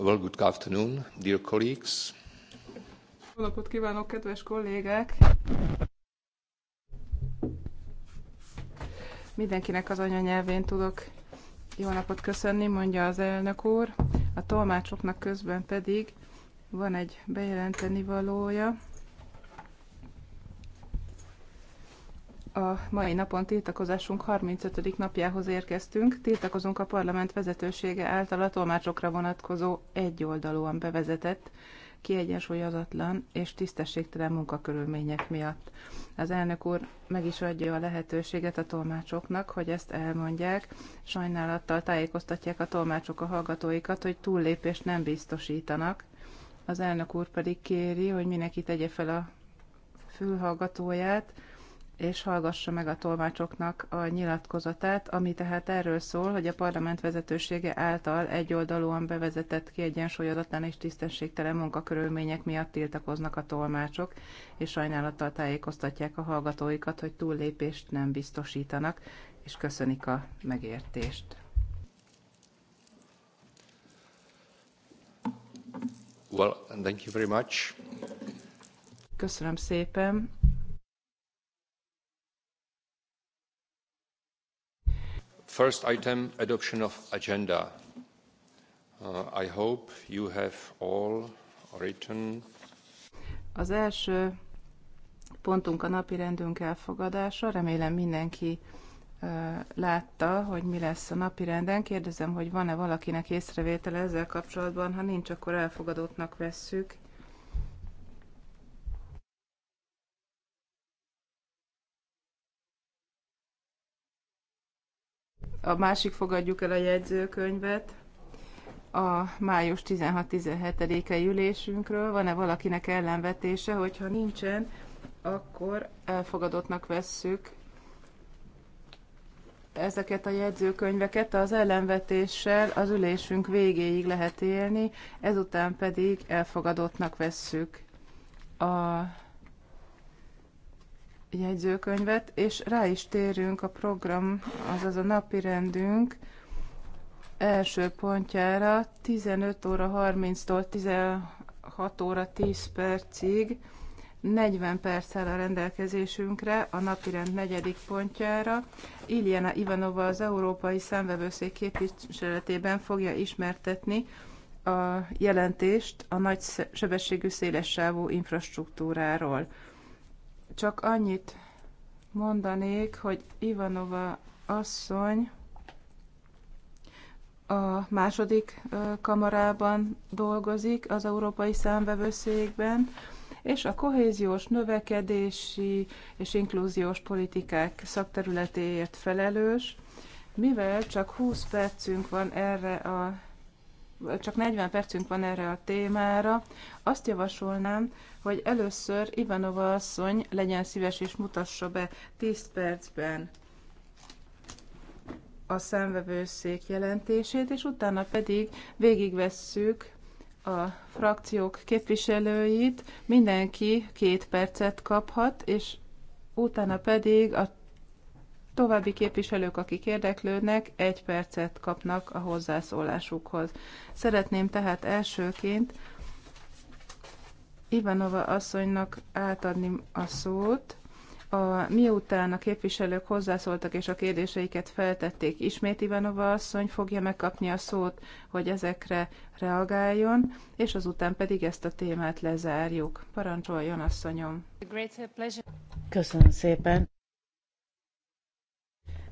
Well, good afternoon, dear colleagues. Jó napot kívánok, kedves kollégák! Mindenkinek az anyanyelvén tudok jó napot köszönni, mondja az elnök úr. A tolmácsoknak közben pedig van egy bejelenteni valója. mai napon tiltakozásunk 35. napjához érkeztünk. Tiltakozunk a parlament vezetősége által a tolmácsokra vonatkozó egyoldalúan bevezetett, kiegyensúlyozatlan és tisztességtelen munkakörülmények miatt. Az elnök úr meg is adja a lehetőséget a tolmácsoknak, hogy ezt elmondják. Sajnálattal tájékoztatják a tolmácsok a hallgatóikat, hogy túllépést nem biztosítanak. Az elnök úr pedig kéri, hogy mindenki tegye fel a fülhallgatóját, és hallgassa meg a tolmácsoknak a nyilatkozatát, ami tehát erről szól, hogy a parlament vezetősége által egyoldalúan bevezetett kiegyensúlyozatlan és tisztességtelen munkakörülmények miatt tiltakoznak a tolmácsok, és sajnálattal tájékoztatják a hallgatóikat, hogy túllépést nem biztosítanak, és köszönik a megértést. Well, thank you very much. Köszönöm szépen. First item, adoption of agenda. Uh, I hope you have all written. Az első pontunk a napi rendünk elfogadása. Remélem mindenki uh, látta, hogy mi lesz a napi renden. Kérdezem, hogy van-e valakinek észrevétele ezzel kapcsolatban. Ha nincs, akkor elfogadottnak vesszük. a másik fogadjuk el a jegyzőkönyvet a május 16-17-e ülésünkről. Van-e valakinek ellenvetése? Hogyha nincsen, akkor elfogadottnak vesszük ezeket a jegyzőkönyveket az ellenvetéssel az ülésünk végéig lehet élni, ezután pedig elfogadottnak vesszük a jegyzőkönyvet, és rá is térünk a program, azaz a napi rendünk első pontjára 15 óra 30-tól 16 óra 10 percig 40 perccel a rendelkezésünkre a napirend negyedik pontjára. Iljana Ivanova az Európai Számvevőszék képviseletében fogja ismertetni a jelentést a nagy sebességű szélessávú infrastruktúráról. Csak annyit mondanék, hogy Ivanova asszony a második kamarában dolgozik, az Európai Számbevőszékben, és a kohéziós növekedési és inkluziós politikák szakterületéért felelős, mivel csak 20 percünk van erre a csak 40 percünk van erre a témára, azt javasolnám, hogy először Ivanova asszony legyen szíves és mutassa be 10 percben a számvevőszék jelentését, és utána pedig végigvesszük a frakciók képviselőit, mindenki két percet kaphat, és utána pedig a További képviselők, akik érdeklődnek, egy percet kapnak a hozzászólásukhoz. Szeretném tehát elsőként Ivanova asszonynak átadni a szót. A, miután a képviselők hozzászóltak és a kérdéseiket feltették, ismét Ivanova asszony fogja megkapni a szót, hogy ezekre reagáljon, és azután pedig ezt a témát lezárjuk. Parancsoljon, asszonyom! Köszönöm szépen!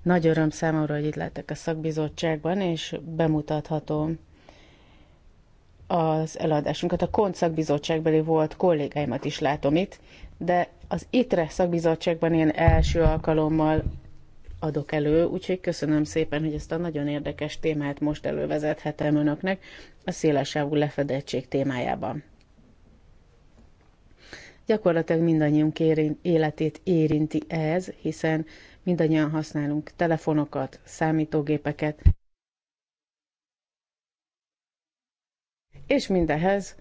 Nagy öröm számomra, hogy itt lettek a szakbizottságban, és bemutathatom az eladásunkat. A KONT szakbizottságbeli volt kollégáimat is látom itt, de az ITRE szakbizottságban én első alkalommal adok elő, úgyhogy köszönöm szépen, hogy ezt a nagyon érdekes témát most elővezethetem önöknek a szélesávú lefedettség témájában. Gyakorlatilag mindannyiunk életét érinti ez, hiszen Mindannyian használunk telefonokat, számítógépeket, és mindehhez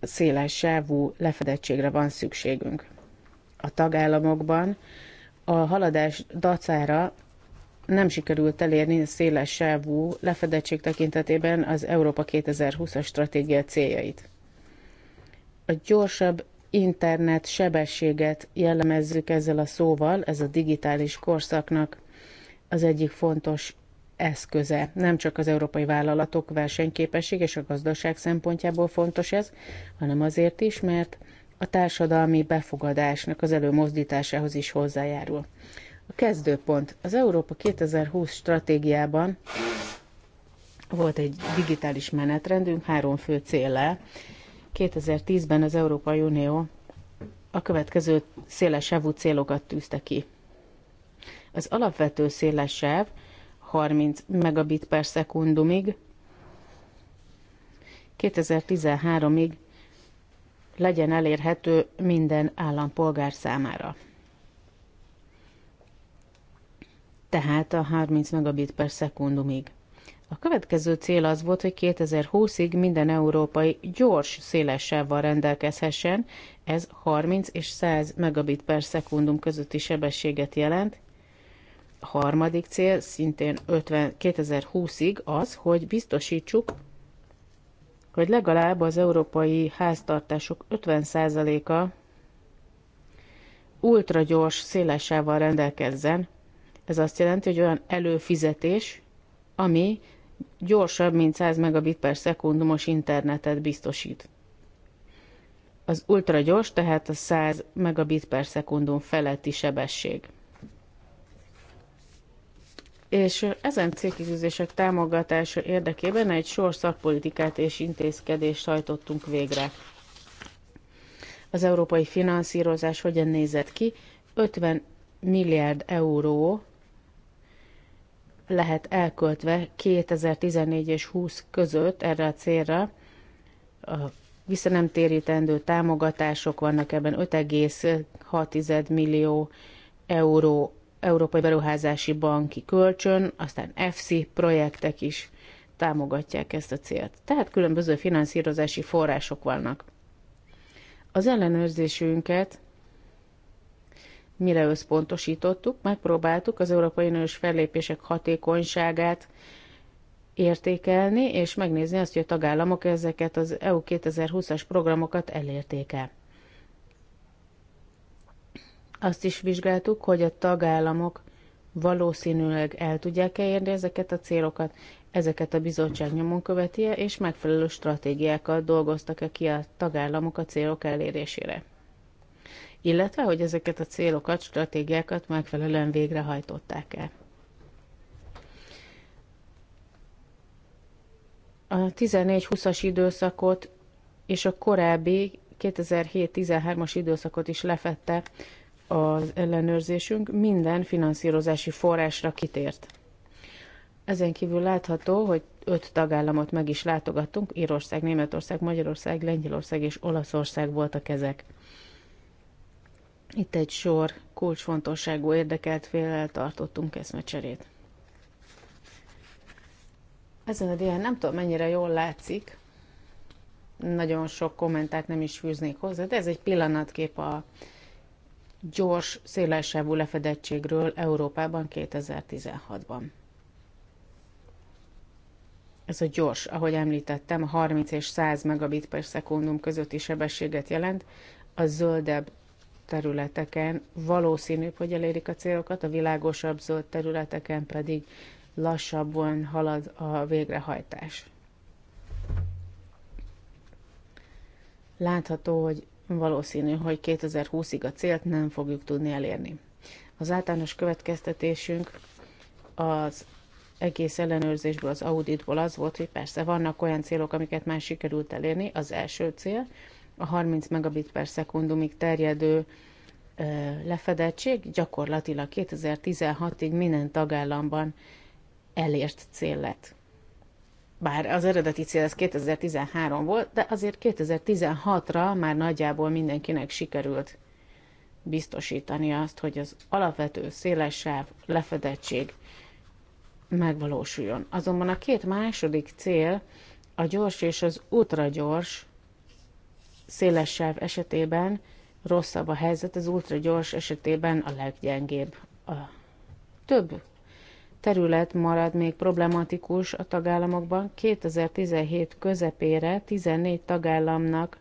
széles sávú lefedettségre van szükségünk. A tagállamokban a haladás dacára nem sikerült elérni a széles sávú lefedettség tekintetében az Európa 2020-as stratégia céljait. A gyorsabb internet sebességet jellemezzük ezzel a szóval, ez a digitális korszaknak az egyik fontos eszköze. Nem csak az európai vállalatok versenyképesség és a gazdaság szempontjából fontos ez, hanem azért is, mert a társadalmi befogadásnak az előmozdításához is hozzájárul. A kezdőpont. Az Európa 2020 stratégiában volt egy digitális menetrendünk három fő célá. 2010-ben az Európai Unió a következő szélesávú célokat tűzte ki. Az alapvető szélesáv 30 megabit per szekundumig 2013-ig legyen elérhető minden állampolgár számára. Tehát a 30 megabit per szekundumig. A következő cél az volt, hogy 2020-ig minden európai gyors szélessávval rendelkezhessen, ez 30 és 100 megabit per szekundum közötti sebességet jelent. A harmadik cél szintén 50, 2020-ig az, hogy biztosítsuk, hogy legalább az európai háztartások 50%-a ultragyors szélessávval rendelkezzen. Ez azt jelenti, hogy olyan előfizetés, ami gyorsabb, mint 100 megabit per szekundumos internetet biztosít. Az ultragyors, tehát a 100 megabit per szekundum feletti sebesség. És ezen célkizűzések támogatása érdekében egy sor szakpolitikát és intézkedést hajtottunk végre. Az európai finanszírozás hogyan nézett ki? 50 milliárd euró lehet elköltve 2014 és 20 között erre a célra. A vissza nem térítendő támogatások vannak ebben 5,6 millió euró Európai Beruházási Banki kölcsön, aztán FC projektek is támogatják ezt a célt. Tehát különböző finanszírozási források vannak. Az ellenőrzésünket mire összpontosítottuk, megpróbáltuk az Európai Uniós fellépések hatékonyságát értékelni, és megnézni azt, hogy a tagállamok ezeket az EU 2020-as programokat elérték-e. Azt is vizsgáltuk, hogy a tagállamok valószínűleg el tudják-e érni ezeket a célokat, ezeket a bizottság nyomon követi -e, és megfelelő stratégiákat dolgoztak-e ki a tagállamok a célok elérésére illetve hogy ezeket a célokat, stratégiákat megfelelően végrehajtották-e. A 14-20-as időszakot és a korábbi 2007-13-as időszakot is lefette az ellenőrzésünk, minden finanszírozási forrásra kitért. Ezen kívül látható, hogy öt tagállamot meg is látogattunk, Írország, Németország, Magyarország, Lengyelország és Olaszország voltak ezek. Itt egy sor kulcsfontosságú érdekelt félel tartottunk eszmecserét. Ezen a dián nem tudom, mennyire jól látszik, nagyon sok kommentát nem is fűznék hozzá, de ez egy pillanatkép a gyors, szélesávú lefedettségről Európában 2016-ban. Ez a gyors, ahogy említettem, 30 és 100 megabit per szekundum közötti sebességet jelent, a zöldebb területeken valószínűbb, hogy elérik a célokat, a világosabb zöld területeken pedig lassabban halad a végrehajtás. Látható, hogy valószínű, hogy 2020-ig a célt nem fogjuk tudni elérni. Az általános következtetésünk az egész ellenőrzésből, az auditból az volt, hogy persze vannak olyan célok, amiket már sikerült elérni, az első cél, a 30 megabit per szekundumig terjedő lefedettség gyakorlatilag 2016-ig minden tagállamban elért cél lett. Bár az eredeti cél ez 2013 volt, de azért 2016-ra már nagyjából mindenkinek sikerült biztosítani azt, hogy az alapvető széles lefedettség megvalósuljon. Azonban a két második cél, a gyors és az ultragyors széles sáv esetében rosszabb a helyzet, az ultragyors esetében a leggyengébb. A több terület marad még problematikus a tagállamokban. 2017 közepére 14 tagállamnak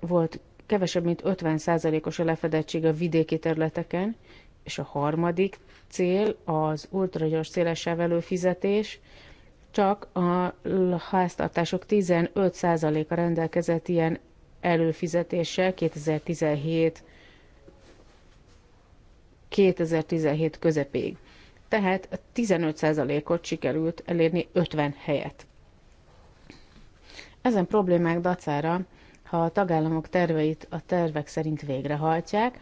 volt kevesebb, mint 50%-os a lefedettség a vidéki területeken, és a harmadik cél az ultragyors szélesebb előfizetés, csak a háztartások 15%-a rendelkezett ilyen előfizetéssel 2017 2017 közepéig. Tehát 15%-ot sikerült elérni 50 helyet. Ezen problémák dacára, ha a tagállamok terveit a tervek szerint végrehajtják,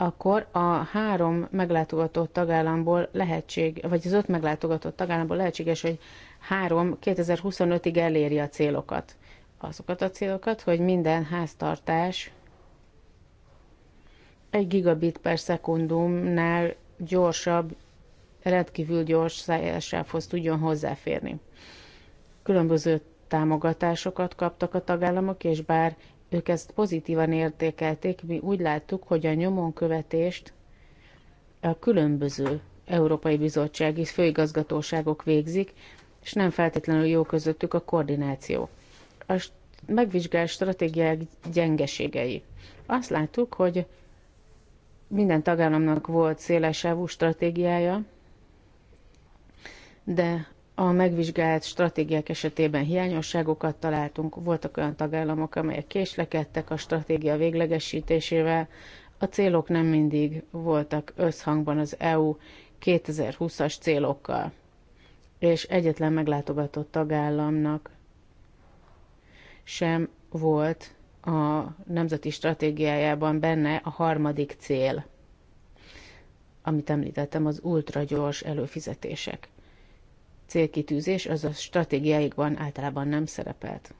akkor a három meglátogatott tagállamból lehetség, vagy az öt meglátogatott tagállamból lehetséges, hogy három 2025-ig eléri a célokat. Azokat a célokat, hogy minden háztartás egy gigabit per szekundumnál gyorsabb, rendkívül gyors szájásához tudjon hozzáférni. Különböző támogatásokat kaptak a tagállamok, és bár ők ezt pozitívan értékelték, mi úgy láttuk, hogy a követést a különböző Európai Bizottsági főigazgatóságok végzik, és nem feltétlenül jó közöttük a koordináció. A megvizsgált stratégiák gyengeségei. Azt láttuk, hogy minden tagállamnak volt szélesávú stratégiája, de a megvizsgált stratégiák esetében hiányosságokat találtunk, voltak olyan tagállamok, amelyek késlekedtek a stratégia véglegesítésével, a célok nem mindig voltak összhangban az EU 2020-as célokkal, és egyetlen meglátogatott tagállamnak sem volt a nemzeti stratégiájában benne a harmadik cél, amit említettem, az ultragyors előfizetések célkitűzés az a stratégiáikban általában nem szerepelt.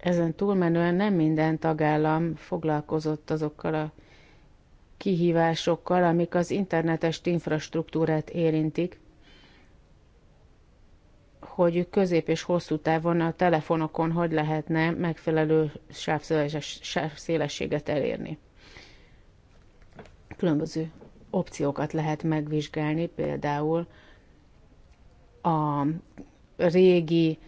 Ezen túlmenően nem minden tagállam foglalkozott azokkal a kihívásokkal, amik az internetes infrastruktúrát érintik, hogy közép és hosszú távon a telefonokon hogy lehetne megfelelő sávszélességet elérni. Különböző opciókat lehet megvizsgálni, például a régi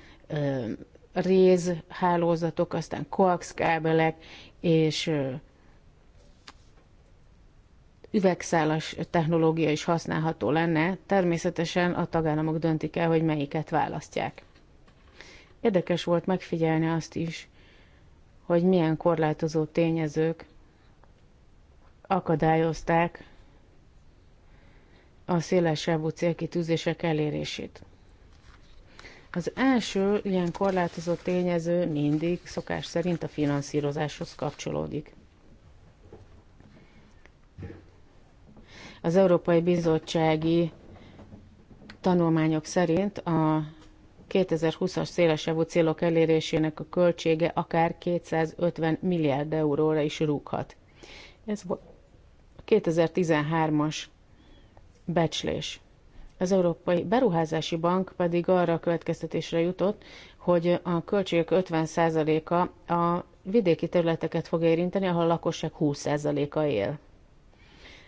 rézhálózatok, aztán koax kábelek és üvegszálas technológia is használható lenne, természetesen a tagállamok döntik el, hogy melyiket választják. Érdekes volt megfigyelni azt is, hogy milyen korlátozó tényezők akadályozták a szélesebb célkitűzések elérését. Az első ilyen korlátozó tényező mindig szokás szerint a finanszírozáshoz kapcsolódik. Az Európai Bizottsági tanulmányok szerint a 2020-as szélesávú célok elérésének a költsége akár 250 milliárd euróra is rúghat. Ez a 2013-as becslés. Az Európai Beruházási Bank pedig arra a következtetésre jutott, hogy a költségek 50%-a a vidéki területeket fog érinteni, ahol a lakosság 20%-a él.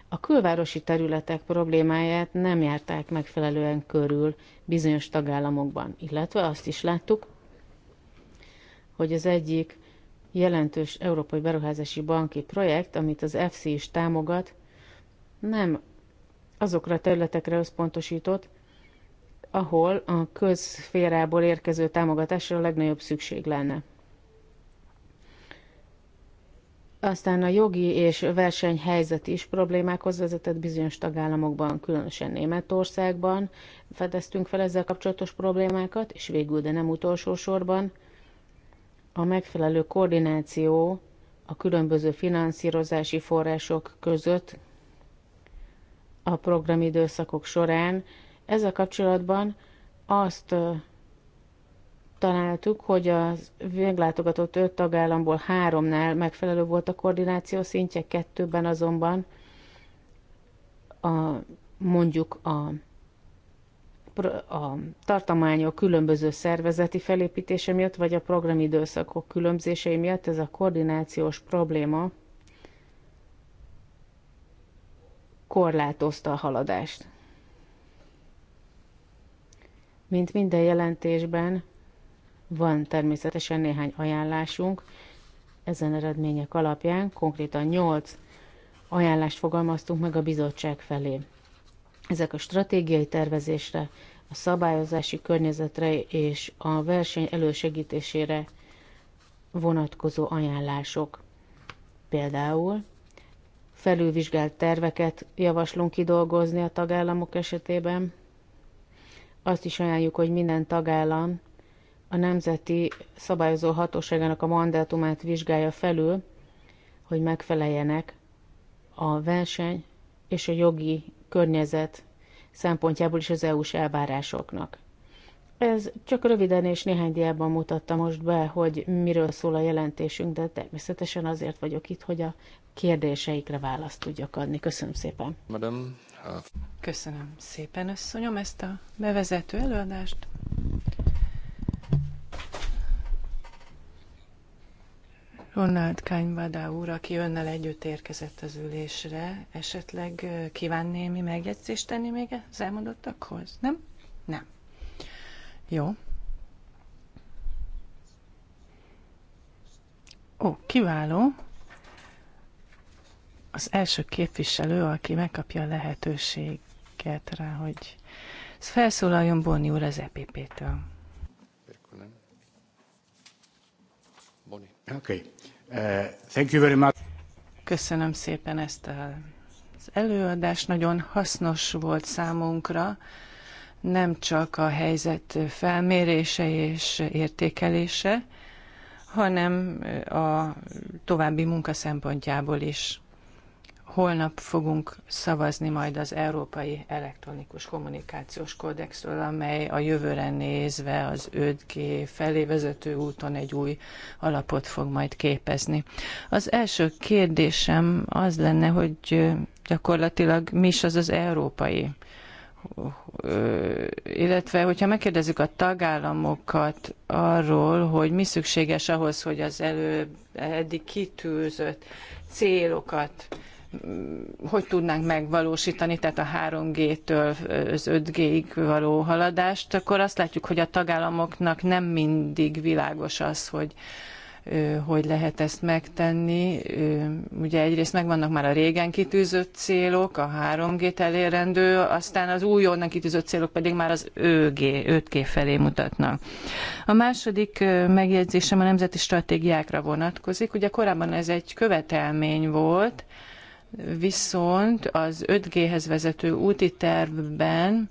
A külvárosi területek problémáját nem járták megfelelően körül bizonyos tagállamokban, illetve azt is láttuk, hogy az egyik jelentős Európai Beruházási Banki projekt, amit az FC is támogat, nem azokra a területekre összpontosított, ahol a közférából érkező támogatásra a legnagyobb szükség lenne. Aztán a jogi és versenyhelyzet is problémákhoz vezetett bizonyos tagállamokban, különösen Németországban fedeztünk fel ezzel kapcsolatos problémákat, és végül, de nem utolsó sorban, a megfelelő koordináció a különböző finanszírozási források között a programidőszakok során. Ezzel kapcsolatban azt találtuk, hogy az véglátogatott öt tagállamból háromnál megfelelő volt a koordináció szintje, kettőben azonban a, mondjuk a, a tartományok különböző szervezeti felépítése miatt, vagy a programidőszakok különbzései miatt ez a koordinációs probléma korlátozta a haladást. Mint minden jelentésben, van természetesen néhány ajánlásunk, ezen eredmények alapján konkrétan 8 ajánlást fogalmaztunk meg a bizottság felé. Ezek a stratégiai tervezésre, a szabályozási környezetre és a verseny elősegítésére vonatkozó ajánlások. Például felülvizsgált terveket javaslunk kidolgozni a tagállamok esetében. Azt is ajánljuk, hogy minden tagállam a Nemzeti Szabályozó Hatóságának a mandátumát vizsgálja felül, hogy megfeleljenek a verseny és a jogi környezet szempontjából is az EU-s elvárásoknak. Ez csak röviden és néhány diában mutatta most be, hogy miről szól a jelentésünk, de természetesen azért vagyok itt, hogy a kérdéseikre választ tudjak adni. Köszönöm szépen. Madam. Uh, Köszönöm szépen, összonyom ezt a bevezető előadást. Ronald Kánybada úr, aki önnel együtt érkezett az ülésre, esetleg uh, kíván némi megjegyzést tenni még az elmondottakhoz? Nem? Nem. Jó. Ó, kiváló az első képviselő, aki megkapja a lehetőséget rá, hogy felszólaljon Boni úr az EPP-től. Okay. Uh, thank you very much. Köszönöm szépen ezt a, az előadást, nagyon hasznos volt számunkra, nem csak a helyzet felmérése és értékelése, hanem a további munka szempontjából is. Holnap fogunk szavazni majd az Európai Elektronikus Kommunikációs Kódexről, amely a jövőre nézve az 5G felé vezető úton egy új alapot fog majd képezni. Az első kérdésem az lenne, hogy gyakorlatilag mi is az az európai illetve hogyha megkérdezzük a tagállamokat arról, hogy mi szükséges ahhoz, hogy az előbb eddig kitűzött célokat hogy tudnánk megvalósítani, tehát a 3G-től az 5G-ig való haladást, akkor azt látjuk, hogy a tagállamoknak nem mindig világos az, hogy hogy lehet ezt megtenni. Ugye egyrészt megvannak már a régen kitűzött célok, a 3G-t elérendő, aztán az újonnan kitűzött célok pedig már az 5G, 5G felé mutatnak. A második megjegyzésem a nemzeti stratégiákra vonatkozik. Ugye korábban ez egy követelmény volt, viszont az 5G-hez vezető úti tervben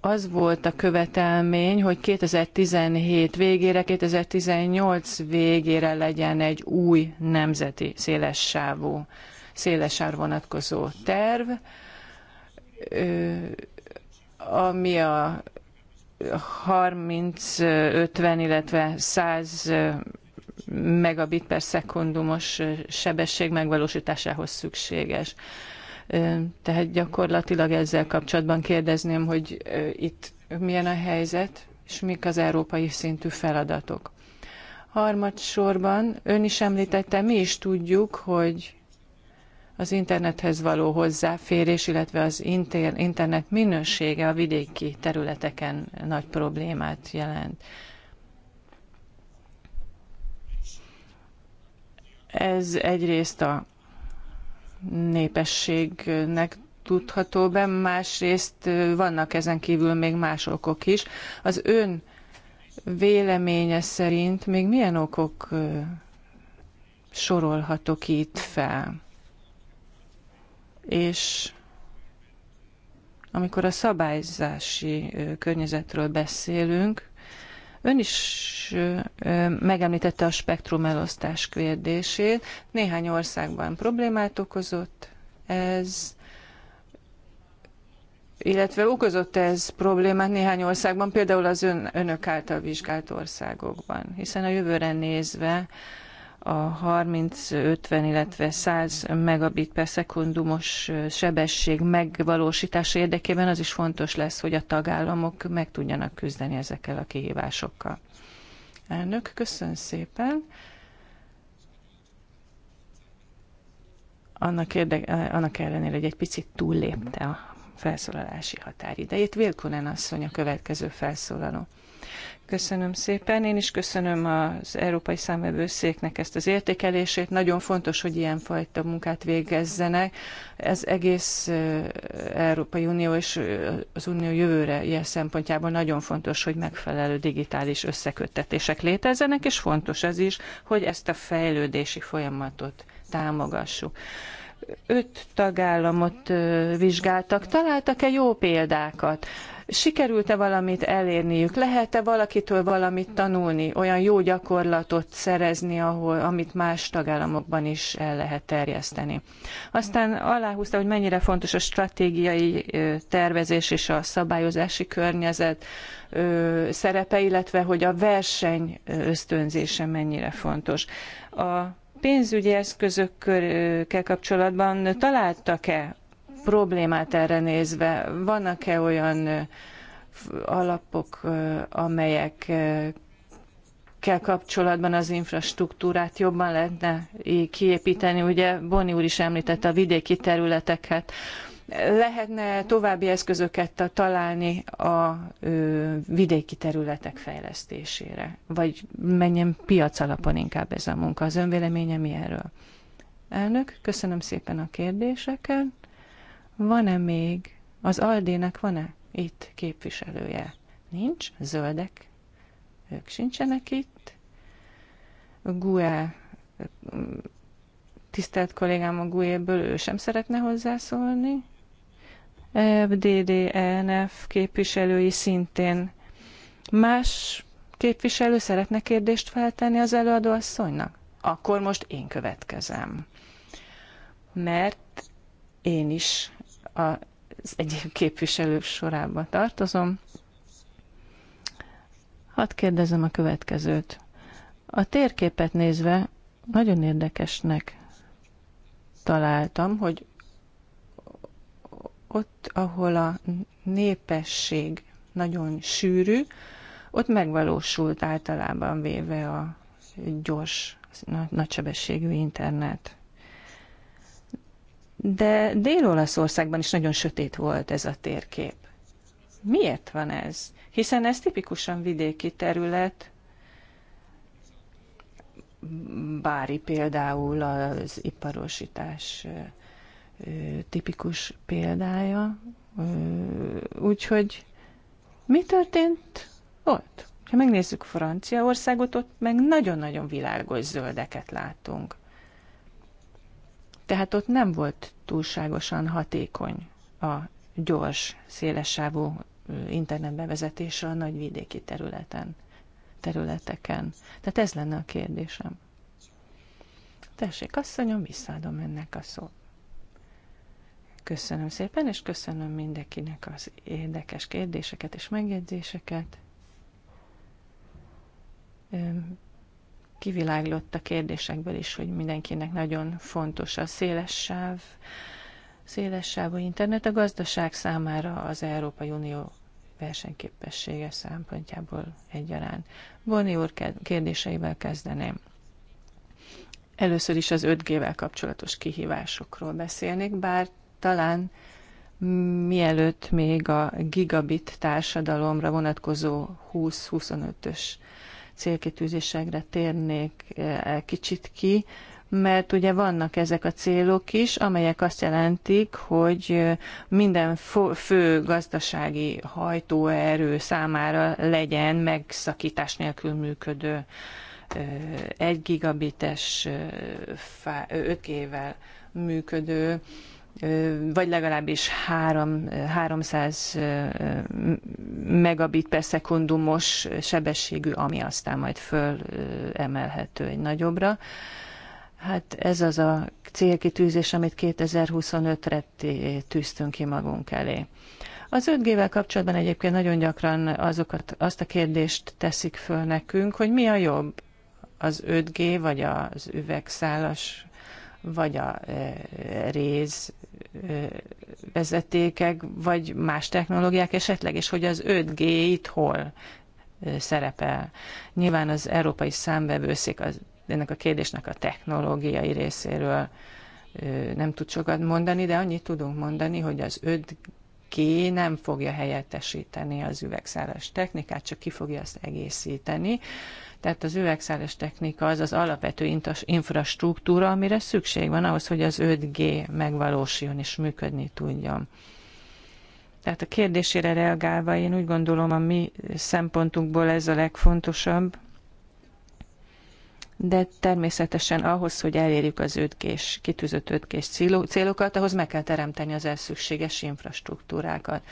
az volt a követelmény, hogy 2017 végére, 2018 végére legyen egy új nemzeti szélessávú, szélessár vonatkozó terv, ami a 30, 50, illetve 100 megabit per szekundumos sebesség megvalósításához szükséges. Tehát gyakorlatilag ezzel kapcsolatban kérdezném, hogy itt milyen a helyzet, és mik az európai szintű feladatok. Harmadsorban ön is említette, mi is tudjuk, hogy az internethez való hozzáférés, illetve az internet minősége a vidéki területeken nagy problémát jelent. Ez egyrészt a népességnek tudható be, másrészt vannak ezen kívül még más okok is. Az ön véleménye szerint még milyen okok sorolhatok itt fel? És amikor a szabályzási környezetről beszélünk, Ön is megemlítette a spektrum elosztás kérdését. Néhány országban problémát okozott ez, illetve okozott ez problémát néhány országban, például az ön, önök által vizsgált országokban, hiszen a jövőre nézve a 30-50, illetve 100 megabit per szekundumos sebesség megvalósítása érdekében az is fontos lesz, hogy a tagállamok meg tudjanak küzdeni ezekkel a kihívásokkal. Elnök, köszönöm szépen. Annak, érde, annak ellenére, hogy egy picit túllépte a felszólalási határidejét. Vilkunen asszony a következő felszólaló. Köszönöm szépen. Én is köszönöm az Európai Számvevőszéknek ezt az értékelését. Nagyon fontos, hogy ilyenfajta munkát végezzenek. Ez egész Európai Unió és az Unió jövőre ilyen szempontjából nagyon fontos, hogy megfelelő digitális összeköttetések létezzenek, és fontos ez is, hogy ezt a fejlődési folyamatot támogassuk öt tagállamot vizsgáltak, találtak-e jó példákat sikerült-e valamit elérniük, lehet-e valakitől valamit tanulni, olyan jó gyakorlatot szerezni, ahol, amit más tagállamokban is el lehet terjeszteni. Aztán aláhúzta, hogy mennyire fontos a stratégiai tervezés és a szabályozási környezet szerepe, illetve hogy a verseny ösztönzése mennyire fontos. A pénzügyi eszközökkel kapcsolatban találtak-e problémát erre nézve? Vannak-e olyan alapok, amelyek kell kapcsolatban az infrastruktúrát jobban lehetne kiépíteni. Ugye Boni úr is említette a vidéki területeket. Lehetne további eszközöket találni a vidéki területek fejlesztésére? Vagy menjen piac alapon inkább ez a munka? Az önvéleménye mi erről? Elnök, köszönöm szépen a kérdéseket. Van-e még? Az Aldének van-e itt képviselője? Nincs. Zöldek? Ők sincsenek itt. GUE tisztelt kollégám a GUE-ből, ő sem szeretne hozzászólni. FDDNF e képviselői szintén más képviselő szeretne kérdést feltenni az előadó asszonynak. Akkor most én következem. Mert én is az egyéb képviselők sorába tartozom. Hadd kérdezem a következőt. A térképet nézve nagyon érdekesnek találtam, hogy ott, ahol a népesség nagyon sűrű, ott megvalósult általában véve a gyors, nagysebességű internet de Dél-Olaszországban is nagyon sötét volt ez a térkép. Miért van ez? Hiszen ez tipikusan vidéki terület, Bári például az iparosítás tipikus példája. Úgyhogy mi történt ott? Ha megnézzük Franciaországot, ott meg nagyon-nagyon világos zöldeket látunk. Tehát ott nem volt túlságosan hatékony a gyors, szélessávú internetbevezetése a nagy vidéki területen, területeken. Tehát ez lenne a kérdésem. Tessék, asszonyom, visszaadom ennek a szót. Köszönöm szépen, és köszönöm mindenkinek az érdekes kérdéseket és megjegyzéseket kiviláglott a kérdésekből is, hogy mindenkinek nagyon fontos a széles sáv, széles sávú internet a gazdaság számára az Európai Unió versenyképessége szempontjából egyaránt. Boni úr kérdéseivel kezdeném. Először is az 5G-vel kapcsolatos kihívásokról beszélnék, bár talán mielőtt még a gigabit társadalomra vonatkozó 20-25-ös célkitűzésekre térnék eh, kicsit ki, mert ugye vannak ezek a célok is, amelyek azt jelentik, hogy eh, minden fő gazdasági hajtóerő számára legyen megszakítás nélkül működő eh, egy gigabites 5 g működő vagy legalábbis 3, 300 megabit per szekundumos sebességű, ami aztán majd fölemelhető egy nagyobbra. Hát ez az a célkitűzés, amit 2025-re tűztünk ki magunk elé. Az 5G-vel kapcsolatban egyébként nagyon gyakran azokat, azt a kérdést teszik föl nekünk, hogy mi a jobb, az 5G vagy az üvegszálas vagy a e, réz e, vezetékek, vagy más technológiák esetleg, és hogy az 5G itt hol e, szerepel. Nyilván az európai számbevőszék az, ennek a kérdésnek a technológiai részéről nem tud sokat mondani, de annyit tudunk mondani, hogy az 5G nem fogja helyettesíteni az üvegszálas technikát, csak ki fogja azt egészíteni. Tehát az üvegszáles technika az az alapvető infrastruktúra, amire szükség van ahhoz, hogy az 5G megvalósuljon és működni tudjon. Tehát a kérdésére reagálva én úgy gondolom a mi szempontunkból ez a legfontosabb, de természetesen ahhoz, hogy elérjük az ötkés, kitűzött ötkés célokat, ahhoz meg kell teremteni az elszükséges infrastruktúrákat.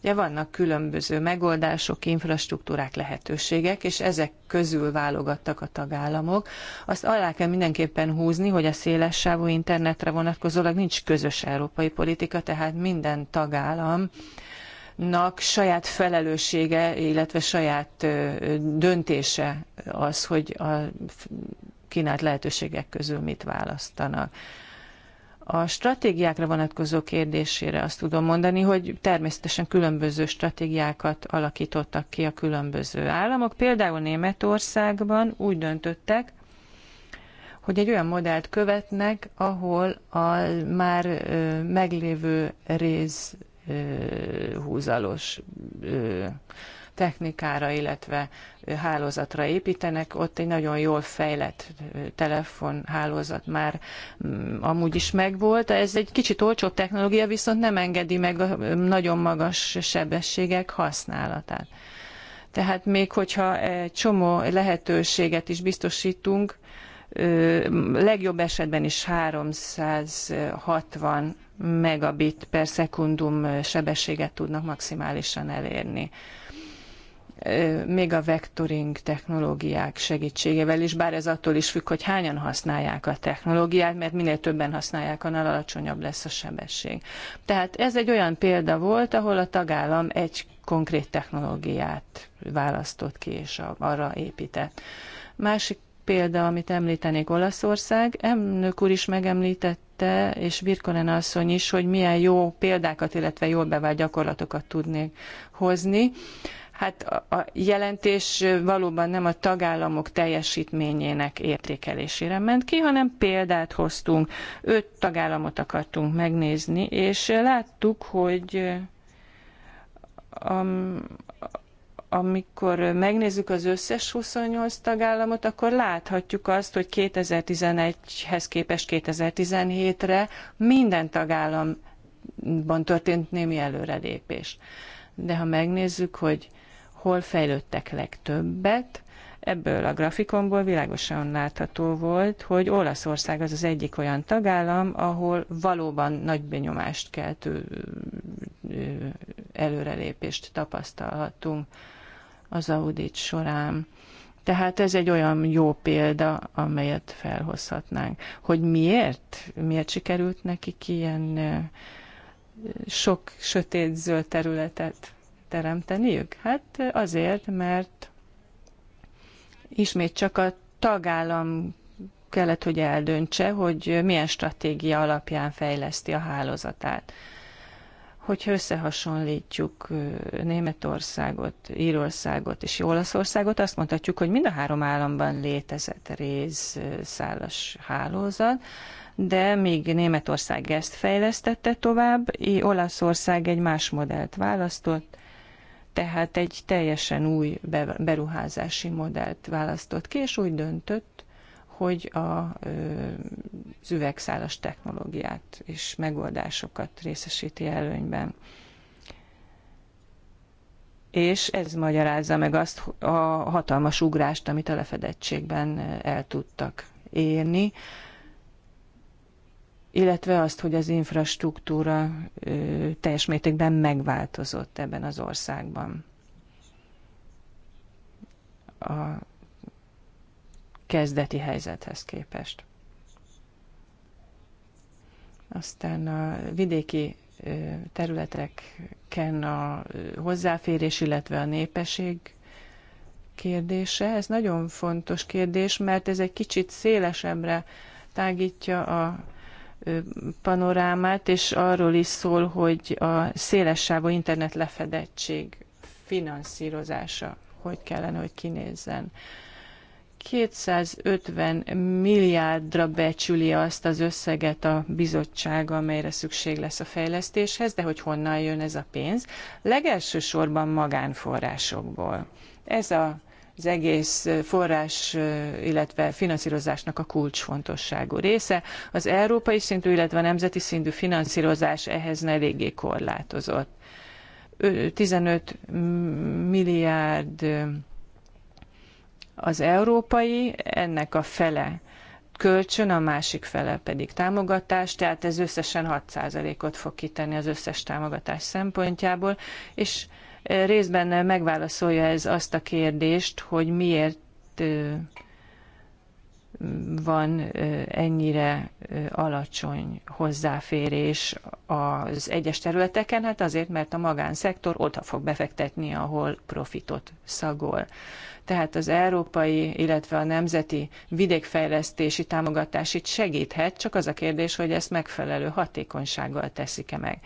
Ugye vannak különböző megoldások, infrastruktúrák, lehetőségek, és ezek közül válogattak a tagállamok. Azt alá kell mindenképpen húzni, hogy a szélessávú internetre vonatkozólag nincs közös európai politika, tehát minden tagállam tagállamnak saját felelőssége, illetve saját döntése az, hogy a kínált lehetőségek közül mit választanak. A stratégiákra vonatkozó kérdésére azt tudom mondani, hogy természetesen különböző stratégiákat alakítottak ki a különböző államok. Például Németországban úgy döntöttek, hogy egy olyan modellt követnek, ahol a már meglévő rész húzalos technikára, illetve hálózatra építenek. Ott egy nagyon jól fejlett telefonhálózat már mm, amúgy is megvolt. Ez egy kicsit olcsóbb technológia, viszont nem engedi meg a nagyon magas sebességek használatát. Tehát még hogyha egy csomó lehetőséget is biztosítunk, legjobb esetben is 360 megabit per szekundum sebességet tudnak maximálisan elérni. Még a vectoring technológiák segítségével is, bár ez attól is függ, hogy hányan használják a technológiát, mert minél többen használják, annál alacsonyabb lesz a sebesség. Tehát ez egy olyan példa volt, ahol a tagállam egy konkrét technológiát választott ki és arra épített. Másik példa, amit említenék, Olaszország. Emnök úr is megemlítette, és Birkolen asszony is, hogy milyen jó példákat, illetve jól bevált gyakorlatokat tudnék hozni. Hát a jelentés valóban nem a tagállamok teljesítményének értékelésére ment ki, hanem példát hoztunk. Öt tagállamot akartunk megnézni, és láttuk, hogy um, amikor megnézzük az összes 28 tagállamot, akkor láthatjuk azt, hogy 2011-hez képest 2017-re minden tagállamban történt némi előrelépés. De ha megnézzük, hogy hol fejlődtek legtöbbet, ebből a grafikonból világosan látható volt, hogy Olaszország az az egyik olyan tagállam, ahol valóban nagy benyomást keltő előrelépést tapasztalhatunk az audit során. Tehát ez egy olyan jó példa, amelyet felhozhatnánk. Hogy miért? Miért sikerült nekik ilyen sok sötét-zöld területet teremteniük? Hát azért, mert ismét csak a tagállam kellett, hogy eldöntse, hogy milyen stratégia alapján fejleszti a hálózatát hogyha összehasonlítjuk Németországot, Írországot és Olaszországot, azt mondhatjuk, hogy mind a három államban létezett részszálas hálózat, de még Németország ezt fejlesztette tovább, Olaszország egy más modellt választott, tehát egy teljesen új beruházási modellt választott ki, és úgy döntött, hogy a, az üvegszálas technológiát és megoldásokat részesíti előnyben. És ez magyarázza meg azt a hatalmas ugrást, amit a lefedettségben el tudtak érni, illetve azt, hogy az infrastruktúra teljes mértékben megváltozott ebben az országban. A kezdeti helyzethez képest. Aztán a vidéki területeken a hozzáférés, illetve a népesség kérdése. Ez nagyon fontos kérdés, mert ez egy kicsit szélesebbre tágítja a panorámát, és arról is szól, hogy a szélessávú internet lefedettség finanszírozása hogy kellene, hogy kinézzen. 250 milliárdra becsüli azt az összeget a bizottság, amelyre szükség lesz a fejlesztéshez, de hogy honnan jön ez a pénz? Legelső sorban magánforrásokból. Ez a az egész forrás, illetve finanszírozásnak a kulcsfontosságú része. Az európai szintű, illetve a nemzeti szintű finanszírozás ehhez eléggé korlátozott. 15 milliárd az európai, ennek a fele kölcsön, a másik fele pedig támogatás, tehát ez összesen 6%-ot fog kitenni az összes támogatás szempontjából, és eh, részben megválaszolja ez azt a kérdést, hogy miért eh, van ennyire alacsony hozzáférés az egyes területeken? Hát azért, mert a magánszektor oda fog befektetni, ahol profitot szagol. Tehát az európai, illetve a nemzeti vidékfejlesztési támogatás itt segíthet, csak az a kérdés, hogy ezt megfelelő hatékonysággal teszik-e meg.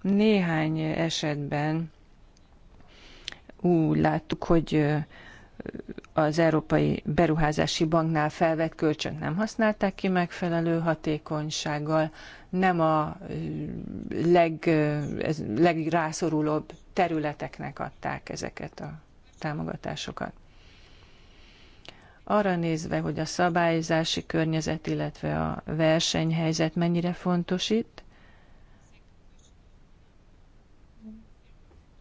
Néhány esetben úgy láttuk, hogy az Európai Beruházási Banknál felvett kölcsönt nem használták ki megfelelő hatékonysággal, nem a leg, legrászorulóbb területeknek adták ezeket a támogatásokat. Arra nézve, hogy a szabályozási környezet, illetve a versenyhelyzet mennyire fontos itt,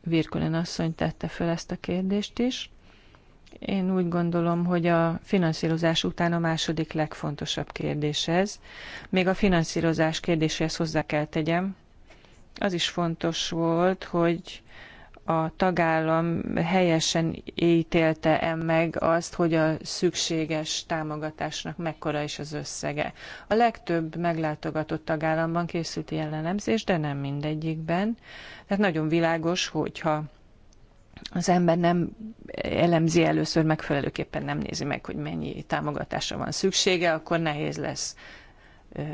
Virkolen asszony tette föl ezt a kérdést is. Én úgy gondolom, hogy a finanszírozás után a második legfontosabb kérdés ez. Még a finanszírozás kérdéséhez hozzá kell tegyem. Az is fontos volt, hogy a tagállam helyesen ítélte -e meg azt, hogy a szükséges támogatásnak mekkora is az összege. A legtöbb meglátogatott tagállamban készült ilyen elemzés, de nem mindegyikben. Tehát nagyon világos, hogyha az ember nem elemzi először megfelelőképpen, nem nézi meg, hogy mennyi támogatásra van szüksége, akkor nehéz lesz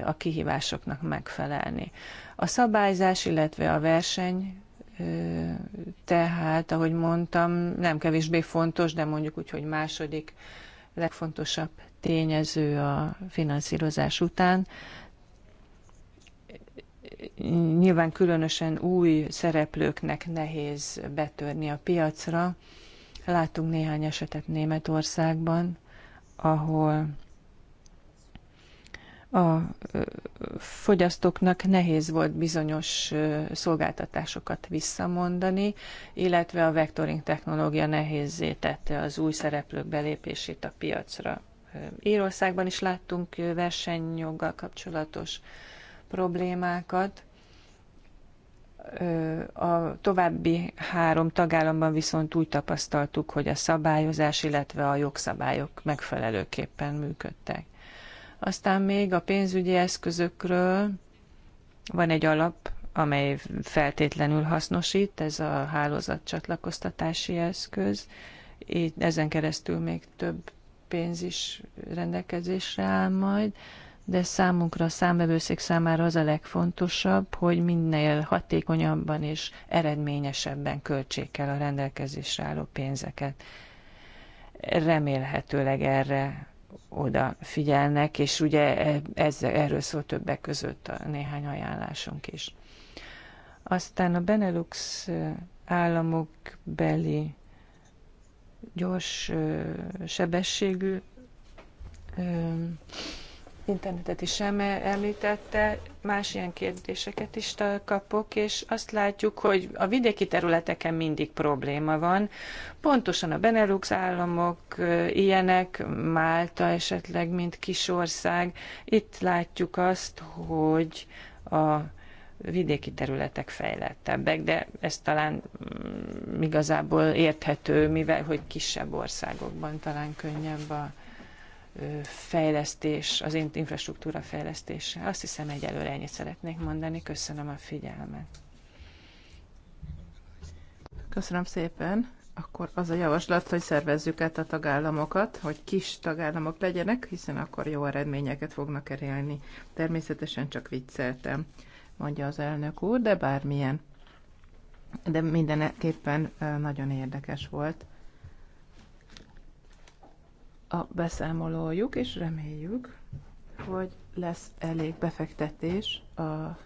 a kihívásoknak megfelelni. A szabályzás, illetve a verseny tehát, ahogy mondtam, nem kevésbé fontos, de mondjuk úgy, hogy második legfontosabb tényező a finanszírozás után nyilván különösen új szereplőknek nehéz betörni a piacra. Látunk néhány esetet Németországban, ahol a fogyasztóknak nehéz volt bizonyos szolgáltatásokat visszamondani, illetve a vectoring technológia nehézé tette az új szereplők belépését a piacra. Írországban is láttunk versenyjoggal kapcsolatos problémákat. A további három tagállamban viszont úgy tapasztaltuk, hogy a szabályozás, illetve a jogszabályok megfelelőképpen működtek. Aztán még a pénzügyi eszközökről van egy alap, amely feltétlenül hasznosít, ez a hálózat csatlakoztatási eszköz. Így ezen keresztül még több pénz is rendelkezésre áll majd de számunkra, a számbevőszék számára az a legfontosabb, hogy minél hatékonyabban és eredményesebben költsék el a rendelkezésre álló pénzeket. Remélhetőleg erre oda figyelnek, és ugye ez erről szól többek között a néhány ajánlásunk is. Aztán a Benelux államok beli gyors sebességű internetet is említette, más ilyen kérdéseket is kapok, és azt látjuk, hogy a vidéki területeken mindig probléma van. Pontosan a Benelux államok ilyenek, Málta esetleg, mint kis ország Itt látjuk azt, hogy a vidéki területek fejlettebbek, de ez talán mm, igazából érthető, mivel hogy kisebb országokban talán könnyebb a fejlesztés, az infrastruktúra fejlesztése. Azt hiszem egyelőre ennyit szeretnék mondani. Köszönöm a figyelmet. Köszönöm szépen. Akkor az a javaslat, hogy szervezzük át a tagállamokat, hogy kis tagállamok legyenek, hiszen akkor jó eredményeket fognak elérni. Természetesen csak vicceltem, mondja az elnök úr, de bármilyen. De mindenképpen nagyon érdekes volt a beszámolójuk, és reméljük, hogy lesz elég befektetés a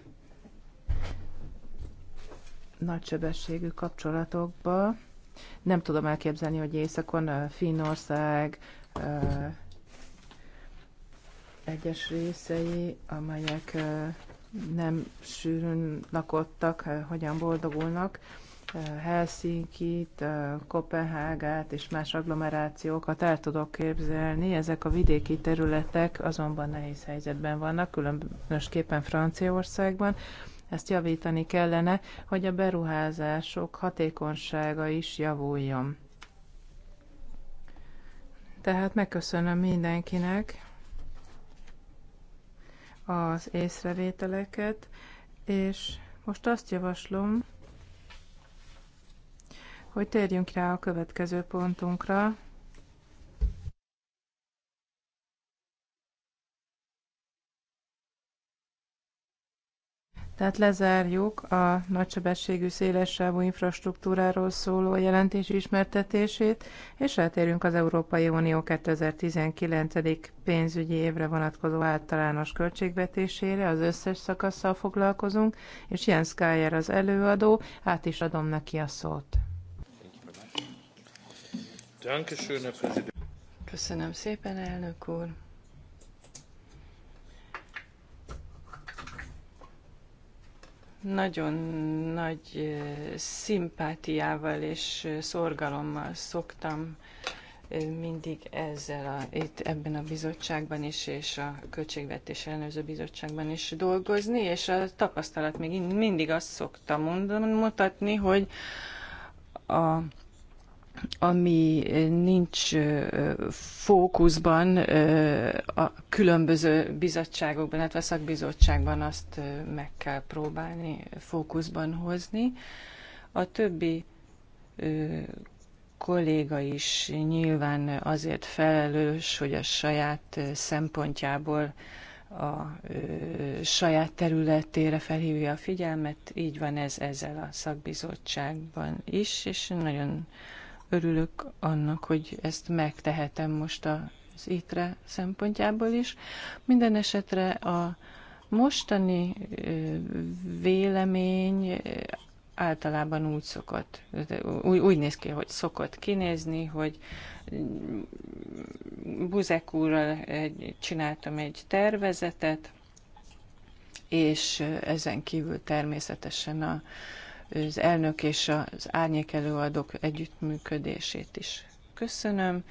nagysebességű kapcsolatokba. Nem tudom elképzelni, hogy északon Finnország egyes részei, amelyek nem sűrűn lakottak, hogyan boldogulnak Helsinki-t, Kopenhágát és más agglomerációkat el tudok képzelni. Ezek a vidéki területek azonban nehéz helyzetben vannak, különösképpen Franciaországban. Ezt javítani kellene, hogy a beruházások hatékonysága is javuljon. Tehát megköszönöm mindenkinek az észrevételeket, és most azt javaslom, hogy térjünk rá a következő pontunkra. Tehát lezárjuk a nagysebességű szélessávú infrastruktúráról szóló jelentés ismertetését, és eltérünk az Európai Unió 2019. pénzügyi évre vonatkozó általános költségvetésére, az összes szakaszsal foglalkozunk, és Jens Kájer az előadó, át is adom neki a szót. Köszönöm szépen, elnök úr. Nagyon nagy eh, szimpátiával és eh, szorgalommal szoktam eh, mindig ezzel a, itt ebben a bizottságban is, és a Költségvetés Ellenőrző Bizottságban is dolgozni, és a tapasztalat még mindig azt szoktam mondani, mutatni, hogy a ami nincs fókuszban a különböző bizottságokban, illetve szakbizottságban azt meg kell próbálni fókuszban hozni. A többi kolléga is nyilván azért felelős, hogy a saját szempontjából a saját területére felhívja a figyelmet. Így van ez ezzel a szakbizottságban is, és nagyon örülök annak, hogy ezt megtehetem most az ITRE szempontjából is. Minden esetre a mostani vélemény általában úgy szokott, úgy, úgy néz ki, hogy szokott kinézni, hogy Buzek úrral csináltam egy tervezetet, és ezen kívül természetesen a az elnök és az árnyék előadók együttműködését is köszönöm.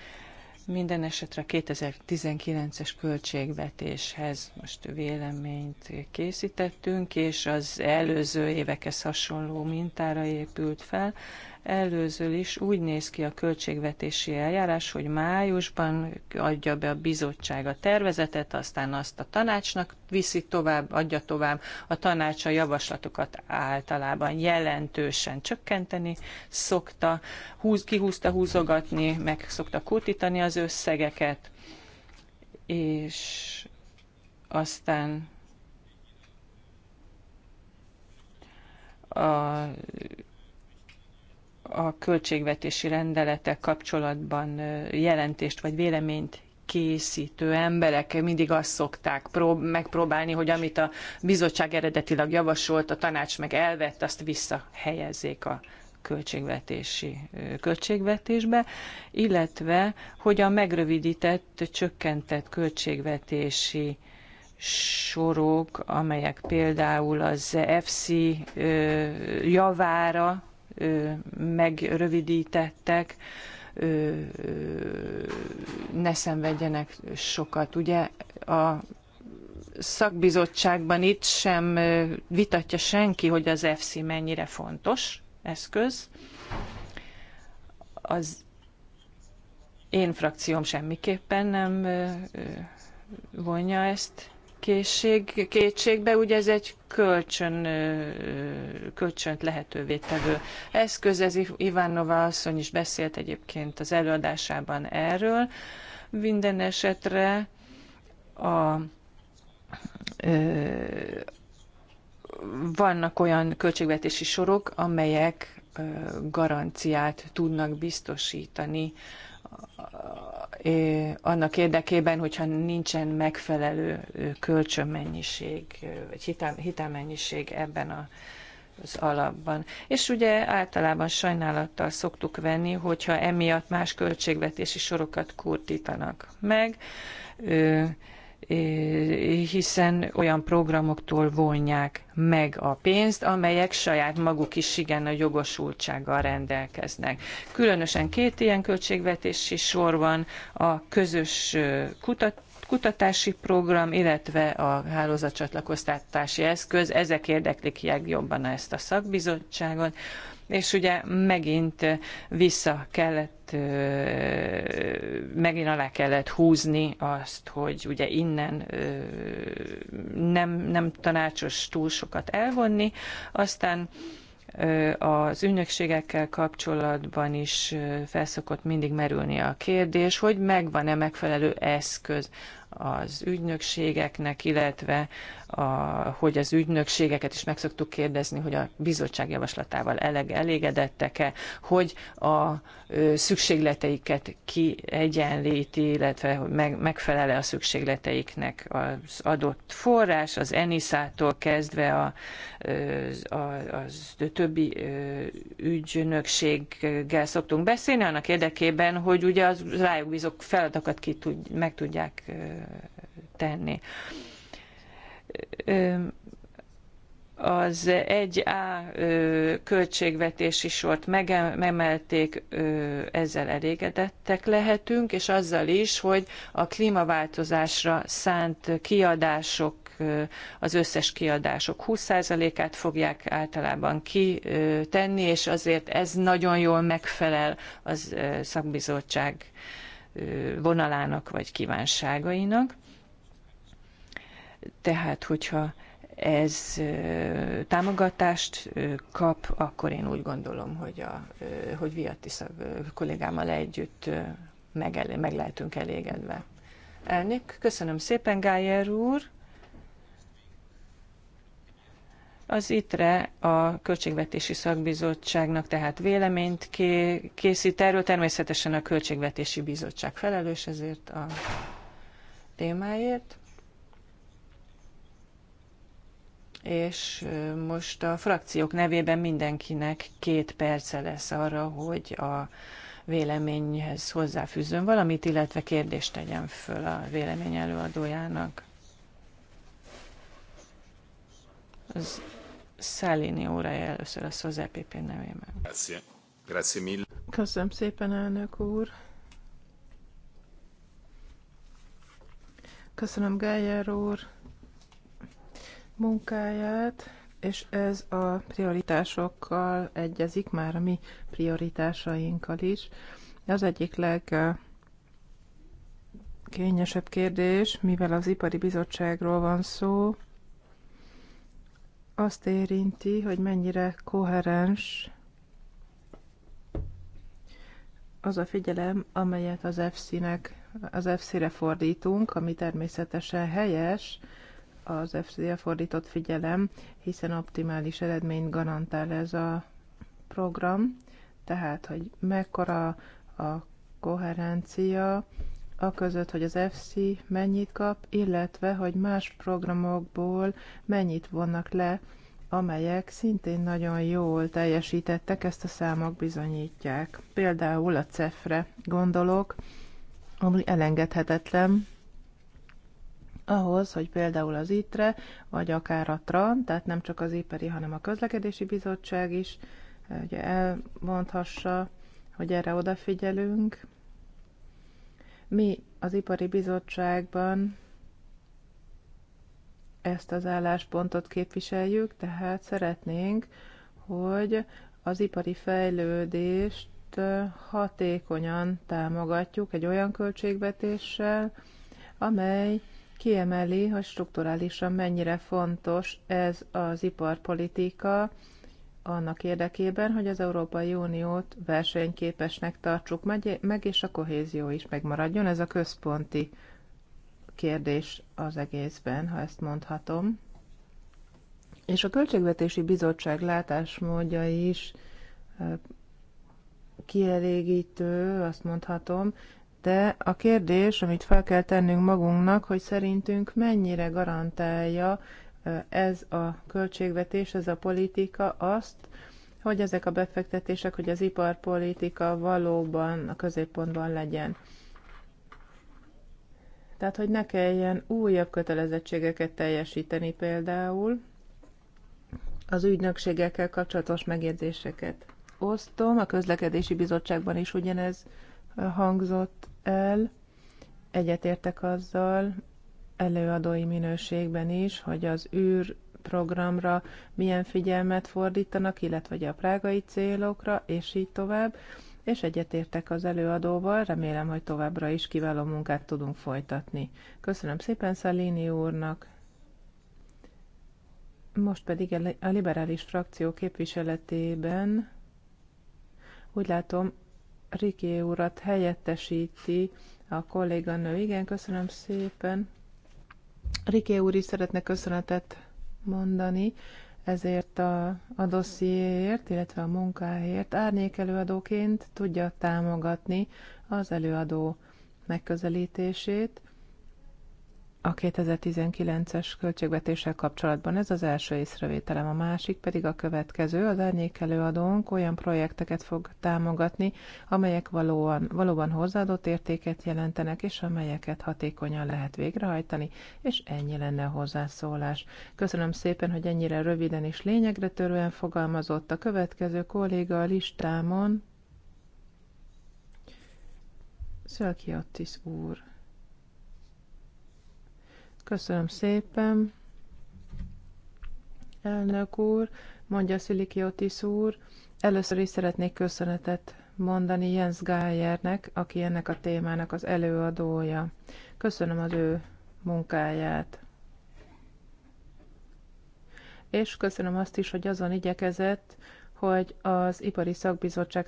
Minden esetre 2019-es költségvetéshez most véleményt készítettünk, és az előző évekhez hasonló mintára épült fel előzől is úgy néz ki a költségvetési eljárás, hogy májusban adja be a bizottság a tervezetet, aztán azt a tanácsnak viszi tovább, adja tovább. A tanács a javaslatokat általában jelentősen csökkenteni szokta, húz, kihúzta húzogatni, meg szokta kótítani az összegeket, és aztán a a költségvetési rendeletek kapcsolatban jelentést vagy véleményt készítő emberek mindig azt szokták prób- megpróbálni, hogy amit a bizottság eredetileg javasolt, a tanács meg elvett, azt visszahelyezzék a költségvetési költségvetésbe, illetve hogy a megrövidített, csökkentett költségvetési sorok, amelyek például az FC javára megrövidítettek, ne szenvedjenek sokat. Ugye a szakbizottságban itt sem vitatja senki, hogy az FC mennyire fontos eszköz. Az én frakcióm semmiképpen nem vonja ezt készség, kétségbe, ugye ez egy kölcsön, kölcsönt lehetővé tevő eszköz, ez Ivánova asszony is beszélt egyébként az előadásában erről. Minden esetre a, vannak olyan költségvetési sorok, amelyek garanciát tudnak biztosítani annak érdekében, hogyha nincsen megfelelő kölcsönmennyiség, vagy hitelmennyiség ebben a az alapban. És ugye általában sajnálattal szoktuk venni, hogyha emiatt más költségvetési sorokat kurtítanak meg, hiszen olyan programoktól vonják meg a pénzt, amelyek saját maguk is igen nagy jogosultsággal rendelkeznek. Különösen két ilyen költségvetési sor van, a közös kutat, kutatási program, illetve a hálózatcsatlakoztatási eszköz, ezek érdeklik legjobban ezt a szakbizottságot és ugye megint vissza kellett, megint alá kellett húzni azt, hogy ugye innen nem, nem tanácsos túl sokat elvonni, aztán az ügynökségekkel kapcsolatban is felszokott mindig merülni a kérdés, hogy megvan-e megfelelő eszköz az ügynökségeknek, illetve a, hogy az ügynökségeket is meg szoktuk kérdezni, hogy a bizottság javaslatával eleg, elégedettek-e, hogy a ö, szükségleteiket kiegyenlíti, illetve hogy meg, megfelele a szükségleteiknek az adott forrás, az ENISZ-tól kezdve a, a, a, az többi ö, ügynökséggel szoktunk beszélni, annak érdekében, hogy ugye az rájuk bízok feladatokat ki tud, meg tudják tenni. Az 1A költségvetési sort megemelték, ezzel elégedettek lehetünk, és azzal is, hogy a klímaváltozásra szánt kiadások az összes kiadások 20%-át fogják általában kitenni, és azért ez nagyon jól megfelel az szakbizottság vonalának vagy kívánságainak. Tehát, hogyha ez támogatást kap, akkor én úgy gondolom, hogy, a, hogy Viattisza kollégámmal együtt meg, meg lehetünk elégedve. Elnök, köszönöm szépen, Gájer úr. Az ITRE a Költségvetési Szakbizottságnak tehát véleményt készít erről. Természetesen a Költségvetési Bizottság felelős ezért a témáért. És most a frakciók nevében mindenkinek két perce lesz arra, hogy a véleményhez hozzáfűzön valamit, illetve kérdést tegyen föl a vélemény előadójának. az Szálini órája először lesz az EPP nevében. Grazie. Grazie mille. Köszönöm szépen, elnök úr. Köszönöm Gájer úr munkáját, és ez a prioritásokkal egyezik már a mi prioritásainkkal is. Az egyik leg kényesebb kérdés, mivel az ipari bizottságról van szó, azt érinti, hogy mennyire koherens az a figyelem, amelyet az FC-nek, az FC-re fordítunk, ami természetesen helyes, az FC-re fordított figyelem, hiszen optimális eredményt garantál ez a program, tehát, hogy mekkora a koherencia a között, hogy az FC mennyit kap, illetve hogy más programokból mennyit vonnak le, amelyek szintén nagyon jól teljesítettek, ezt a számok bizonyítják. Például a CEF-re gondolok, ami elengedhetetlen ahhoz, hogy például az ITRE, vagy akár a TRAN, tehát nem csak az IPERI, hanem a közlekedési bizottság is eh, ugye elmondhassa, hogy erre odafigyelünk, mi az Ipari Bizottságban ezt az álláspontot képviseljük, tehát szeretnénk, hogy az ipari fejlődést hatékonyan támogatjuk egy olyan költségvetéssel, amely kiemeli, hogy strukturálisan mennyire fontos ez az iparpolitika, annak érdekében, hogy az Európai Uniót versenyképesnek tartsuk meg, és a kohézió is megmaradjon. Ez a központi kérdés az egészben, ha ezt mondhatom. És a Költségvetési Bizottság látásmódja is kielégítő, azt mondhatom, de a kérdés, amit fel kell tennünk magunknak, hogy szerintünk mennyire garantálja ez a költségvetés, ez a politika azt, hogy ezek a befektetések, hogy az iparpolitika valóban a középpontban legyen. Tehát, hogy ne kelljen újabb kötelezettségeket teljesíteni például, az ügynökségekkel kapcsolatos megjegyzéseket osztom, a közlekedési bizottságban is ugyanez hangzott el. Egyetértek azzal, előadói minőségben is, hogy az űr programra milyen figyelmet fordítanak, illetve a prágai célokra, és így tovább. És egyetértek az előadóval, remélem, hogy továbbra is kiváló munkát tudunk folytatni. Köszönöm szépen Szalini úrnak! Most pedig a liberális frakció képviseletében úgy látom, Riké urat helyettesíti a kolléganő. Igen, köszönöm szépen. Riké úr is szeretne köszönetet mondani ezért a, a dossziéért, illetve a munkáért. Árnyék előadóként tudja támogatni az előadó megközelítését, a 2019-es költségvetéssel kapcsolatban. Ez az első észrevételem. A másik pedig a következő. Az árnyék előadónk olyan projekteket fog támogatni, amelyek valóan, valóban hozzáadott értéket jelentenek, és amelyeket hatékonyan lehet végrehajtani, és ennyi lenne a hozzászólás. Köszönöm szépen, hogy ennyire röviden és lényegre törően fogalmazott. A következő kolléga a listámon. Attis úr. Köszönöm szépen. Elnök úr, mondja Sziliki Otis úr, először is szeretnék köszönetet mondani Jens Gájernek, aki ennek a témának az előadója. Köszönöm az ő munkáját. És köszönöm azt is, hogy azon igyekezett, hogy az Ipari Szakbizottság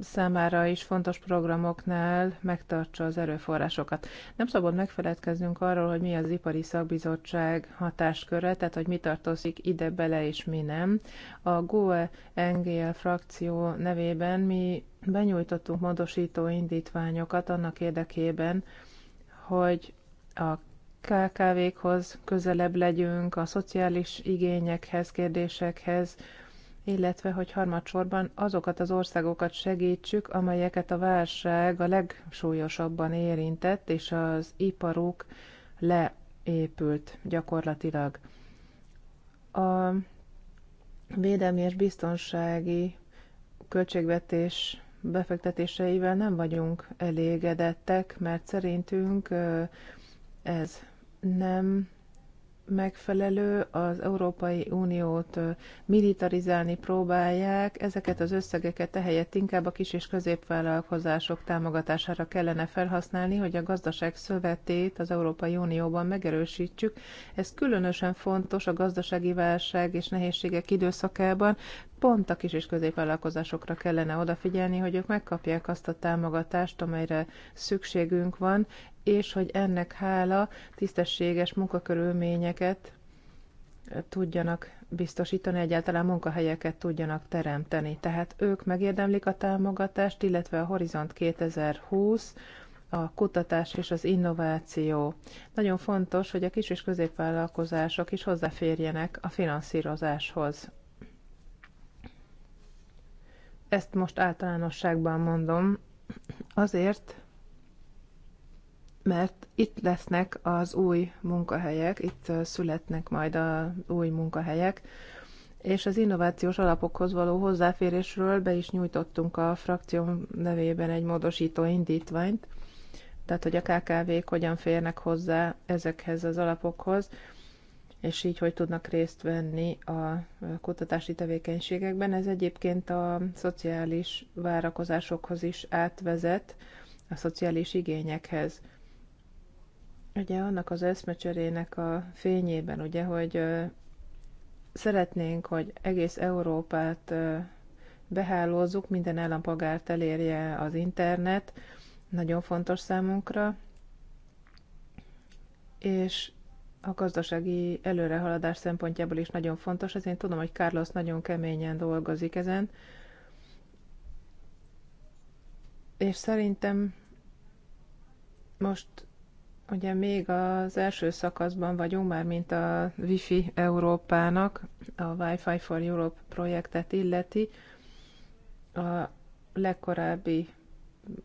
számára is fontos programoknál megtartsa az erőforrásokat. Nem szabad megfeledkeznünk arról, hogy mi az Ipari Szakbizottság hatásköre, tehát hogy mi tartozik ide bele és mi nem. A GOE NGL frakció nevében mi benyújtottunk módosító indítványokat annak érdekében, hogy a KKV-khoz közelebb legyünk, a szociális igényekhez, kérdésekhez, illetve hogy harmadsorban azokat az országokat segítsük, amelyeket a válság a legsúlyosabban érintett, és az iparuk leépült gyakorlatilag. A védelmi és biztonsági költségvetés befektetéseivel nem vagyunk elégedettek, mert szerintünk ez nem megfelelő, az Európai Uniót militarizálni próbálják, ezeket az összegeket ehelyett inkább a kis és középvállalkozások támogatására kellene felhasználni, hogy a gazdaság szövetét az Európai Unióban megerősítsük. Ez különösen fontos a gazdasági válság és nehézségek időszakában, pont a kis és középvállalkozásokra kellene odafigyelni, hogy ők megkapják azt a támogatást, amelyre szükségünk van, és hogy ennek hála tisztességes munkakörülményeket eh, tudjanak biztosítani, egyáltalán munkahelyeket tudjanak teremteni. Tehát ők megérdemlik a támogatást, illetve a Horizont 2020 a kutatás és az innováció. Nagyon fontos, hogy a kis és középvállalkozások is hozzáférjenek a finanszírozáshoz. Ezt most általánosságban mondom, azért, mert itt lesznek az új munkahelyek, itt születnek majd a új munkahelyek, és az innovációs alapokhoz való hozzáférésről be is nyújtottunk a frakció nevében egy módosító indítványt, tehát hogy a KKV-k hogyan férnek hozzá ezekhez az alapokhoz, és így hogy tudnak részt venni a kutatási tevékenységekben. Ez egyébként a szociális várakozásokhoz is átvezet, a szociális igényekhez. Ugye annak az eszmecserének a fényében, ugye, hogy szeretnénk, hogy egész Európát behálózzuk, minden állampolgárt elérje az internet, nagyon fontos számunkra, és a gazdasági előrehaladás szempontjából is nagyon fontos, ezért én tudom, hogy Carlos nagyon keményen dolgozik ezen, és szerintem most Ugye még az első szakaszban vagyunk, már mint a Wi-Fi Európának, a Wi-Fi for Europe projektet illeti. A legkorábbi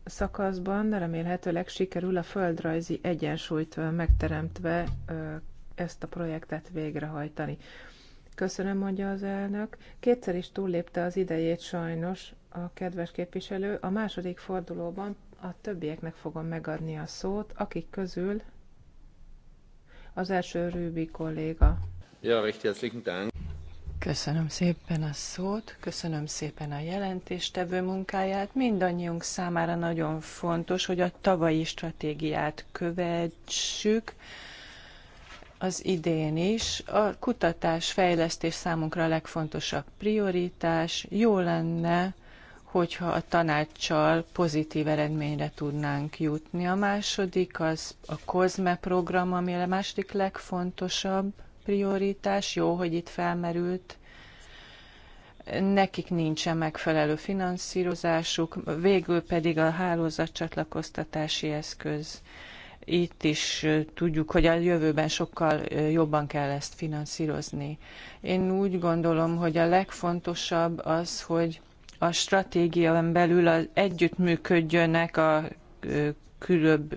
szakaszban remélhetőleg sikerül a földrajzi egyensúlyt megteremtve ezt a projektet végrehajtani. Köszönöm, mondja az elnök. Kétszer is túllépte az idejét sajnos a kedves képviselő. A második fordulóban a többieknek fogom megadni a szót, akik közül az első Rübi kolléga. Ja, recht herzlichen Dank. Köszönöm szépen a szót, köszönöm szépen a jelentéstevő munkáját. Mindannyiunk számára nagyon fontos, hogy a tavalyi stratégiát követsük, az idén is. A kutatás, fejlesztés számunkra a legfontosabb prioritás. Jó lenne, hogyha a tanácssal pozitív eredményre tudnánk jutni. A második az a COSME program, ami a második legfontosabb prioritás. Jó, hogy itt felmerült. Nekik nincsen megfelelő finanszírozásuk, végül pedig a hálózatcsatlakoztatási eszköz. Itt is tudjuk, hogy a jövőben sokkal jobban kell ezt finanszírozni. Én úgy gondolom, hogy a legfontosabb az, hogy a stratégián belül az együttműködjönek a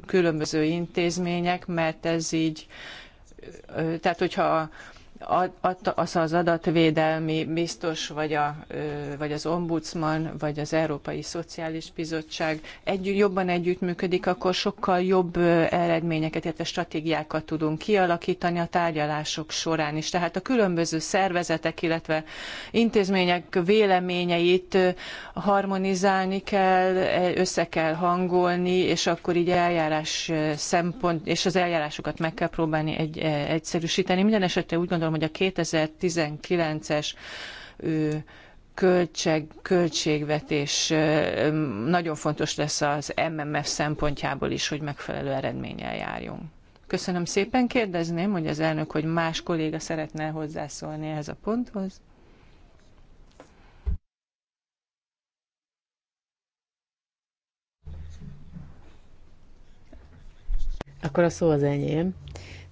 különböző intézmények, mert ez így, tehát hogyha az az adatvédelmi biztos, vagy, a, vagy az ombudsman, vagy az Európai Szociális Bizottság együtt, jobban együttműködik, akkor sokkal jobb eredményeket, illetve stratégiákat tudunk kialakítani a tárgyalások során is. Tehát a különböző szervezetek, illetve intézmények véleményeit harmonizálni kell, e, össze kell hangolni, és akkor így eljárás szempont, és az eljárásokat meg kell próbálni egy, egyszerűsíteni. Minden esetre úgy gondolom, gondolom, hogy a 2019-es költség, költségvetés nagyon fontos lesz az MMF szempontjából is, hogy megfelelő eredménnyel járjunk. Köszönöm szépen. Kérdezném, hogy az elnök, hogy más kolléga szeretne hozzászólni ehhez a ponthoz. Akkor a szó az enyém.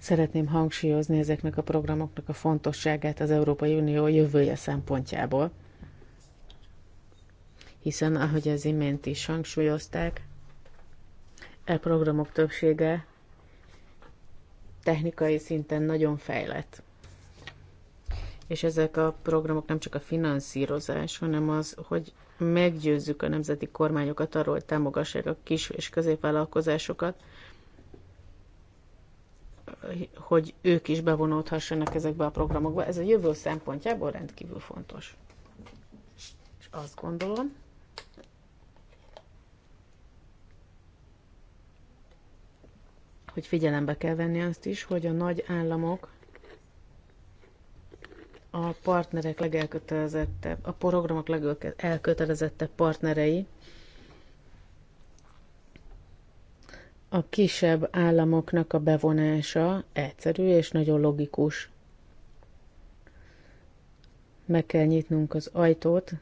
Szeretném hangsúlyozni ezeknek a programoknak a fontosságát az Európai Unió jövője szempontjából, hiszen ahogy az imént is hangsúlyozták, e programok többsége technikai szinten nagyon fejlett. És ezek a programok nem csak a finanszírozás, hanem az, hogy meggyőzzük a nemzeti kormányokat arról, hogy támogassák a kis és középvállalkozásokat, hogy ők is bevonódhassanak ezekbe a programokba. Ez a jövő szempontjából rendkívül fontos. És azt gondolom, hogy figyelembe kell venni azt is, hogy a nagy államok a partnerek legelkötelezettebb, a programok legelkötelezettebb partnerei, A kisebb államoknak a bevonása egyszerű és nagyon logikus. Meg kell nyitnunk az ajtót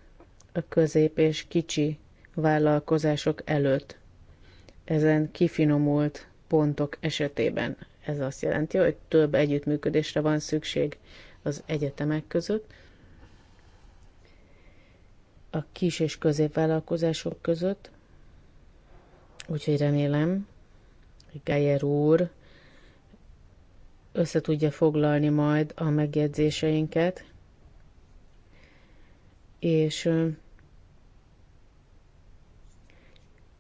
a közép és kicsi vállalkozások előtt. Ezen kifinomult pontok esetében ez azt jelenti, hogy több együttműködésre van szükség az egyetemek között, a kis és középvállalkozások között, úgyhogy remélem, Geyer úr összetudja foglalni majd a megjegyzéseinket, és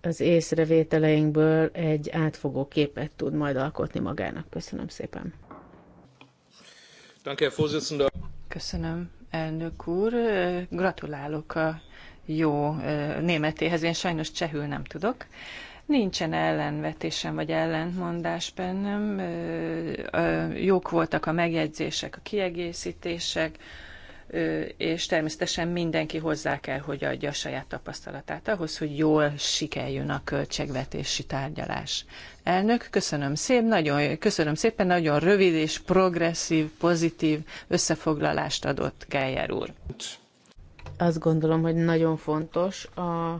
az észrevételeinkből egy átfogó képet tud majd alkotni magának. Köszönöm szépen. Köszönöm, elnök úr. Gratulálok a jó németéhez. Én sajnos csehül nem tudok. Nincsen ellenvetésem vagy ellentmondás bennem. Jók voltak a megjegyzések, a kiegészítések, és természetesen mindenki hozzá kell, hogy adja a saját tapasztalatát ahhoz, hogy jól sikerjön a költségvetési tárgyalás. Elnök, köszönöm, szép, nagyon, köszönöm szépen, nagyon rövid és progresszív, pozitív összefoglalást adott Geyer úr. Azt gondolom, hogy nagyon fontos a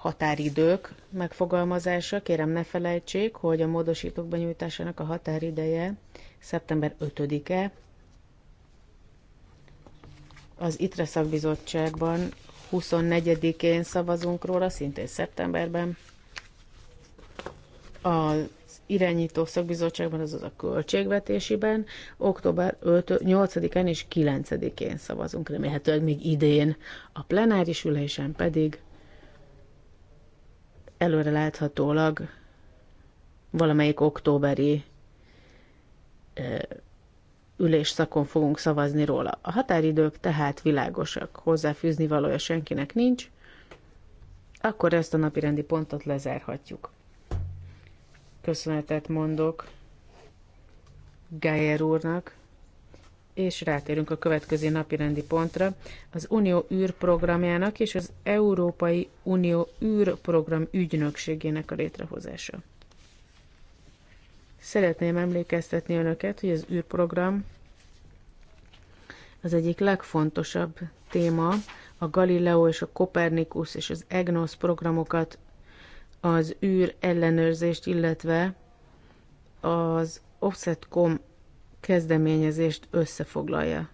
határidők megfogalmazása. Kérem ne felejtsék, hogy a módosítók benyújtásának a határideje szeptember 5-e. Az ITRE szakbizottságban 24-én szavazunk róla, szintén szeptemberben. Az irányító szakbizottságban, azaz a költségvetésiben, október 8-án és 9-én szavazunk, remélhetőleg még idén. A plenáris ülésen pedig előre láthatólag valamelyik októberi ülésszakon fogunk szavazni róla. A határidők tehát világosak, hozzáfűzni valója senkinek nincs, akkor ezt a napirendi pontot lezárhatjuk. Köszönetet mondok Geyer úrnak, és rátérünk a következő napi rendi pontra, az Unió űrprogramjának és az Európai Unió űrprogram ügynökségének a létrehozása. Szeretném emlékeztetni önöket, hogy az űrprogram az egyik legfontosabb téma, a Galileo és a Kopernikus és az EGNOS programokat, az űr ellenőrzést, illetve az Offsetcom kezdeményezést összefoglalja.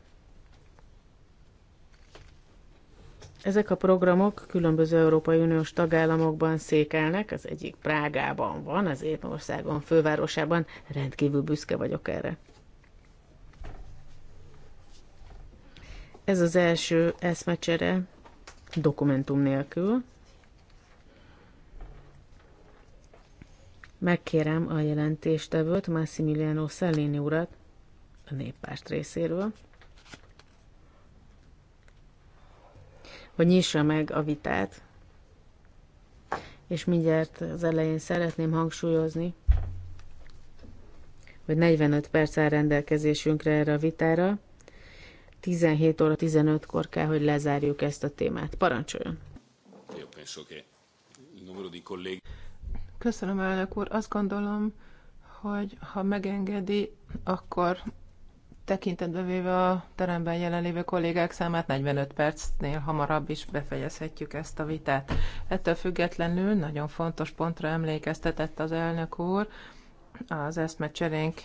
Ezek a programok különböző Európai Uniós tagállamokban székelnek, az egyik Prágában van, az én országom fővárosában, rendkívül büszke vagyok erre. Ez az első eszmecsere dokumentum nélkül. Megkérem a jelentéstevőt, Massimiliano Szellini urat, a néppárt részéről, hogy nyissa meg a vitát, és mindjárt az elején szeretném hangsúlyozni, hogy 45 perc áll rendelkezésünkre erre a vitára, 17 óra 15-kor kell, hogy lezárjuk ezt a témát. Parancsoljon! Köszönöm, elnök úr. Azt gondolom, hogy ha megengedi, akkor tekintetbe véve a teremben jelenlévő kollégák számát 45 percnél hamarabb is befejezhetjük ezt a vitát. Ettől függetlenül nagyon fontos pontra emlékeztetett az elnök úr, az eszmecserénk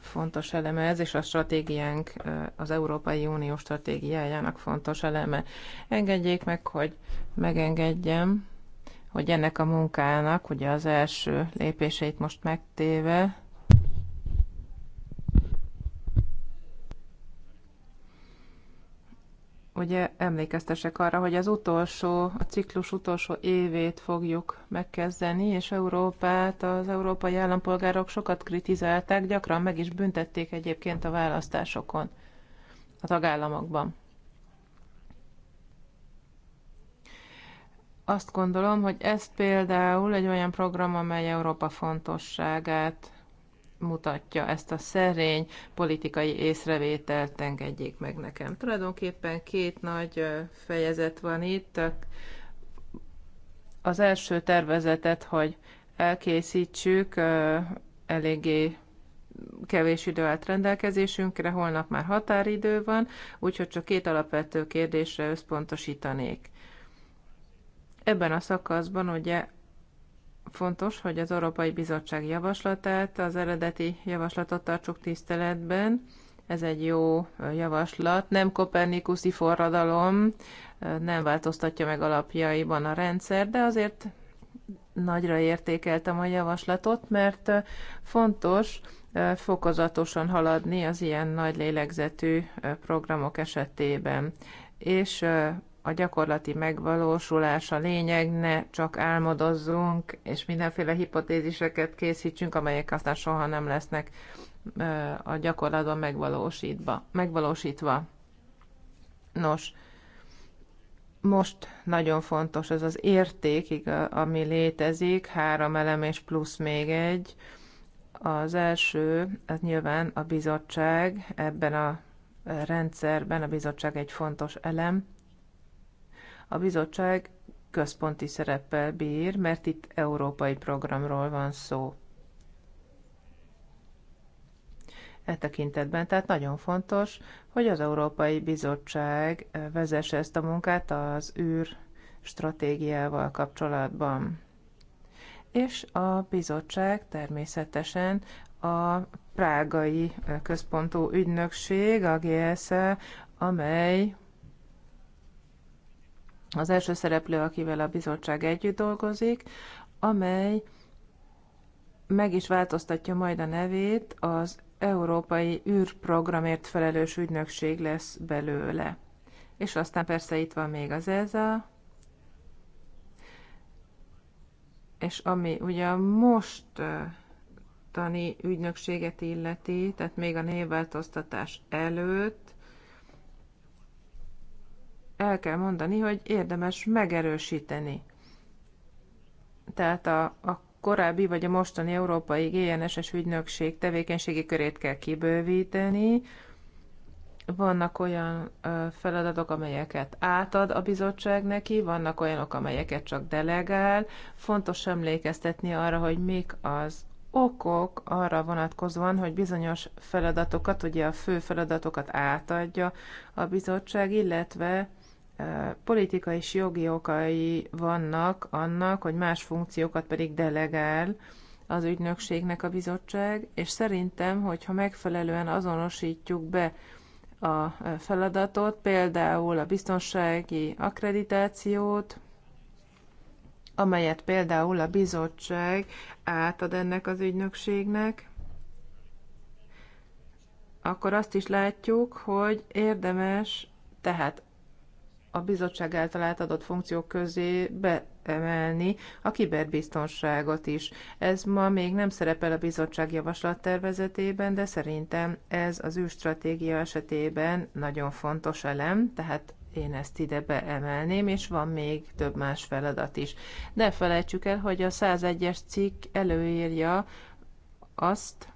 fontos eleme ez, és a stratégiánk, az Európai Unió stratégiájának fontos eleme. Engedjék meg, hogy megengedjem, hogy ennek a munkának, ugye az első lépéseit most megtéve, ugye emlékeztesek arra, hogy az utolsó, a ciklus utolsó évét fogjuk megkezdeni, és Európát, az európai állampolgárok sokat kritizálták, gyakran meg is büntették egyébként a választásokon a tagállamokban. Azt gondolom, hogy ez például egy olyan program, amely Európa fontosságát mutatja ezt a szerény politikai észrevételt, engedjék meg nekem. Tulajdonképpen két nagy fejezet van itt. Az első tervezetet, hogy elkészítsük, eléggé kevés idő állt rendelkezésünkre, holnap már határidő van, úgyhogy csak két alapvető kérdésre összpontosítanék. Ebben a szakaszban ugye fontos, hogy az Európai Bizottság javaslatát, az eredeti javaslatot tartsuk tiszteletben. Ez egy jó javaslat, nem kopernikuszi forradalom, nem változtatja meg alapjaiban a rendszer, de azért nagyra értékeltem a javaslatot, mert fontos fokozatosan haladni az ilyen nagy lélegzetű programok esetében. És a gyakorlati megvalósulás a lényeg, ne csak álmodozzunk, és mindenféle hipotéziseket készítsünk, amelyek aztán soha nem lesznek a gyakorlatban megvalósítva. megvalósítva. Nos, most nagyon fontos ez az érték, ami létezik, három elem és plusz még egy. Az első, ez nyilván a bizottság ebben a rendszerben, a bizottság egy fontos elem, a bizottság központi szereppel bír, mert itt európai programról van szó. E tekintetben tehát nagyon fontos, hogy az Európai Bizottság eh, vezesse ezt a munkát az űr stratégiával kapcsolatban. És a bizottság természetesen a prágai eh, központú ügynökség, a GSE, amely az első szereplő, akivel a bizottság együtt dolgozik, amely meg is változtatja majd a nevét, az Európai űrprogramért felelős ügynökség lesz belőle. És aztán persze itt van még az ESA, és ami ugye a mostani ügynökséget illeti, tehát még a névváltoztatás előtt, el kell mondani, hogy érdemes megerősíteni. Tehát a, a korábbi vagy a mostani európai GNSS ügynökség tevékenységi körét kell kibővíteni. Vannak olyan feladatok, amelyeket átad a bizottság neki, vannak olyanok, amelyeket csak delegál. Fontos emlékeztetni arra, hogy mik az okok arra vonatkozóan, hogy bizonyos feladatokat, ugye a fő feladatokat átadja a bizottság, illetve politikai és jogi okai vannak annak, hogy más funkciókat pedig delegál az ügynökségnek a bizottság, és szerintem, hogyha megfelelően azonosítjuk be a feladatot, például a biztonsági akkreditációt, amelyet például a bizottság átad ennek az ügynökségnek, akkor azt is látjuk, hogy érdemes tehát a bizottság által átadott funkciók közé beemelni a kiberbiztonságot is. Ez ma még nem szerepel a bizottság javaslattervezetében, de szerintem ez az stratégia esetében nagyon fontos elem, tehát én ezt ide beemelném, és van még több más feladat is. Ne felejtsük el, hogy a 101-es cikk előírja azt,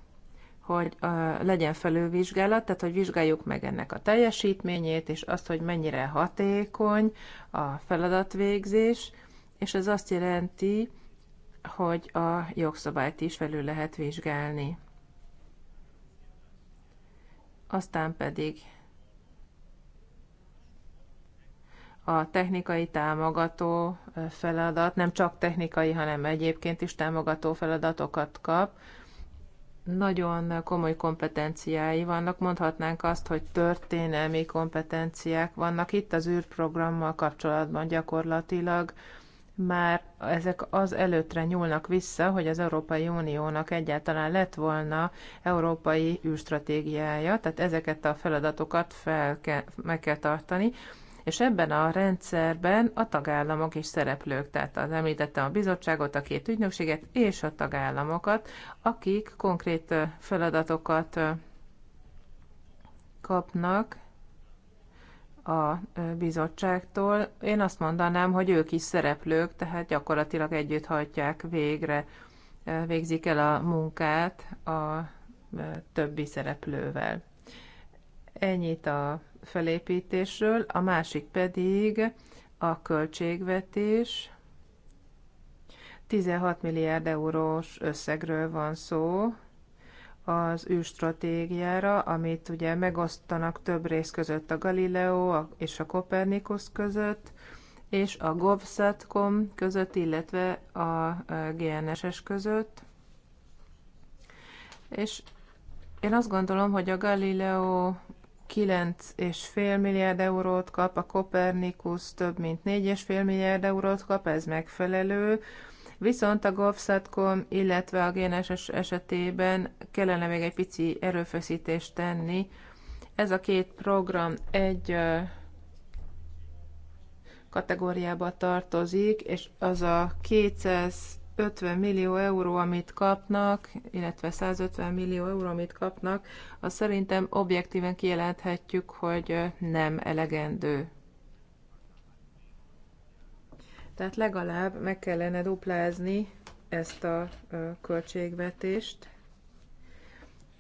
hogy uh, legyen felülvizsgálat, tehát hogy vizsgáljuk meg ennek a teljesítményét, és azt, hogy mennyire hatékony a feladatvégzés, és ez azt jelenti, hogy a jogszabályt is felül lehet vizsgálni. Aztán pedig a technikai támogató feladat, nem csak technikai, hanem egyébként is támogató feladatokat kap, nagyon komoly kompetenciái vannak, mondhatnánk azt, hogy történelmi kompetenciák vannak itt az űrprogrammal kapcsolatban gyakorlatilag, már ezek az előttre nyúlnak vissza, hogy az Európai Uniónak egyáltalán lett volna európai űrstratégiája, tehát ezeket a feladatokat fel kell, meg kell tartani, és ebben a rendszerben a tagállamok is szereplők, tehát az említettem a bizottságot, a két ügynökséget és a tagállamokat, akik konkrét feladatokat kapnak a bizottságtól. Én azt mondanám, hogy ők is szereplők, tehát gyakorlatilag együtt hajtják végre, végzik el a munkát a többi szereplővel. Ennyit a felépítésről, a másik pedig a költségvetés. 16 milliárd eurós összegről van szó az űrstratégiára, amit ugye megosztanak több rész között a Galileo és a Copernicus között, és a GovSatcom között, illetve a GNSS között. És én azt gondolom, hogy a Galileo 9,5 milliárd eurót kap, a Copernicus több mint 4,5 milliárd eurót kap, ez megfelelő. Viszont a GovSatcom, illetve a GNSS esetében kellene még egy pici erőfeszítést tenni. Ez a két program egy kategóriába tartozik, és az a 200 50 millió euró, amit kapnak, illetve 150 millió euró, amit kapnak, az szerintem objektíven kijelenthetjük, hogy nem elegendő. Tehát legalább meg kellene duplázni ezt a költségvetést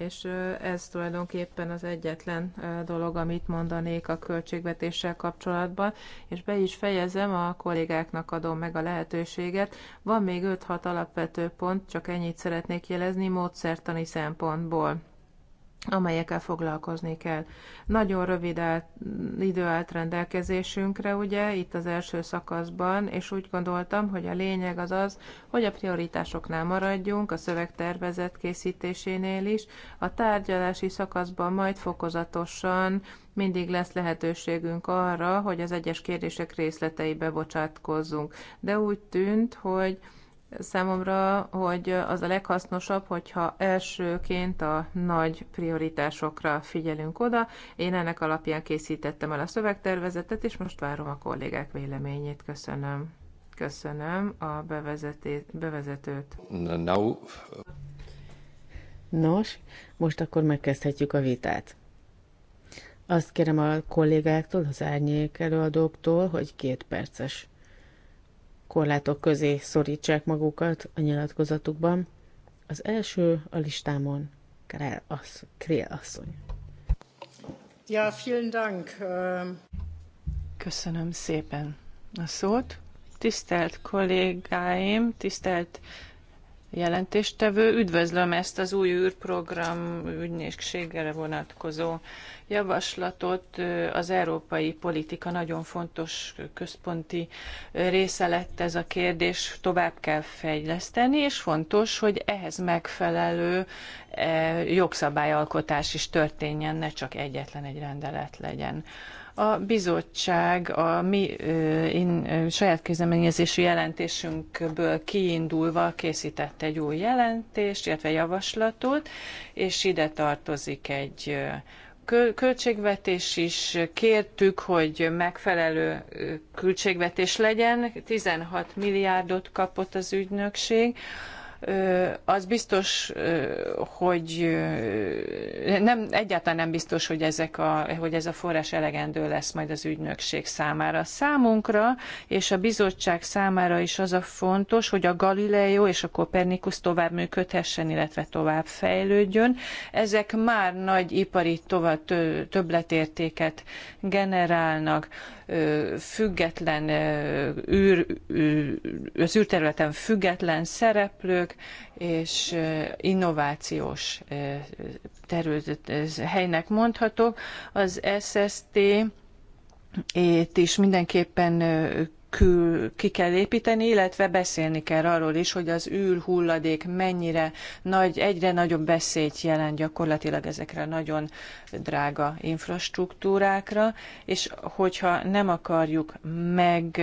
és ez tulajdonképpen az egyetlen dolog, amit mondanék a költségvetéssel kapcsolatban, és be is fejezem, a kollégáknak adom meg a lehetőséget. Van még 5-6 alapvető pont, csak ennyit szeretnék jelezni módszertani szempontból amelyekkel foglalkozni kell. Nagyon rövid át, idő állt rendelkezésünkre, ugye, itt az első szakaszban, és úgy gondoltam, hogy a lényeg az az, hogy a prioritásoknál maradjunk, a szövegtervezet készítésénél is, a tárgyalási szakaszban majd fokozatosan mindig lesz lehetőségünk arra, hogy az egyes kérdések részleteibe bocsátkozzunk. De úgy tűnt, hogy Számomra, hogy az a leghasznosabb, hogyha elsőként a nagy prioritásokra figyelünk oda. Én ennek alapján készítettem el a szövegtervezetet, és most várom a kollégák véleményét. Köszönöm. Köszönöm a bevezetőt. Now. Nos, most akkor megkezdhetjük a vitát. Azt kérem a kollégáktól, az árnyék előadóktól, hogy két perces korlátok közé szorítsák magukat a nyilatkozatukban. Az első a listámon Krél asszony. Krél asszony. Ja, vielen Dank. Ähm. Köszönöm szépen a szót. Tisztelt kollégáim, tisztelt jelentéstevő. Üdvözlöm ezt az új űrprogram ügynökségre vonatkozó javaslatot. Az európai politika nagyon fontos központi része lett ez a kérdés, tovább kell fejleszteni, és fontos, hogy ehhez megfelelő eh, jogszabályalkotás is történjen, ne csak egyetlen egy rendelet legyen. A bizottság a mi én, saját kezdeményezésű jelentésünkből kiindulva készített egy új jelentést, illetve javaslatot, és ide tartozik egy költségvetés is kértük, hogy megfelelő költségvetés legyen. 16 milliárdot kapott az ügynökség az biztos, hogy nem, egyáltalán nem biztos, hogy, ezek a, hogy ez a forrás elegendő lesz majd az ügynökség számára. Számunkra és a bizottság számára is az a fontos, hogy a Galileo és a Kopernikus tovább működhessen, illetve tovább fejlődjön. Ezek már nagy ipari tovább többletértéket generálnak független űr, az űrterületen független szereplők és innovációs terület, helynek mondhatók. Az SST itt is mindenképpen kül, ki kell építeni, illetve beszélni kell arról is, hogy az hulladék mennyire nagy, egyre nagyobb beszélt jelent gyakorlatilag ezekre nagyon drága infrastruktúrákra, és hogyha nem akarjuk meg,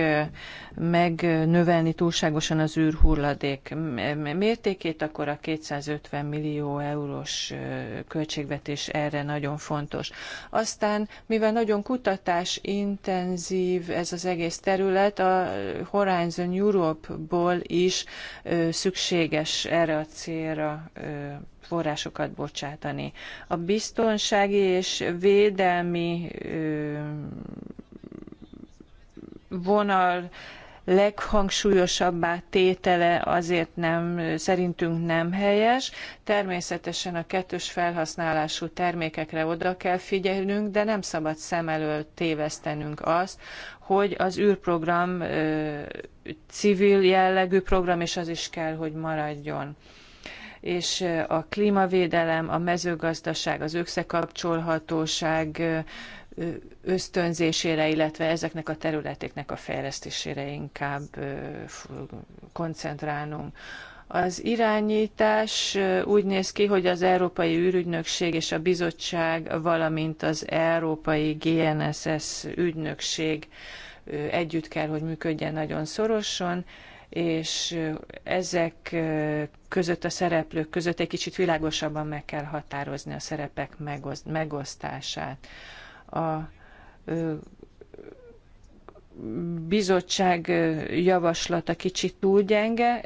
megnövelni túlságosan az űrhulladék mértékét, akkor a 250 millió eurós költségvetés erre nagyon fontos. Aztán, mivel nagyon kutatásintenzív ez az egész terület, a Horizon Europe-ból is szükséges erre a célra forrásokat bocsátani. A biztonsági és védelmi vonal leghangsúlyosabbá tétele azért nem, szerintünk nem helyes. Természetesen a kettős felhasználású termékekre oda kell figyelnünk, de nem szabad szem elől tévesztenünk azt, hogy az űrprogram civil jellegű program, és az is kell, hogy maradjon és a klímavédelem, a mezőgazdaság, az összekapcsolhatóság ösztönzésére, illetve ezeknek a területeknek a fejlesztésére inkább koncentrálnunk. Az irányítás úgy néz ki, hogy az Európai űrügynökség és a bizottság, valamint az Európai GNSS ügynökség együtt kell, hogy működjen nagyon szorosan, és ezek között a szereplők között egy kicsit világosabban meg kell határozni a szerepek megosztását a bizottság javaslata kicsit túl gyenge.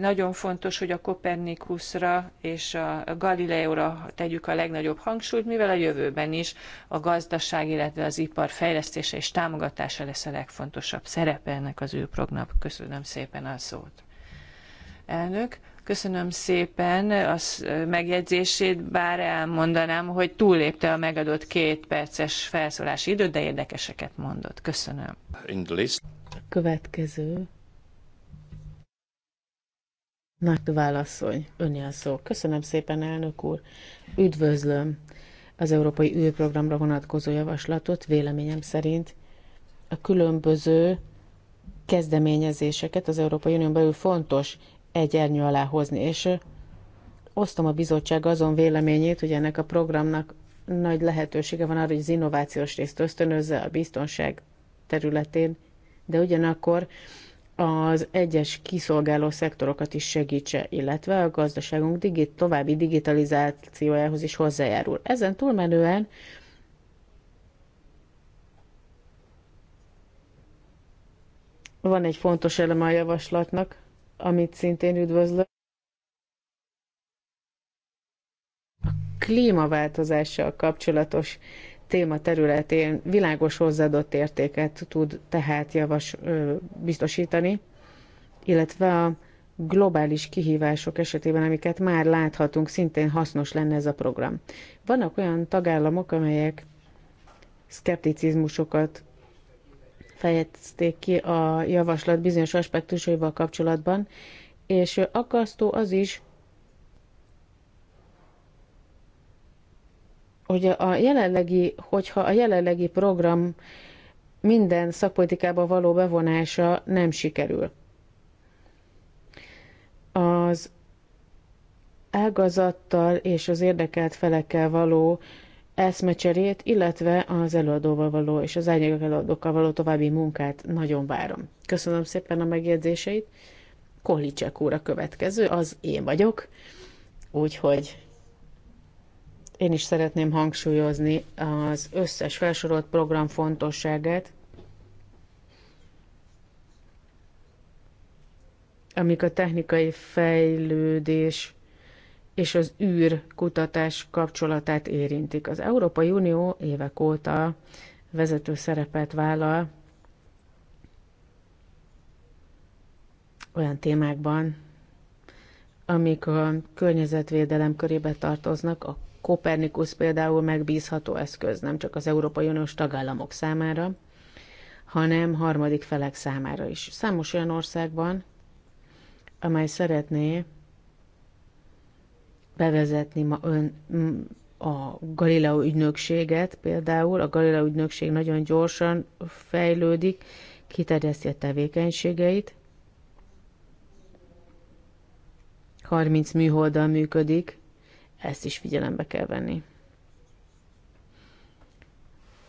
Nagyon fontos, hogy a Kopernikusra és a Galileóra tegyük a legnagyobb hangsúlyt, mivel a jövőben is a gazdaság, illetve az ipar fejlesztése és támogatása lesz a legfontosabb szerepe ennek az űrprogramnak. Köszönöm szépen a szót. Elnök, Köszönöm szépen a megjegyzését, bár elmondanám, hogy túllépte a megadott két perces felszólási időt, de érdekeseket mondott. Köszönöm. Következő. Nagy válaszolj, önni a szó. Köszönöm szépen, elnök úr. Üdvözlöm az Európai űrprogramra vonatkozó javaslatot, véleményem szerint a különböző kezdeményezéseket az Európai Unión belül fontos egy ernyő alá hozni. És osztom a bizottság azon véleményét, hogy ennek a programnak nagy lehetősége van arra, hogy az innovációs részt ösztönözze a biztonság területén, de ugyanakkor az egyes kiszolgáló szektorokat is segítse, illetve a gazdaságunk digit, további digitalizációjához is hozzájárul. Ezen túlmenően van egy fontos eleme a javaslatnak, amit szintén üdvözlök. A klímaváltozással kapcsolatos téma területén világos hozzáadott értéket tud tehát javas, ö, biztosítani, illetve a globális kihívások esetében, amiket már láthatunk, szintén hasznos lenne ez a program. Vannak olyan tagállamok, amelyek szkepticizmusokat fejezték ki a javaslat bizonyos aspektusaival kapcsolatban, és akasztó az is, hogy a jelenlegi, hogyha a jelenlegi program minden szakpolitikába való bevonása nem sikerül. Az ágazattal és az érdekelt felekkel való eszmecserét, illetve az előadóval való és az árnyékok előadókkal való további munkát nagyon várom. Köszönöm szépen a megjegyzéseit. Kollicsek úr a következő, az én vagyok, úgyhogy én is szeretném hangsúlyozni az összes felsorolt program fontosságát, amik a technikai fejlődés és az űr kutatás kapcsolatát érintik. Az Európai Unió évek óta vezető szerepet vállal olyan témákban, amik a környezetvédelem körébe tartoznak, a Kopernikus például megbízható eszköz nem csak az Európai Uniós tagállamok számára, hanem harmadik felek számára is. Számos olyan országban, amely szeretné bevezetni ma ön mm, a Galileo ügynökséget például. A Galileo ügynökség nagyon gyorsan fejlődik, kiterjeszti a tevékenységeit. 30 műholdal működik, ezt is figyelembe kell venni.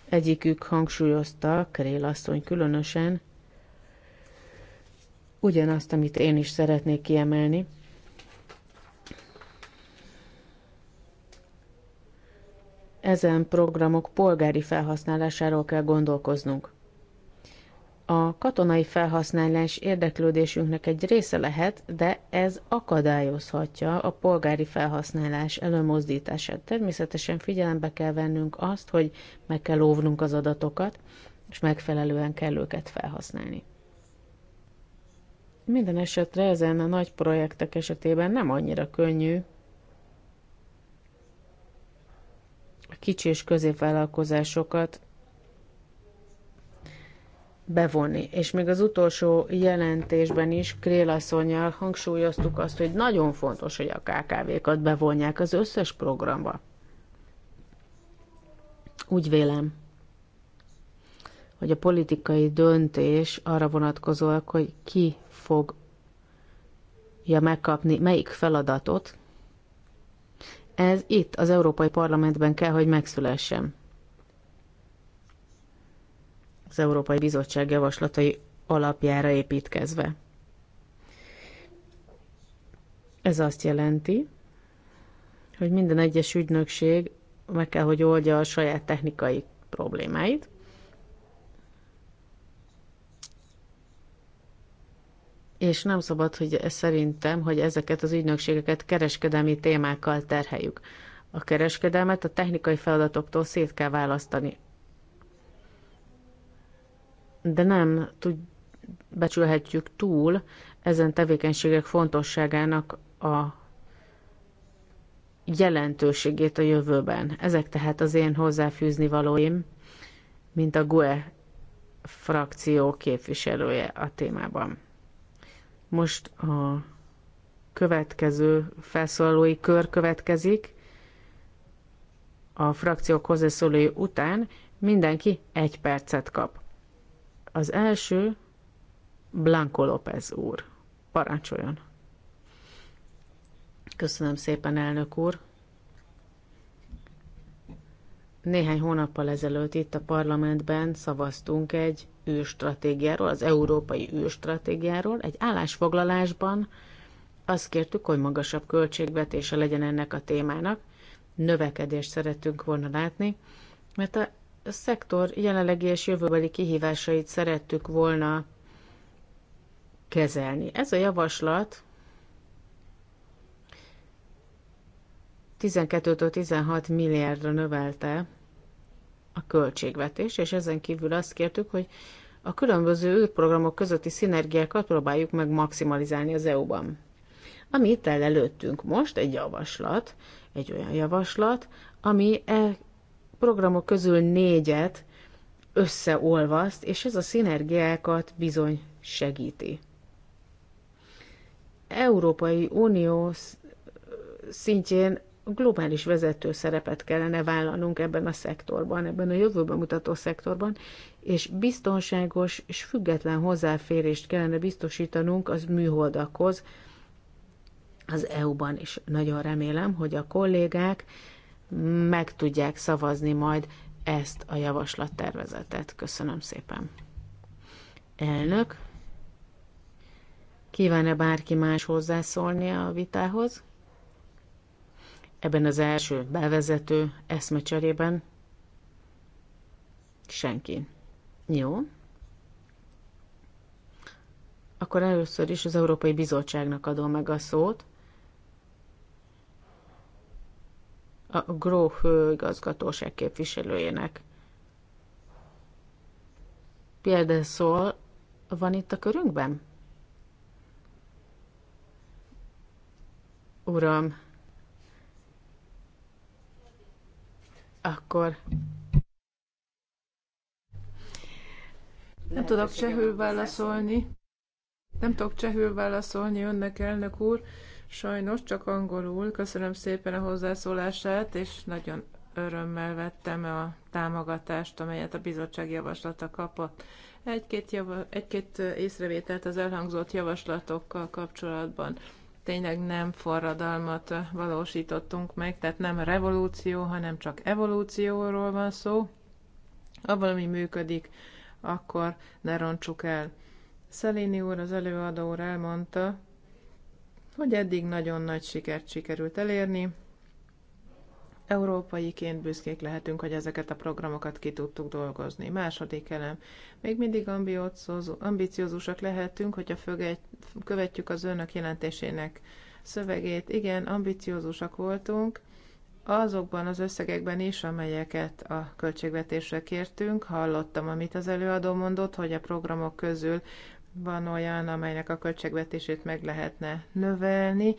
Egyikük hangsúlyozta, Krél asszony különösen, ugyanazt, amit én is szeretnék kiemelni – ezen programok polgári felhasználásáról kell gondolkoznunk. A katonai felhasználás érdeklődésünknek egy része lehet, de ez akadályozhatja a polgári felhasználás előmozdítását. Természetesen figyelembe kell vennünk azt, hogy meg kell óvnunk az adatokat, és megfelelően kell őket felhasználni. Minden esetre ezen a nagy projektek esetében nem annyira könnyű a kicsi és középvállalkozásokat bevonni. És még az utolsó jelentésben is Krélasszonyjal hangsúlyoztuk azt, hogy nagyon fontos, hogy a KKV-kat bevonják az összes programba. Úgy vélem, hogy a politikai döntés arra vonatkozóak, hogy ki fogja megkapni melyik feladatot, ez itt, az Európai Parlamentben kell, hogy megszülessen. Az Európai Bizottság javaslatai alapjára építkezve. Ez azt jelenti, hogy minden egyes ügynökség meg kell, hogy oldja a saját technikai problémáit, és nem szabad, hogy szerintem, hogy ezeket az ügynökségeket kereskedelmi témákkal terheljük. A kereskedelmet a technikai feladatoktól szét kell választani. De nem tud, becsülhetjük túl ezen tevékenységek fontosságának a jelentőségét a jövőben. Ezek tehát az én hozzáfűzni valóim, mint a GUE frakció képviselője a témában. Most a következő felszólalói kör következik. A frakciók hozzászólói után mindenki egy percet kap. Az első Blanco López úr. Parancsoljon! Köszönöm szépen, elnök úr! Néhány hónappal ezelőtt itt a parlamentben szavaztunk egy űrstratégiáról, az európai űrstratégiáról. Egy állásfoglalásban azt kértük, hogy magasabb költségvetése legyen ennek a témának. Növekedést szerettünk volna látni, mert a szektor jelenlegi és jövőbeli kihívásait szerettük volna kezelni. Ez a javaslat 12-től 16 milliárdra növelte a költségvetés, és ezen kívül azt kértük, hogy a különböző űrprogramok közötti szinergiákat próbáljuk meg maximalizálni az EU-ban. Ami itt el előttünk most, egy javaslat, egy olyan javaslat, ami e programok közül négyet összeolvaszt, és ez a szinergiákat bizony segíti. Európai Unió szintjén globális vezető szerepet kellene vállalnunk ebben a szektorban, ebben a jövőben mutató szektorban, és biztonságos és független hozzáférést kellene biztosítanunk az műholdakhoz az EU-ban is. Nagyon remélem, hogy a kollégák meg tudják szavazni majd ezt a javaslattervezetet. Köszönöm szépen. Elnök, kíván-e bárki más hozzászólni a vitához? Ebben az első bevezető eszmecserében senki. Jó. Akkor először is az Európai Bizottságnak adom meg a szót. A GRO igazgatóság képviselőjének. Például szól, van itt a körünkben? Uram, Akkor nem tudok csehül válaszolni. Nem tudok csehül válaszolni önnek, elnök úr. Sajnos csak angolul. Köszönöm szépen a hozzászólását, és nagyon örömmel vettem a támogatást, amelyet a bizottság javaslata kapott. Egy-két, java- egy-két észrevételt az elhangzott javaslatokkal kapcsolatban tényleg nem forradalmat valósítottunk meg, tehát nem revolúció, hanem csak evolúcióról van szó. Ha valami működik, akkor ne roncsuk el. Szeléni úr, az előadó úr elmondta, hogy eddig nagyon nagy sikert sikerült elérni, Európaiként büszkék lehetünk, hogy ezeket a programokat ki tudtuk dolgozni. Második elem. Még mindig ambiciózusak lehetünk, hogyha követjük az önök jelentésének szövegét. Igen, ambiciózusak voltunk, azokban az összegekben is, amelyeket a költségvetésre kértünk, hallottam, amit az előadó mondott, hogy a programok közül van olyan, amelynek a költségvetését meg lehetne növelni,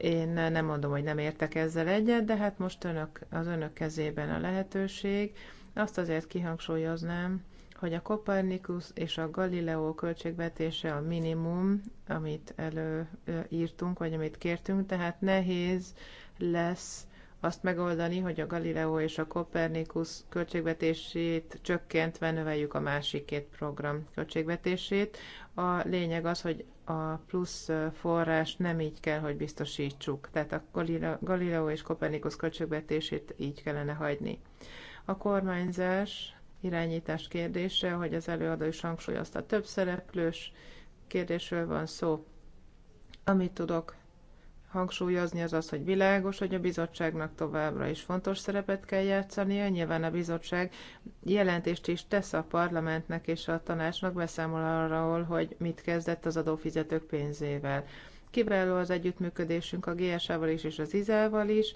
én nem mondom, hogy nem értek ezzel egyet, de hát most önök, az önök kezében a lehetőség. Azt azért kihangsúlyoznám, hogy a Kopernikus és a Galileo költségvetése a minimum, amit előírtunk, vagy amit kértünk, tehát nehéz lesz azt megoldani, hogy a Galileo és a Kopernikus költségvetését csökkentve növeljük a másik két program költségvetését. A lényeg az, hogy a plusz forrás nem így kell, hogy biztosítsuk. Tehát a Galileo és Kopernikus költségvetését így kellene hagyni. A kormányzás irányítás kérdése, hogy az előadó is hangsúlyozta, több szereplős kérdésről van szó. Amit tudok hangsúlyozni, az az, hogy világos, hogy a bizottságnak továbbra is fontos szerepet kell játszania. Nyilván a bizottság jelentést is tesz a parlamentnek és a tanácsnak, beszámol arról, hogy mit kezdett az adófizetők pénzével. Kiváló az együttműködésünk a GSA-val is és az IZÁ-val is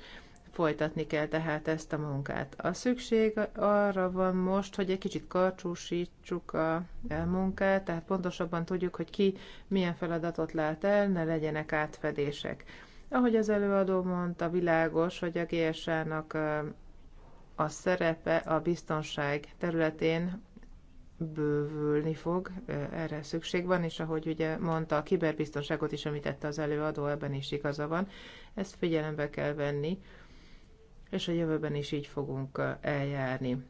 Folytatni kell tehát ezt a munkát. A szükség arra van most, hogy egy kicsit karcsúsítsuk a munkát, tehát pontosabban tudjuk, hogy ki milyen feladatot lát el, ne legyenek átfedések. Ahogy az előadó mondta, világos, hogy a GSA-nak a szerepe a biztonság területén bővülni fog, erre szükség van, és ahogy ugye mondta, a kiberbiztonságot is említette az előadó, ebben is igaza van, ezt figyelembe kell venni és a jövőben is így fogunk eljárni.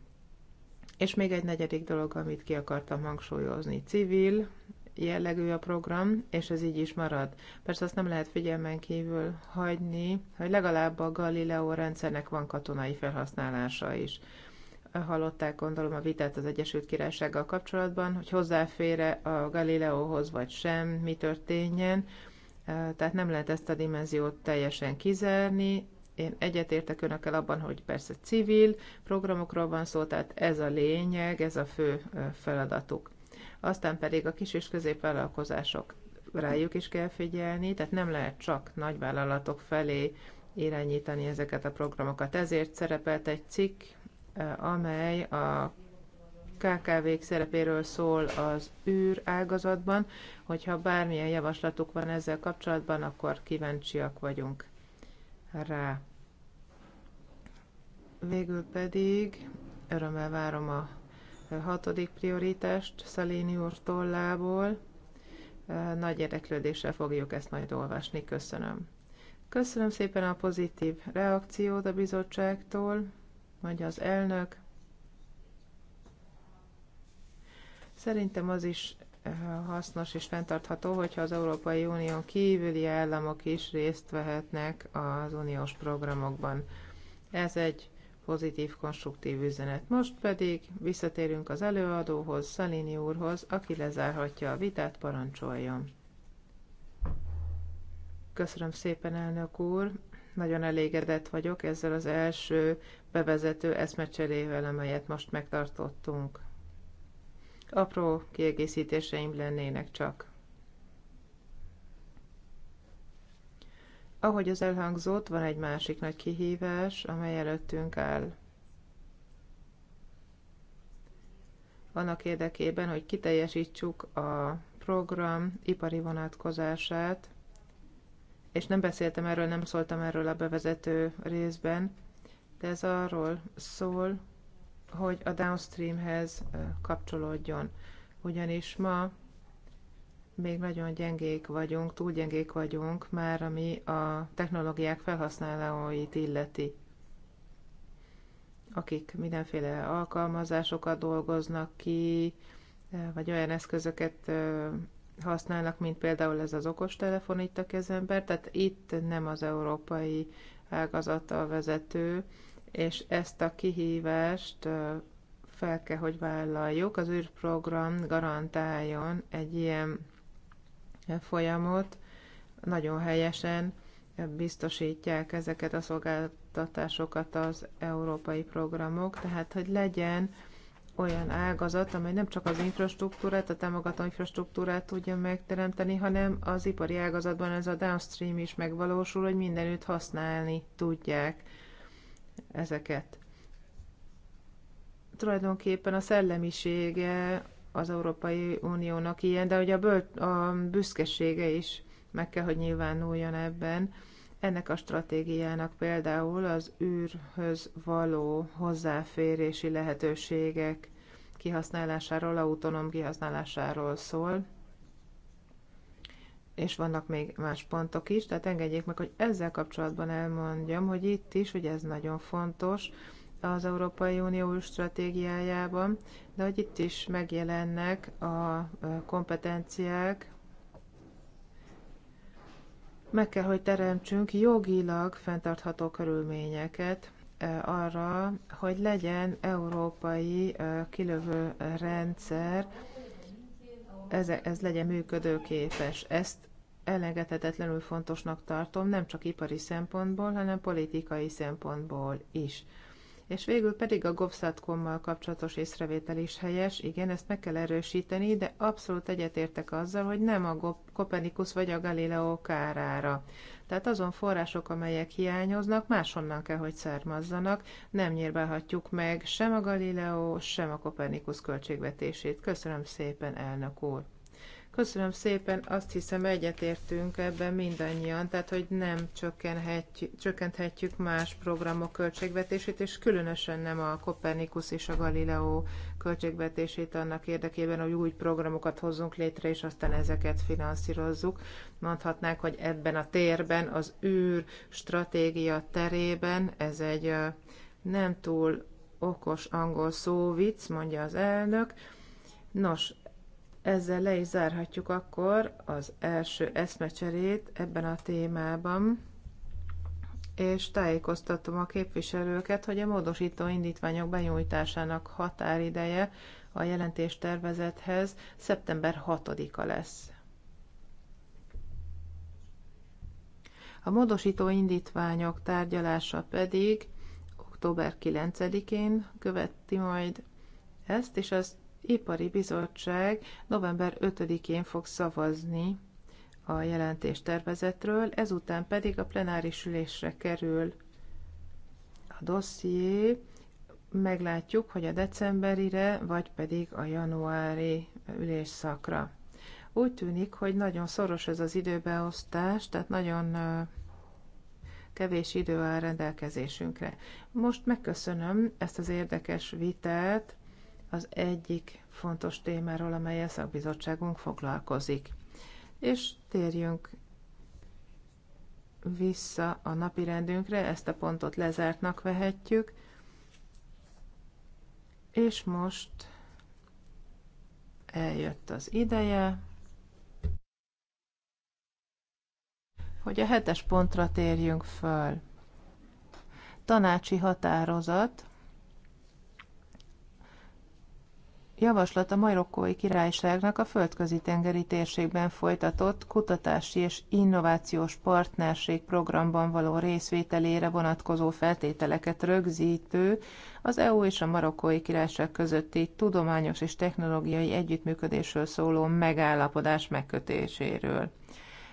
És még egy negyedik dolog, amit ki akartam hangsúlyozni, civil jellegű a program, és ez így is marad. Persze azt nem lehet figyelmen kívül hagyni, hogy legalább a Galileo rendszernek van katonai felhasználása is hallották gondolom a vitát az Egyesült Királysággal kapcsolatban, hogy hozzáfére a Galileóhoz vagy sem, mi történjen. Tehát nem lehet ezt a dimenziót teljesen kizárni, én egyetértek önökkel abban, hogy persze civil programokról van szó, tehát ez a lényeg, ez a fő feladatuk. Aztán pedig a kis és középvállalkozások rájuk is kell figyelni, tehát nem lehet csak nagyvállalatok felé irányítani ezeket a programokat. Ezért szerepelt egy cikk, amely a KKV-k szerepéről szól az űr ágazatban, hogyha bármilyen javaslatuk van ezzel kapcsolatban, akkor kíváncsiak vagyunk rá. Végül pedig örömmel várom a hatodik prioritást Szaléni úr tollából. Nagy érdeklődéssel fogjuk ezt majd olvasni. Köszönöm. Köszönöm szépen a pozitív reakciót a bizottságtól, mondja az elnök. Szerintem az is hasznos és fenntartható, hogyha az Európai Unión kívüli államok is részt vehetnek az uniós programokban. Ez egy pozitív, konstruktív üzenet. Most pedig visszatérünk az előadóhoz, Szalini úrhoz, aki lezárhatja a vitát, parancsoljon. Köszönöm szépen, elnök úr! Nagyon elégedett vagyok ezzel az első bevezető eszmecserével, amelyet most megtartottunk. Apró kiegészítéseim lennének csak. Ahogy az elhangzott, van egy másik nagy kihívás, amely előttünk áll. Annak érdekében, hogy kiteljesítsük a program ipari vonatkozását, és nem beszéltem erről, nem szóltam erről a bevezető részben, de ez arról szól, hogy a downstreamhez kapcsolódjon. Ugyanis ma még nagyon gyengék vagyunk, túl gyengék vagyunk már, ami a technológiák felhasználóit illeti akik mindenféle alkalmazásokat dolgoznak ki, vagy olyan eszközöket használnak, mint például ez az okostelefon itt a kezemben, tehát itt nem az európai ágazat a vezető, és ezt a kihívást fel kell, hogy vállaljuk. Az űrprogram garantáljon egy ilyen folyamot, nagyon helyesen biztosítják ezeket a szolgáltatásokat az európai programok, tehát hogy legyen olyan ágazat, amely nem csak az infrastruktúrát, a támogató infrastruktúrát tudja megteremteni, hanem az ipari ágazatban ez a downstream is megvalósul, hogy mindenütt használni tudják ezeket. Tulajdonképpen a szellemisége az Európai Uniónak ilyen, de ugye a, bölt, a büszkesége is meg kell, hogy nyilvánuljon ebben. Ennek a stratégiának például az űrhöz való hozzáférési lehetőségek kihasználásáról, autonóm kihasználásáról szól és vannak még más pontok is, tehát engedjék meg, hogy ezzel kapcsolatban elmondjam, hogy itt is, hogy ez nagyon fontos az Európai Unió stratégiájában, de hogy itt is megjelennek a kompetenciák, meg kell, hogy teremtsünk jogilag fenntartható körülményeket e, arra, hogy legyen európai e, kilövő rendszer, ez, ez legyen működőképes. Ezt elengedhetetlenül fontosnak tartom, nem csak ipari szempontból, hanem politikai szempontból is. És végül pedig a govsatcom kapcsolatos észrevétel is helyes, igen, ezt meg kell erősíteni, de abszolút egyetértek azzal, hogy nem a Kopernikus vagy a Galileo kárára. Tehát azon források, amelyek hiányoznak, máshonnan kell, hogy származzanak. Nem nyírbálhatjuk meg sem a Galileo, sem a Kopernikus költségvetését. Köszönöm szépen, elnök úr! Köszönöm szépen, azt hiszem egyetértünk ebben mindannyian, tehát hogy nem csökkenhetjük, csökkenthetjük más programok költségvetését, és különösen nem a Kopernikus és a Galileo költségvetését annak érdekében, hogy új programokat hozzunk létre, és aztán ezeket finanszírozzuk. Mondhatnánk, hogy ebben a térben, az űr stratégia terében ez egy nem túl okos angol szó, vicc, mondja az elnök. Nos, ezzel le is zárhatjuk akkor az első eszmecserét ebben a témában, és tájékoztatom a képviselőket, hogy a módosító indítványok benyújtásának határideje a jelentéstervezethez szeptember 6-a lesz. A módosító indítványok tárgyalása pedig október 9-én követi majd ezt, és ezt Ipari Bizottság november 5-én fog szavazni a jelentés tervezetről, ezután pedig a plenáris ülésre kerül a dosszié, meglátjuk, hogy a decemberire, vagy pedig a januári ülésszakra. Úgy tűnik, hogy nagyon szoros ez az időbeosztás, tehát nagyon kevés idő áll rendelkezésünkre. Most megköszönöm ezt az érdekes vitát, az egyik fontos témáról, amelyel szakbizottságunk foglalkozik. És térjünk vissza a napirendünkre, ezt a pontot lezártnak vehetjük, és most eljött az ideje, hogy a hetes pontra térjünk föl. Tanácsi határozat javaslat a marokkói királyságnak a földközi tengeri térségben folytatott kutatási és innovációs partnerség programban való részvételére vonatkozó feltételeket rögzítő az EU és a marokkói királyság közötti tudományos és technológiai együttműködésről szóló megállapodás megkötéséről.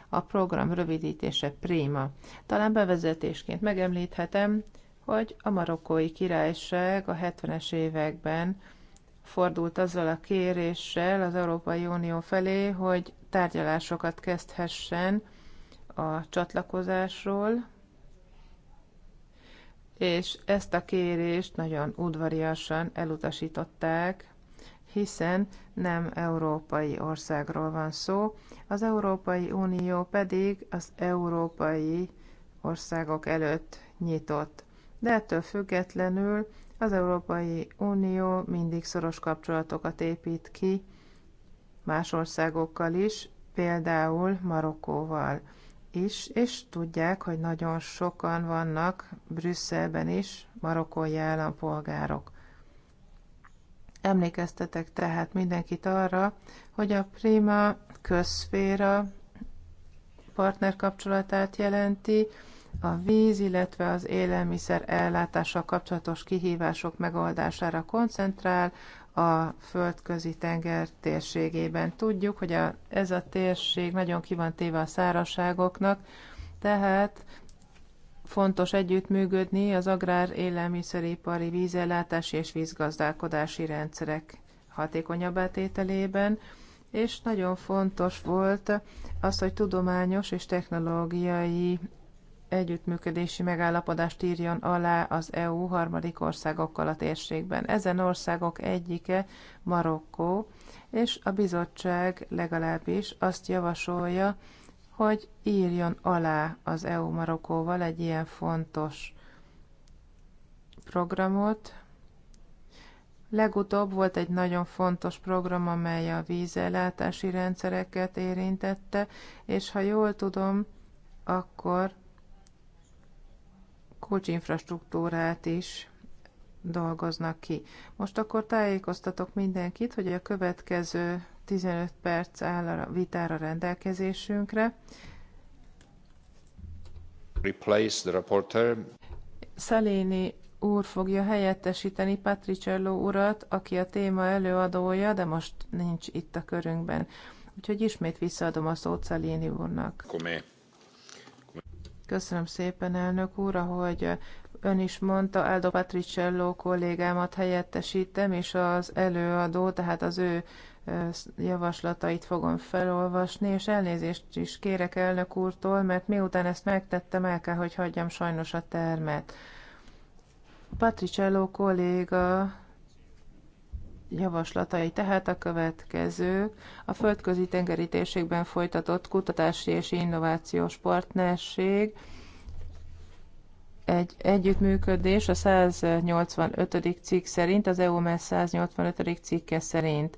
A program rövidítése Prima. Talán bevezetésként megemlíthetem, hogy a marokkói királyság a 70-es években fordult azzal a kéréssel az Európai Unió felé, hogy tárgyalásokat kezdhessen a csatlakozásról, és ezt a kérést nagyon udvariasan elutasították, hiszen nem európai országról van szó, az Európai Unió pedig az európai országok előtt nyitott. De ettől függetlenül az Európai Unió mindig szoros kapcsolatokat épít ki más országokkal is, például Marokkóval is, és tudják, hogy nagyon sokan vannak Brüsszelben is marokkói állampolgárok. Emlékeztetek tehát mindenkit arra, hogy a prima közszféra partnerkapcsolatát jelenti, a víz, illetve az élelmiszer ellátással kapcsolatos kihívások megoldására koncentrál a földközi tenger térségében. Tudjuk, hogy a, ez a térség nagyon ki van téve a szárazságoknak, tehát fontos együttműködni az agrár, élelmiszeripari, vízellátási és vízgazdálkodási rendszerek hatékonyabb átételében, és nagyon fontos volt az, hogy tudományos és technológiai együttműködési megállapodást írjon alá az EU harmadik országokkal a térségben. Ezen országok egyike Marokkó, és a bizottság legalábbis azt javasolja, hogy írjon alá az EU Marokkóval egy ilyen fontos programot. Legutóbb volt egy nagyon fontos program, amely a vízellátási rendszereket érintette, és ha jól tudom, akkor kulcsinfrastruktúrát is dolgoznak ki. Most akkor tájékoztatok mindenkit, hogy a következő 15 perc áll a vitára rendelkezésünkre. Replace the reporter. Szaléni úr fogja helyettesíteni Patricello urat, aki a téma előadója, de most nincs itt a körünkben. Úgyhogy ismét visszaadom a szót Szaléni úrnak. Come. Köszönöm szépen, elnök úr, ahogy ön is mondta, Aldo Patricello kollégámat helyettesítem, és az előadó, tehát az ő javaslatait fogom felolvasni, és elnézést is kérek elnök úrtól, mert miután ezt megtettem, el kell, hogy hagyjam sajnos a termet. Patricello kolléga javaslatai tehát a következők. A földközi tengeri térségben folytatott kutatási és innovációs partnerség, egy együttműködés a 185. cikk szerint, az EUMS e 185. cikke szerint.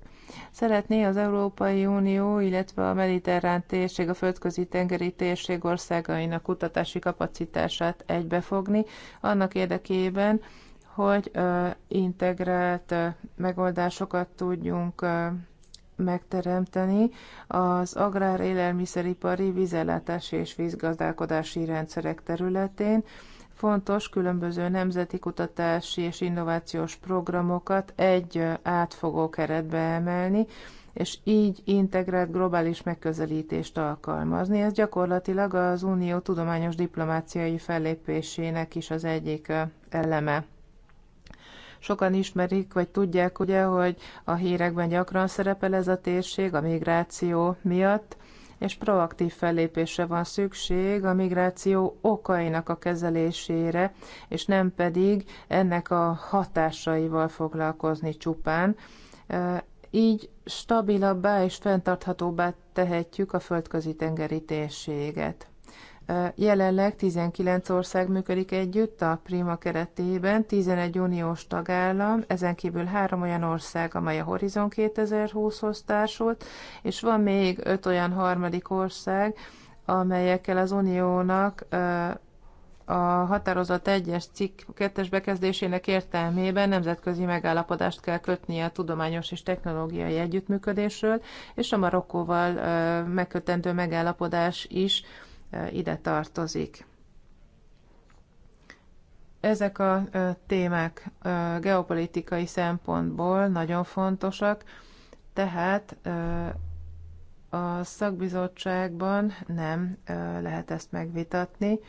Szeretné az Európai Unió, illetve a mediterrán térség, a földközi tengeri térség országainak kutatási kapacitását egybefogni, annak érdekében, hogy integrált megoldásokat tudjunk megteremteni az agrár élelmiszeripari vízellátási és vízgazdálkodási rendszerek területén. Fontos különböző nemzeti kutatási és innovációs programokat egy átfogó keretbe emelni, és így integrált globális megközelítést alkalmazni. Ez gyakorlatilag az Unió tudományos diplomáciai fellépésének is az egyik eleme. Sokan ismerik, vagy tudják ugye, hogy a hírekben gyakran szerepel ez a térség a migráció miatt, és proaktív fellépésre van szükség a migráció okainak a kezelésére, és nem pedig ennek a hatásaival foglalkozni csupán. Így stabilabbá és fenntarthatóbbá tehetjük a földközi tengeri térséget. Jelenleg 19 ország működik együtt a Prima keretében, 11 uniós tagállam, ezen kívül három olyan ország, amely a Horizon 2020-hoz társult, és van még öt olyan harmadik ország, amelyekkel az uniónak a határozat 1-es cikk 2 bekezdésének értelmében nemzetközi megállapodást kell kötnie a tudományos és technológiai együttműködésről, és a Marokkóval megkötendő megállapodás is ide tartozik. Ezek a témák geopolitikai szempontból nagyon fontosak, tehát a szakbizottságban nem lehet ezt megvitatni.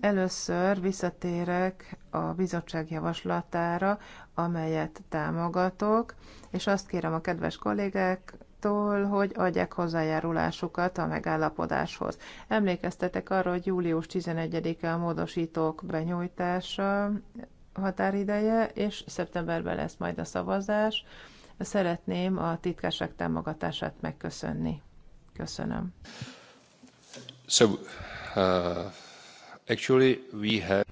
Először visszatérek a bizottság javaslatára, amelyet támogatok, és azt kérem a kedves kollégák, attól, hogy adják hozzájárulásukat a megállapodáshoz. Emlékeztetek arra, hogy július 11-e a módosítók benyújtása határideje, és szeptemberben lesz majd a szavazás. Szeretném a titkárság támogatását megköszönni. Köszönöm. So, uh, actually we have...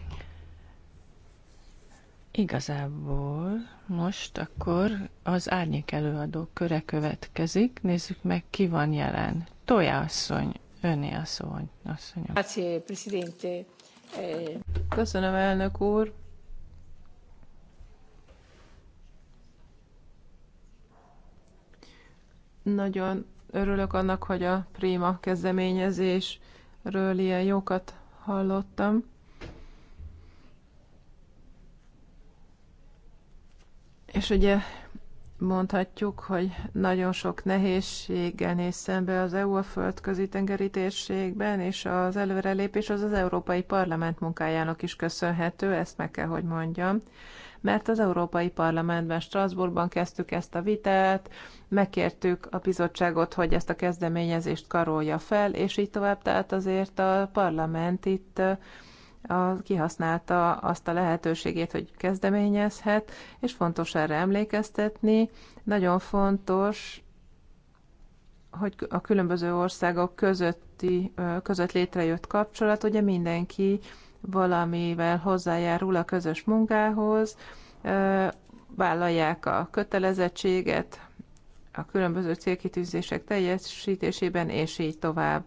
Igazából most akkor az árnyék előadó köre következik. Nézzük meg, ki van jelen. Tója asszony, öné a szó, asszonyom. Eh, Köszönöm, elnök úr. Nagyon örülök annak, hogy a Prima kezdeményezésről ilyen jókat hallottam És ugye mondhatjuk, hogy nagyon sok nehézséggel néz szembe az EU a földközi tengeri térségben, és az előrelépés az az Európai Parlament munkájának is köszönhető, ezt meg kell, hogy mondjam. Mert az Európai Parlamentben, Strasbourgban kezdtük ezt a vitát, megkértük a bizottságot, hogy ezt a kezdeményezést karolja fel, és így tovább, tehát azért a parlament itt a, kihasználta azt a lehetőségét, hogy kezdeményezhet, és fontos erre emlékeztetni. Nagyon fontos, hogy a különböző országok közötti, között létrejött kapcsolat, ugye mindenki valamivel hozzájárul a közös munkához, vállalják a kötelezettséget a különböző célkitűzések teljesítésében, és így tovább.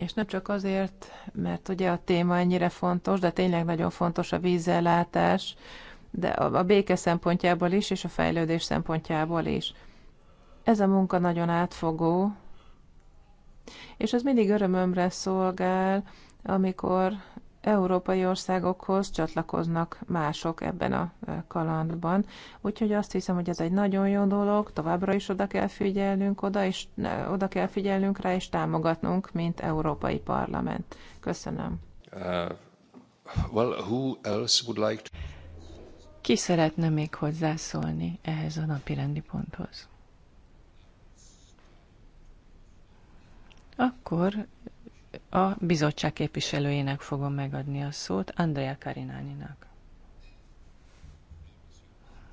És nem csak azért, mert ugye a téma ennyire fontos, de tényleg nagyon fontos a vízellátás, de a, a béke szempontjából is, és a fejlődés szempontjából is. Ez a munka nagyon átfogó, és ez mindig örömömre szolgál, amikor európai országokhoz csatlakoznak mások ebben a kalandban. Úgyhogy azt hiszem, hogy ez egy nagyon jó dolog, továbbra is oda kell figyelnünk oda, és oda kell figyelnünk rá, és támogatnunk, mint Európai Parlament. Köszönöm. Uh, well, who else would like to... Ki szeretne még hozzászólni ehhez a napirendi ponthoz? Akkor a bizottság képviselőjének fogom megadni a szót, Andrea Karináninak.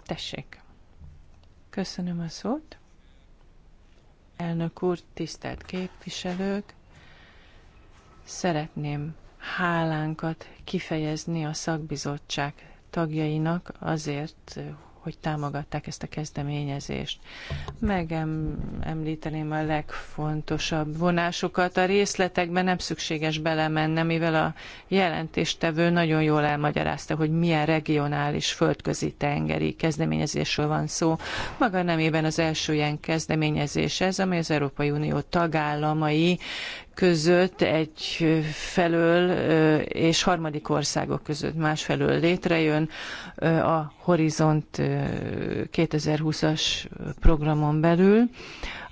Tessék. Köszönöm a szót. Elnök úr, tisztelt képviselők, szeretném hálánkat kifejezni a szakbizottság tagjainak azért, hogy támogatták ezt a kezdeményezést. Megemlíteném a legfontosabb vonásokat. A részletekben nem szükséges belemennem, mivel a jelentéstevő nagyon jól elmagyarázta, hogy milyen regionális földközi tengeri kezdeményezésről van szó. Maga nemében az első ilyen kezdeményezés ez, amely az Európai Unió tagállamai között egy felől és harmadik országok között másfelől létrejön a Horizont 2020-as programon belül.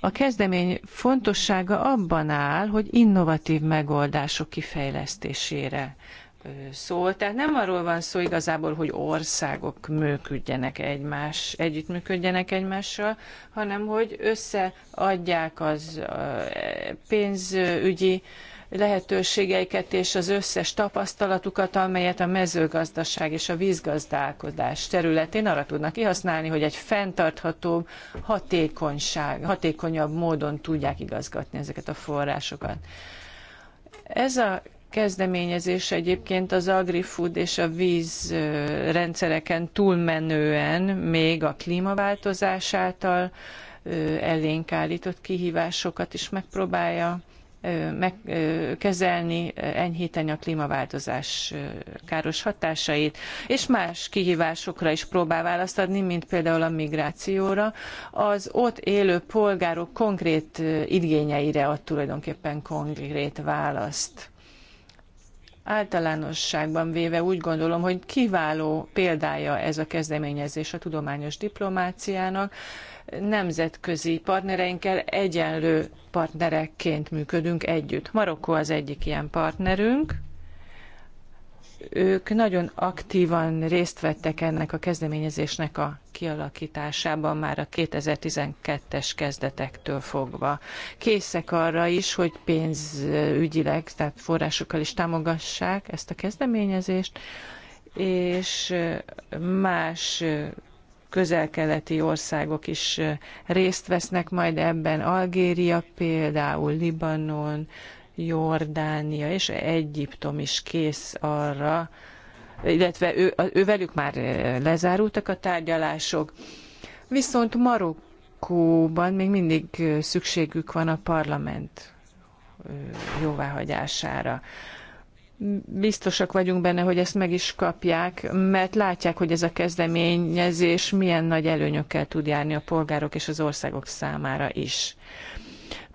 A kezdemény fontossága abban áll, hogy innovatív megoldások kifejlesztésére szól. Tehát nem arról van szó igazából, hogy országok működjenek egymás, együttműködjenek egymással, hanem hogy összeadják az pénzügyi lehetőségeiket és az összes tapasztalatukat, amelyet a mezőgazdaság és a vízgazdálkodás területén arra tudnak kihasználni, hogy egy fenntarthatóbb, hatékonyság, hatékonyabb módon tudják igazgatni ezeket a forrásokat. Ez a kezdeményezés egyébként az agrifood és a rendszereken túlmenően még a klímaváltozás által elénk állított kihívásokat is megpróbálja kezelni, enyhíteni a klímaváltozás káros hatásait, és más kihívásokra is próbál választ adni, mint például a migrációra. Az ott élő polgárok konkrét igényeire ad tulajdonképpen konkrét választ általánosságban véve úgy gondolom, hogy kiváló példája ez a kezdeményezés a tudományos diplomáciának. Nemzetközi partnereinkkel egyenlő partnerekként működünk együtt. Marokkó az egyik ilyen partnerünk, ők nagyon aktívan részt vettek ennek a kezdeményezésnek a kialakításában már a 2012-es kezdetektől fogva. Készek arra is, hogy pénzügyileg, tehát forrásokkal is támogassák ezt a kezdeményezést, és más közel-keleti országok is részt vesznek majd ebben, Algéria például, Libanon, Jordánia és Egyiptom is kész arra, illetve ő, ővelük már lezárultak a tárgyalások. Viszont Marokkóban még mindig szükségük van a parlament jóváhagyására. Biztosak vagyunk benne, hogy ezt meg is kapják, mert látják, hogy ez a kezdeményezés milyen nagy előnyökkel tud járni a polgárok és az országok számára is.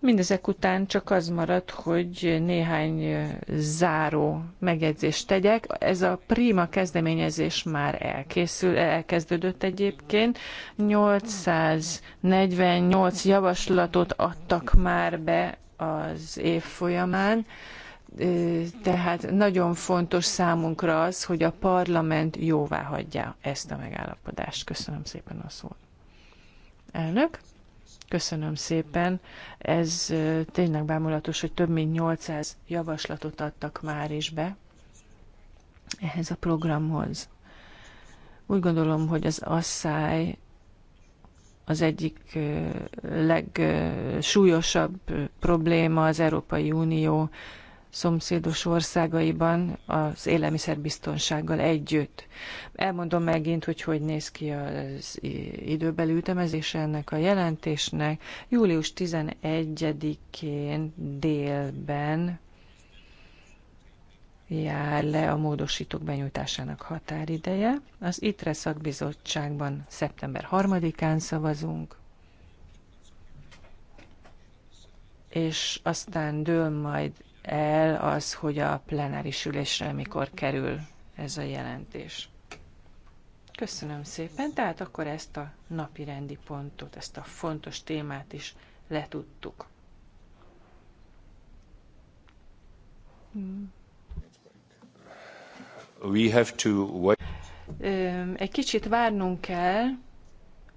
Mindezek után csak az maradt, hogy néhány záró megjegyzést tegyek. Ez a Prima kezdeményezés már elkészül, elkezdődött egyébként. 848 javaslatot adtak már be az év folyamán tehát nagyon fontos számunkra az, hogy a parlament jóvá hagyja ezt a megállapodást. Köszönöm szépen a szót. Elnök. Köszönöm szépen. Ez tényleg bámulatos, hogy több mint 800 javaslatot adtak már is be ehhez a programhoz. Úgy gondolom, hogy az asszály az egyik legsúlyosabb probléma az Európai Unió szomszédos országaiban az élelmiszerbiztonsággal együtt. Elmondom megint, hogy hogy néz ki az időbeli ütemezés ennek a jelentésnek. Július 11-én délben jár le a módosítók benyújtásának határideje. Az ITRE szakbizottságban szeptember 3-án szavazunk, és aztán dől majd el az, hogy a plenáris ülésre mikor kerül ez a jelentés. Köszönöm szépen, tehát akkor ezt a napi rendi pontot, ezt a fontos témát is letudtuk. We have to wait. Egy kicsit várnunk kell,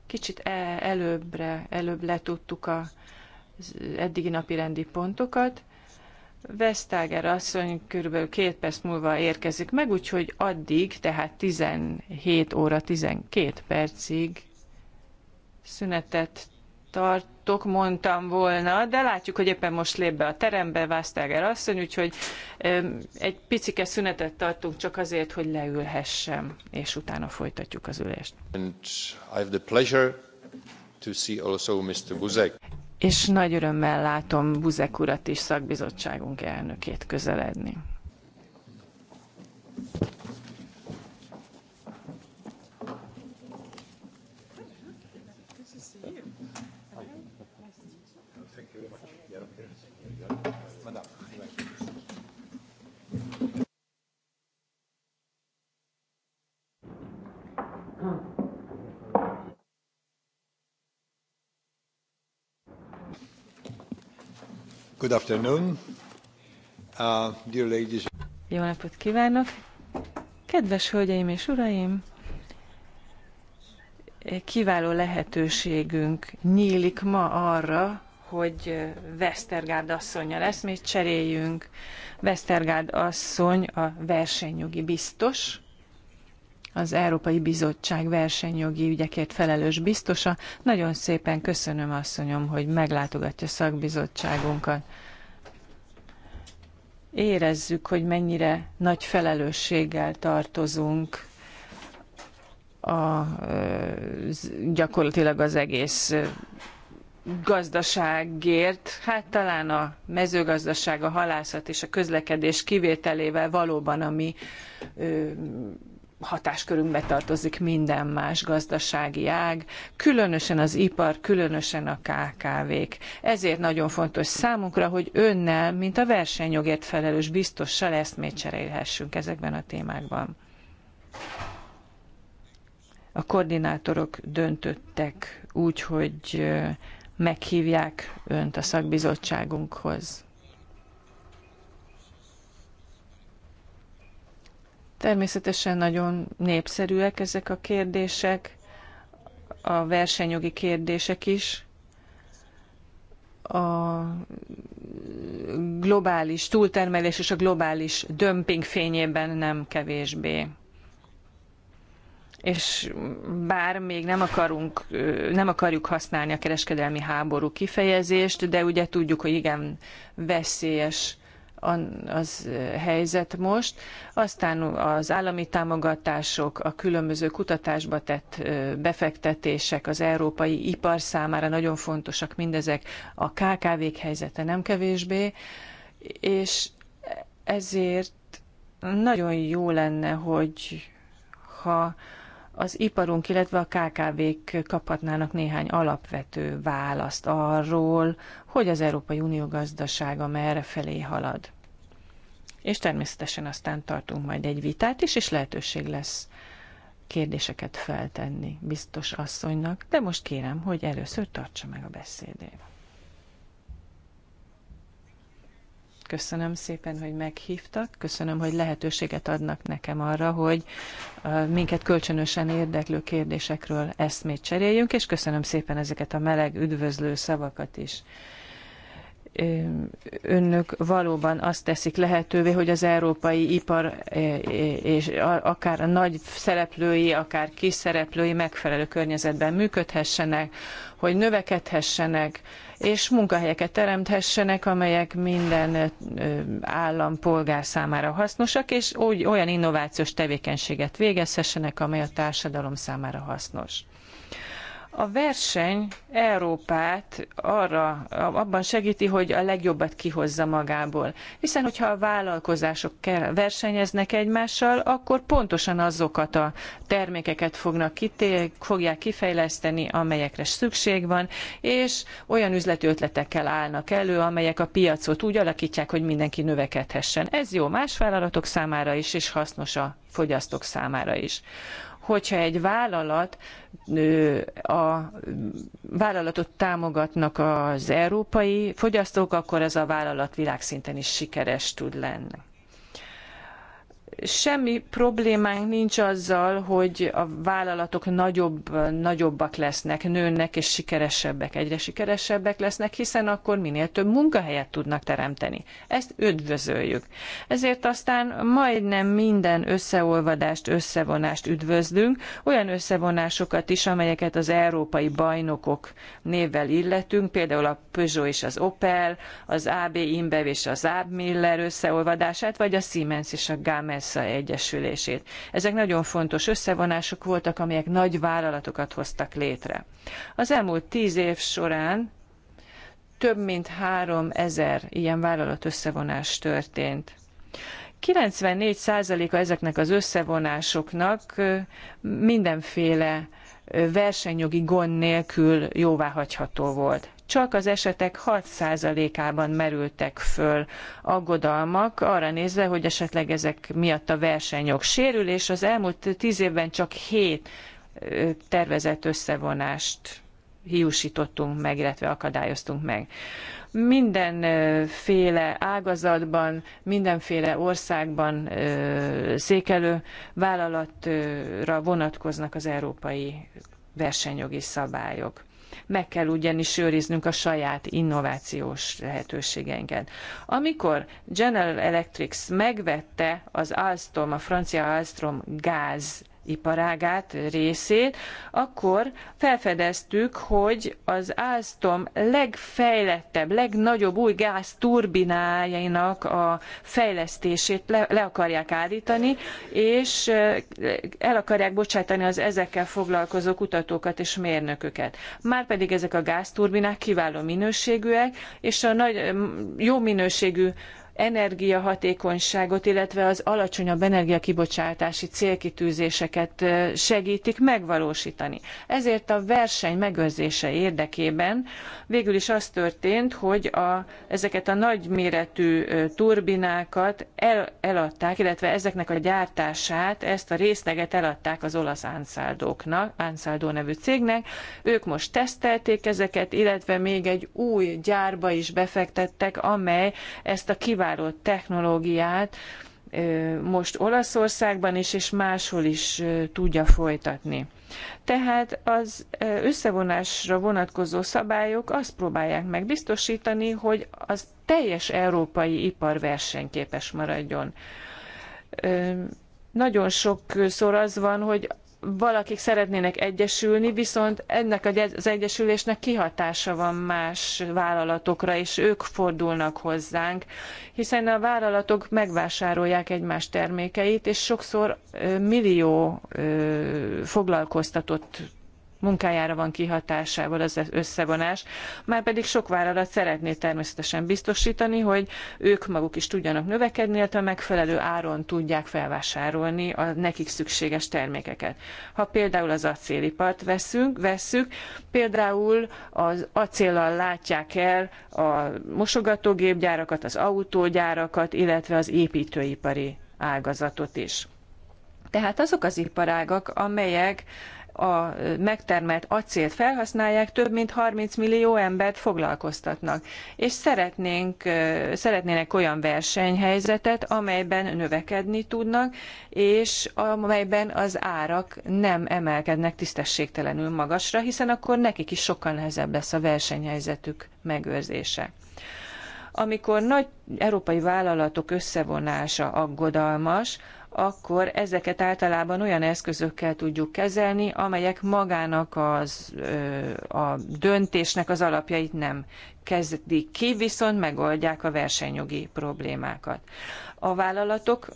kicsit e, előbbre, előbb letudtuk a eddigi napi rendi pontokat, Vesztáger asszony körülbelül két perc múlva érkezik meg, úgyhogy addig, tehát 17 óra 12 percig szünetet tartok, mondtam volna, de látjuk, hogy éppen most lép be a terembe Vásztáger asszony, úgyhogy egy picike szünetet tartunk csak azért, hogy leülhessem, és utána folytatjuk az ülést. And I have the pleasure to see also Mr. Buzek és nagy örömmel látom Buzek urat is szakbizottságunk elnökét közeledni. Good afternoon, uh, dear ladies. Jó napot kívánok! Kedves hölgyeim és uraim! Kiváló lehetőségünk nyílik ma arra, hogy Westergaard asszonyjal eszmét cseréljünk. Westergaard asszony a versenyjogi biztos, az Európai Bizottság versenyjogi ügyekért felelős biztosa. Nagyon szépen köszönöm, asszonyom, hogy meglátogatja szakbizottságunkat. Érezzük, hogy mennyire nagy felelősséggel tartozunk a, gyakorlatilag az egész gazdaságért, hát talán a mezőgazdaság, a halászat és a közlekedés kivételével valóban a mi ö, hatáskörünkbe tartozik minden más gazdasági ág, különösen az ipar, különösen a KKV-k. Ezért nagyon fontos számunkra, hogy önnel, mint a versenyjogért felelős biztossal eszmét cserélhessünk ezekben a témákban. A koordinátorok döntöttek úgy, hogy meghívják önt a szakbizottságunkhoz. Természetesen nagyon népszerűek ezek a kérdések, a versenyjogi kérdések is. A globális túltermelés és a globális dömping fényében nem kevésbé és bár még nem, akarunk, nem akarjuk használni a kereskedelmi háború kifejezést, de ugye tudjuk, hogy igen, veszélyes az helyzet most. Aztán az állami támogatások, a különböző kutatásba tett befektetések az európai ipar számára nagyon fontosak mindezek. A KKV-k helyzete nem kevésbé, és ezért nagyon jó lenne, hogy ha az iparunk, illetve a KKV-k kaphatnának néhány alapvető választ arról, hogy az Európai Unió gazdasága merre felé halad. És természetesen aztán tartunk majd egy vitát is, és lehetőség lesz kérdéseket feltenni biztos asszonynak, de most kérem, hogy először tartsa meg a beszédét. Köszönöm szépen, hogy meghívtak, köszönöm, hogy lehetőséget adnak nekem arra, hogy minket kölcsönösen érdeklő kérdésekről eszmét cseréljünk, és köszönöm szépen ezeket a meleg üdvözlő szavakat is önök valóban azt teszik lehetővé, hogy az európai ipar és akár a nagy szereplői, akár kis szereplői megfelelő környezetben működhessenek, hogy növekedhessenek, és munkahelyeket teremthessenek, amelyek minden állampolgár számára hasznosak, és úgy olyan innovációs tevékenységet végezhessenek, amely a társadalom számára hasznos. A verseny Európát arra, abban segíti, hogy a legjobbat kihozza magából. Hiszen, hogyha a vállalkozások versenyeznek egymással, akkor pontosan azokat a termékeket fognak kité, fogják kifejleszteni, amelyekre szükség van, és olyan üzleti ötletekkel állnak elő, amelyek a piacot úgy alakítják, hogy mindenki növekedhessen. Ez jó más vállalatok számára is, és hasznos a fogyasztók számára is hogyha egy vállalat a vállalatot támogatnak az európai fogyasztók, akkor ez a vállalat világszinten is sikeres tud lenni semmi problémánk nincs azzal, hogy a vállalatok nagyobb, nagyobbak lesznek, nőnek és sikeresebbek, egyre sikeresebbek lesznek, hiszen akkor minél több munkahelyet tudnak teremteni. Ezt üdvözöljük. Ezért aztán majdnem minden összeolvadást, összevonást üdvözlünk, olyan összevonásokat is, amelyeket az európai bajnokok névvel illetünk, például a Peugeot és az Opel, az AB InBev és az AB Miller összeolvadását, vagy a Siemens és a Gamers egyesülését. Ezek nagyon fontos összevonások voltak, amelyek nagy vállalatokat hoztak létre. Az elmúlt tíz év során több mint három ezer ilyen vállalat összevonás történt. 94%-a ezeknek az összevonásoknak mindenféle versenyjogi gond nélkül jóváhagyható volt csak az esetek 6%-ában merültek föl aggodalmak, arra nézve, hogy esetleg ezek miatt a versenyok sérül, és az elmúlt 10 évben csak 7 tervezett összevonást hiúsítottunk meg, illetve akadályoztunk meg. Mindenféle ágazatban, mindenféle országban székelő vállalatra vonatkoznak az európai versenyjogi szabályok. Meg kell ugyanis őriznünk a saját innovációs lehetőségeinket. Amikor General Electric megvette az Alstom, a francia Alstom gáz iparágát, részét, akkor felfedeztük, hogy az Alstom legfejlettebb, legnagyobb új gázturbinájainak a fejlesztését le, le akarják állítani, és el akarják bocsátani az ezekkel foglalkozó kutatókat és mérnököket. Márpedig ezek a gázturbinák kiváló minőségűek, és a nagy, jó minőségű energiahatékonyságot, illetve az alacsonyabb energiakibocsátási célkitűzéseket segítik megvalósítani. Ezért a verseny megőrzése érdekében végül is az történt, hogy a, ezeket a nagyméretű turbinákat el, eladták, illetve ezeknek a gyártását, ezt a részleget eladták az olasz Ansaldo-knak, Ansaldo nevű cégnek. Ők most tesztelték ezeket, illetve még egy új gyárba is befektettek, amely ezt a kiváló kiváló technológiát most Olaszországban is, és máshol is tudja folytatni. Tehát az összevonásra vonatkozó szabályok azt próbálják meg biztosítani, hogy az teljes európai ipar versenyképes maradjon. Nagyon sokszor az van, hogy valakik szeretnének egyesülni, viszont ennek az egyesülésnek kihatása van más vállalatokra, és ők fordulnak hozzánk, hiszen a vállalatok megvásárolják egymás termékeit, és sokszor millió foglalkoztatott munkájára van kihatásával az összevonás. Márpedig sok vállalat szeretné természetesen biztosítani, hogy ők maguk is tudjanak növekedni, illetve megfelelő áron tudják felvásárolni a nekik szükséges termékeket. Ha például az acélipart veszünk, vesszük, például az acéllal látják el a mosogatógépgyárakat, az autógyárakat, illetve az építőipari ágazatot is. Tehát azok az iparágak, amelyek a megtermelt acélt felhasználják, több mint 30 millió embert foglalkoztatnak. És szeretnénk, szeretnének olyan versenyhelyzetet, amelyben növekedni tudnak, és amelyben az árak nem emelkednek tisztességtelenül magasra, hiszen akkor nekik is sokkal nehezebb lesz a versenyhelyzetük megőrzése amikor nagy európai vállalatok összevonása aggodalmas, akkor ezeket általában olyan eszközökkel tudjuk kezelni, amelyek magának az, a döntésnek az alapjait nem kezdik ki, viszont megoldják a versenyjogi problémákat a vállalatok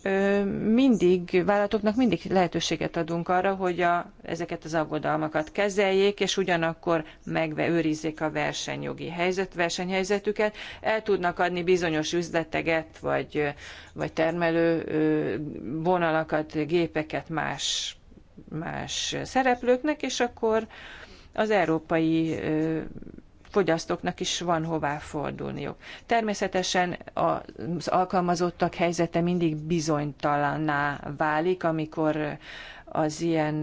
mindig, vállalatoknak mindig lehetőséget adunk arra, hogy a, ezeket az aggodalmakat kezeljék, és ugyanakkor megőrizzék a versenyjogi helyzet, versenyhelyzetüket, el tudnak adni bizonyos üzleteget, vagy, vagy termelő vonalakat, gépeket más, más szereplőknek, és akkor az európai fogyasztóknak is van hová fordulniuk. Természetesen az alkalmazottak helyzete mindig bizonytalanná válik, amikor az ilyen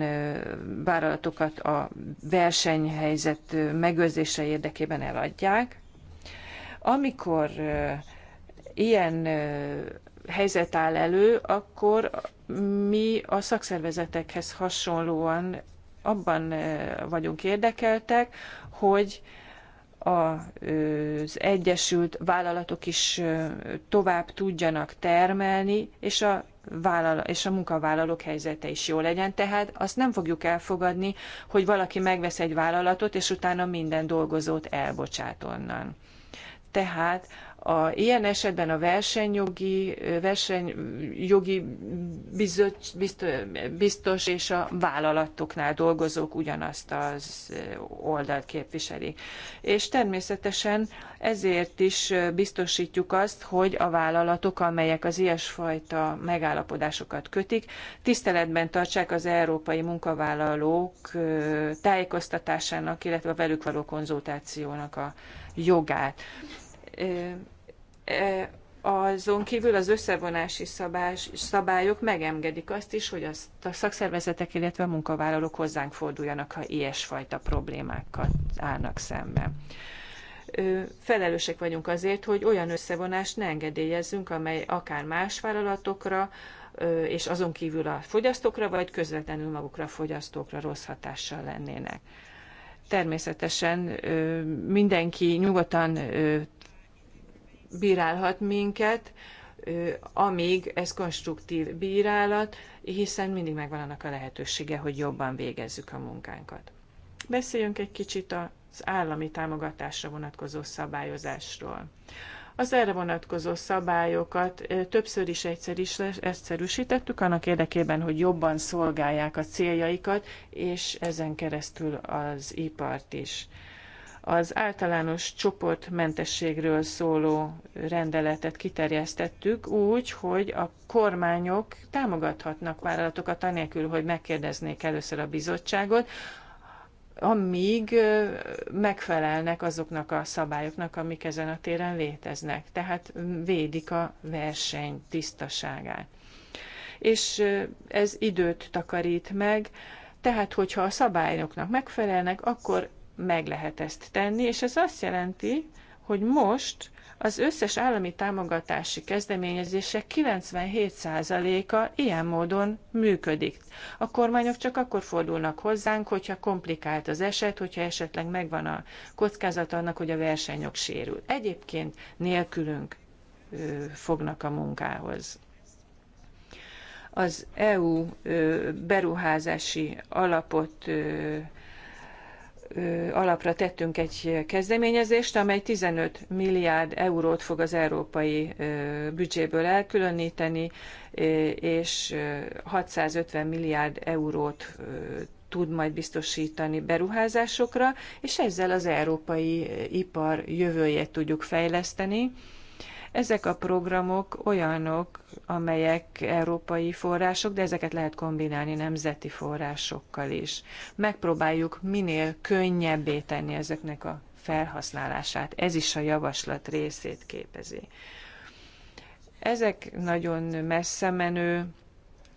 vállalatokat a versenyhelyzet megőrzése érdekében eladják. Amikor ilyen helyzet áll elő, akkor mi a szakszervezetekhez hasonlóan abban vagyunk érdekeltek, hogy az egyesült vállalatok is tovább tudjanak termelni, és a, Vállala, és a munkavállalók helyzete is jó legyen. Tehát azt nem fogjuk elfogadni, hogy valaki megvesz egy vállalatot, és utána minden dolgozót elbocsát onnan. Tehát a, ilyen esetben a versenyjogi, versenyjogi bizot, biztos és a vállalatoknál dolgozók ugyanazt az oldalt képviselik. És természetesen ezért is biztosítjuk azt, hogy a vállalatok, amelyek az ilyesfajta megállapodásokat kötik, tiszteletben tartsák az európai munkavállalók tájékoztatásának, illetve a velük való konzultációnak a jogát azon kívül az összevonási szabás, szabályok megengedik azt is, hogy azt a szakszervezetek, illetve a munkavállalók hozzánk forduljanak, ha ilyesfajta problémákkal állnak szemben. Felelősek vagyunk azért, hogy olyan összevonást ne engedélyezzünk, amely akár más vállalatokra, és azon kívül a fogyasztókra, vagy közvetlenül magukra a fogyasztókra rossz hatással lennének természetesen mindenki nyugodtan bírálhat minket, amíg ez konstruktív bírálat, hiszen mindig megvan annak a lehetősége, hogy jobban végezzük a munkánkat. Beszéljünk egy kicsit az állami támogatásra vonatkozó szabályozásról. Az erre vonatkozó szabályokat többször is egyszer is egyszerűsítettük, annak érdekében, hogy jobban szolgálják a céljaikat, és ezen keresztül az ipart is. Az általános csoportmentességről szóló rendeletet kiterjesztettük úgy, hogy a kormányok támogathatnak vállalatokat anélkül, hogy megkérdeznék először a bizottságot, amíg megfelelnek azoknak a szabályoknak, amik ezen a téren léteznek. Tehát védik a verseny tisztaságát. És ez időt takarít meg, tehát hogyha a szabályoknak megfelelnek, akkor meg lehet ezt tenni, és ez azt jelenti, hogy most az összes állami támogatási kezdeményezések 97%-a ilyen módon működik. A kormányok csak akkor fordulnak hozzánk, hogyha komplikált az eset, hogyha esetleg megvan a kockázat annak, hogy a versenyok sérül. Egyébként nélkülünk fognak a munkához az EU beruházási alapot alapra tettünk egy kezdeményezést, amely 15 milliárd eurót fog az európai büdzséből elkülöníteni, és 650 milliárd eurót tud majd biztosítani beruházásokra, és ezzel az európai ipar jövőjét tudjuk fejleszteni ezek a programok olyanok, amelyek európai források, de ezeket lehet kombinálni nemzeti forrásokkal is. Megpróbáljuk minél könnyebbé tenni ezeknek a felhasználását. Ez is a javaslat részét képezi. Ezek nagyon messze menő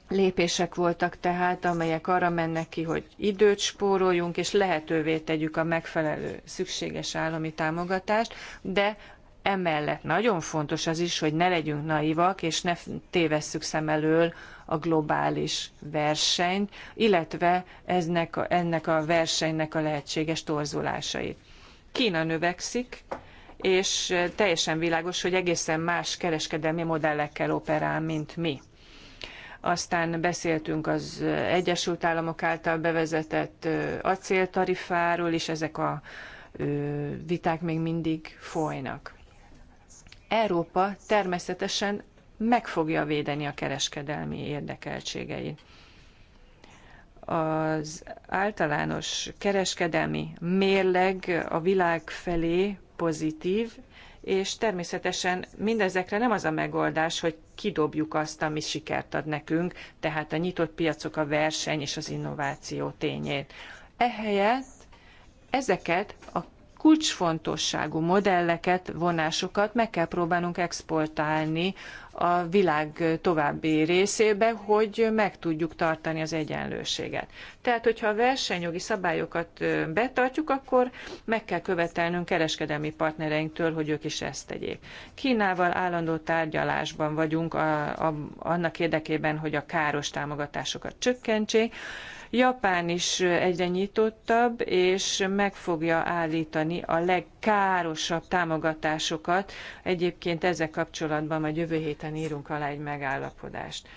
lépések voltak tehát, amelyek arra mennek ki, hogy időt spóroljunk, és lehetővé tegyük a megfelelő szükséges állami támogatást, de emellett nagyon fontos az is, hogy ne legyünk naivak, és ne tévesszük szem elől a globális versenyt, illetve eznek a, ennek a versenynek a lehetséges torzulásait. Kína növekszik, és teljesen világos, hogy egészen más kereskedelmi modellekkel operál, mint mi. Aztán beszéltünk az Egyesült Államok által bevezetett acéltarifáról is, ezek a viták még mindig folynak. Európa természetesen meg fogja védeni a kereskedelmi érdekeltségeit. Az általános kereskedelmi mérleg a világ felé pozitív, és természetesen mindezekre nem az a megoldás, hogy kidobjuk azt, ami sikert ad nekünk, tehát a nyitott piacok, a verseny és az innováció tényét. Ehelyett ezeket a kulcsfontosságú modelleket, vonásokat meg kell próbálnunk exportálni a világ további részébe, hogy meg tudjuk tartani az egyenlőséget. Tehát, hogyha a versenyjogi szabályokat betartjuk, akkor meg kell követelnünk kereskedelmi partnereinktől, hogy ők is ezt tegyék. Kínával állandó tárgyalásban vagyunk a, a, annak érdekében, hogy a káros támogatásokat csökkentsék, Japán is egyre nyitottabb, és meg fogja állítani a legkárosabb támogatásokat. Egyébként ezzel kapcsolatban majd jövő héten írunk alá egy megállapodást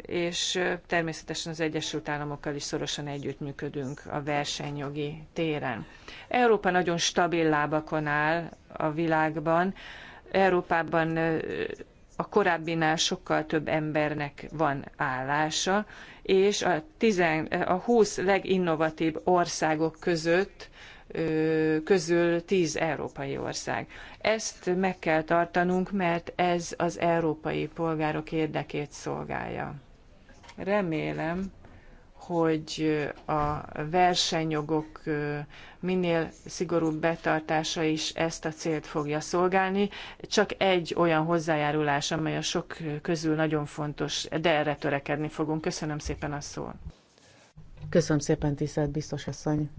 és természetesen az Egyesült Államokkal is szorosan együttműködünk a versenyjogi téren. Európa nagyon stabil lábakon áll a világban. Európában a korábbinál sokkal több embernek van állása, és a, 10, a 20 leginnovatív országok között közül 10 európai ország. Ezt meg kell tartanunk, mert ez az európai polgárok érdekét szolgálja. Remélem, hogy a versenyjogok minél szigorúbb betartása is ezt a célt fogja szolgálni. Csak egy olyan hozzájárulás, amely a sok közül nagyon fontos, de erre törekedni fogunk. Köszönöm szépen a szót. Köszönöm szépen, tisztelt biztos asszony.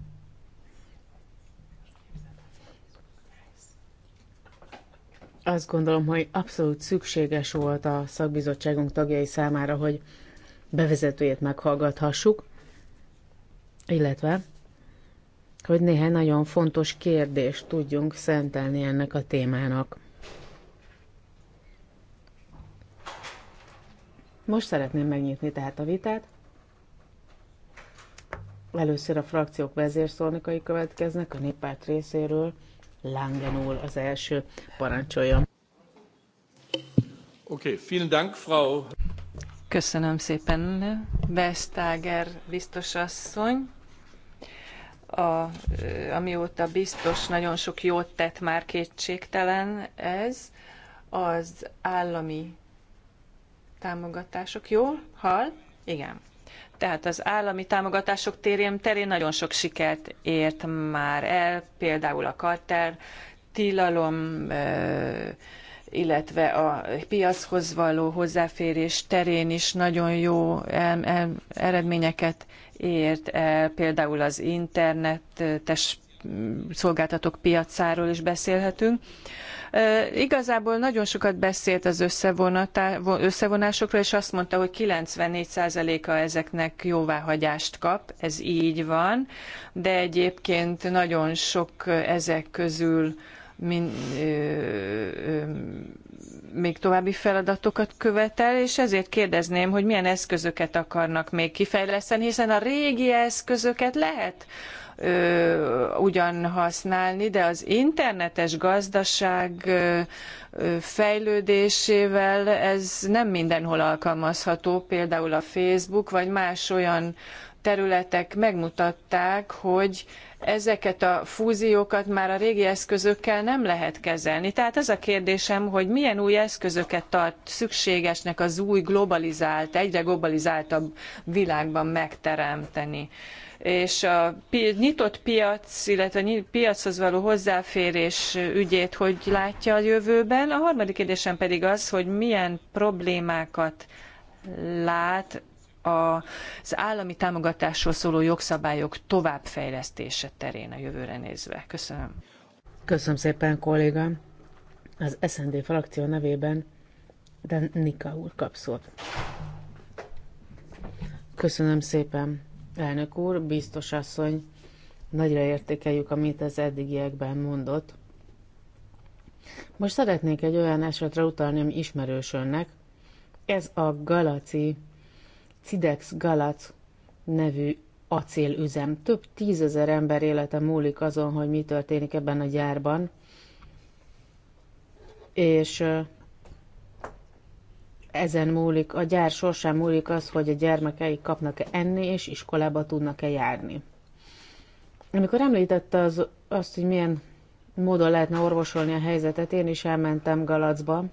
Azt gondolom, hogy abszolút szükséges volt a szakbizottságunk tagjai számára, hogy bevezetőjét meghallgathassuk, illetve hogy néhány nagyon fontos kérdést tudjunk szentelni ennek a témának. Most szeretném megnyitni tehát a vitát. Először a frakciók vezérszolnokai következnek a néppárt részéről. Langen úr az első parancsolja. Oké, okay, vielen Dank, Frau. Köszönöm szépen, Vesztáger biztos asszony. A, amióta biztos, nagyon sok jót tett már kétségtelen ez. Az állami támogatások. jó Hal? Igen. Tehát az állami támogatások térén, terén nagyon sok sikert ért már el, például a karter, tilalom, ö, illetve a piachoz való hozzáférés terén is nagyon jó el, el, eredményeket ért el, például az internetes szolgáltatók piacáról is beszélhetünk. Igazából nagyon sokat beszélt az összevonásokról, és azt mondta, hogy 94%-a ezeknek jóváhagyást kap, ez így van, de egyébként nagyon sok ezek közül min, ö, ö, még további feladatokat követel, és ezért kérdezném, hogy milyen eszközöket akarnak még kifejleszteni, hiszen a régi eszközöket lehet ö, ugyan használni, de az internetes gazdaság ö, fejlődésével ez nem mindenhol alkalmazható, például a Facebook vagy más olyan területek megmutatták, hogy ezeket a fúziókat már a régi eszközökkel nem lehet kezelni. Tehát ez a kérdésem, hogy milyen új eszközöket tart szükségesnek az új globalizált, egyre globalizáltabb világban megteremteni és a nyitott piac, illetve a piachoz való hozzáférés ügyét hogy látja a jövőben. A harmadik kérdésem pedig az, hogy milyen problémákat lát az állami támogatásról szóló jogszabályok továbbfejlesztése terén a jövőre nézve. Köszönöm. Köszönöm szépen, kolléga. Az SND frakció nevében de Nika úr kap szót. Köszönöm szépen, elnök úr, biztos asszony. Nagyra értékeljük, amit az eddigiekben mondott. Most szeretnék egy olyan esetre utalni, ami ismerős önnek. Ez a Galaci Cidex Galac nevű acélüzem. Több tízezer ember élete múlik azon, hogy mi történik ebben a gyárban. És ezen múlik, a gyár sorsán múlik az, hogy a gyermekeik kapnak-e enni, és iskolába tudnak-e járni. Amikor említette az, azt, hogy milyen módon lehetne orvosolni a helyzetet, én is elmentem Galacba,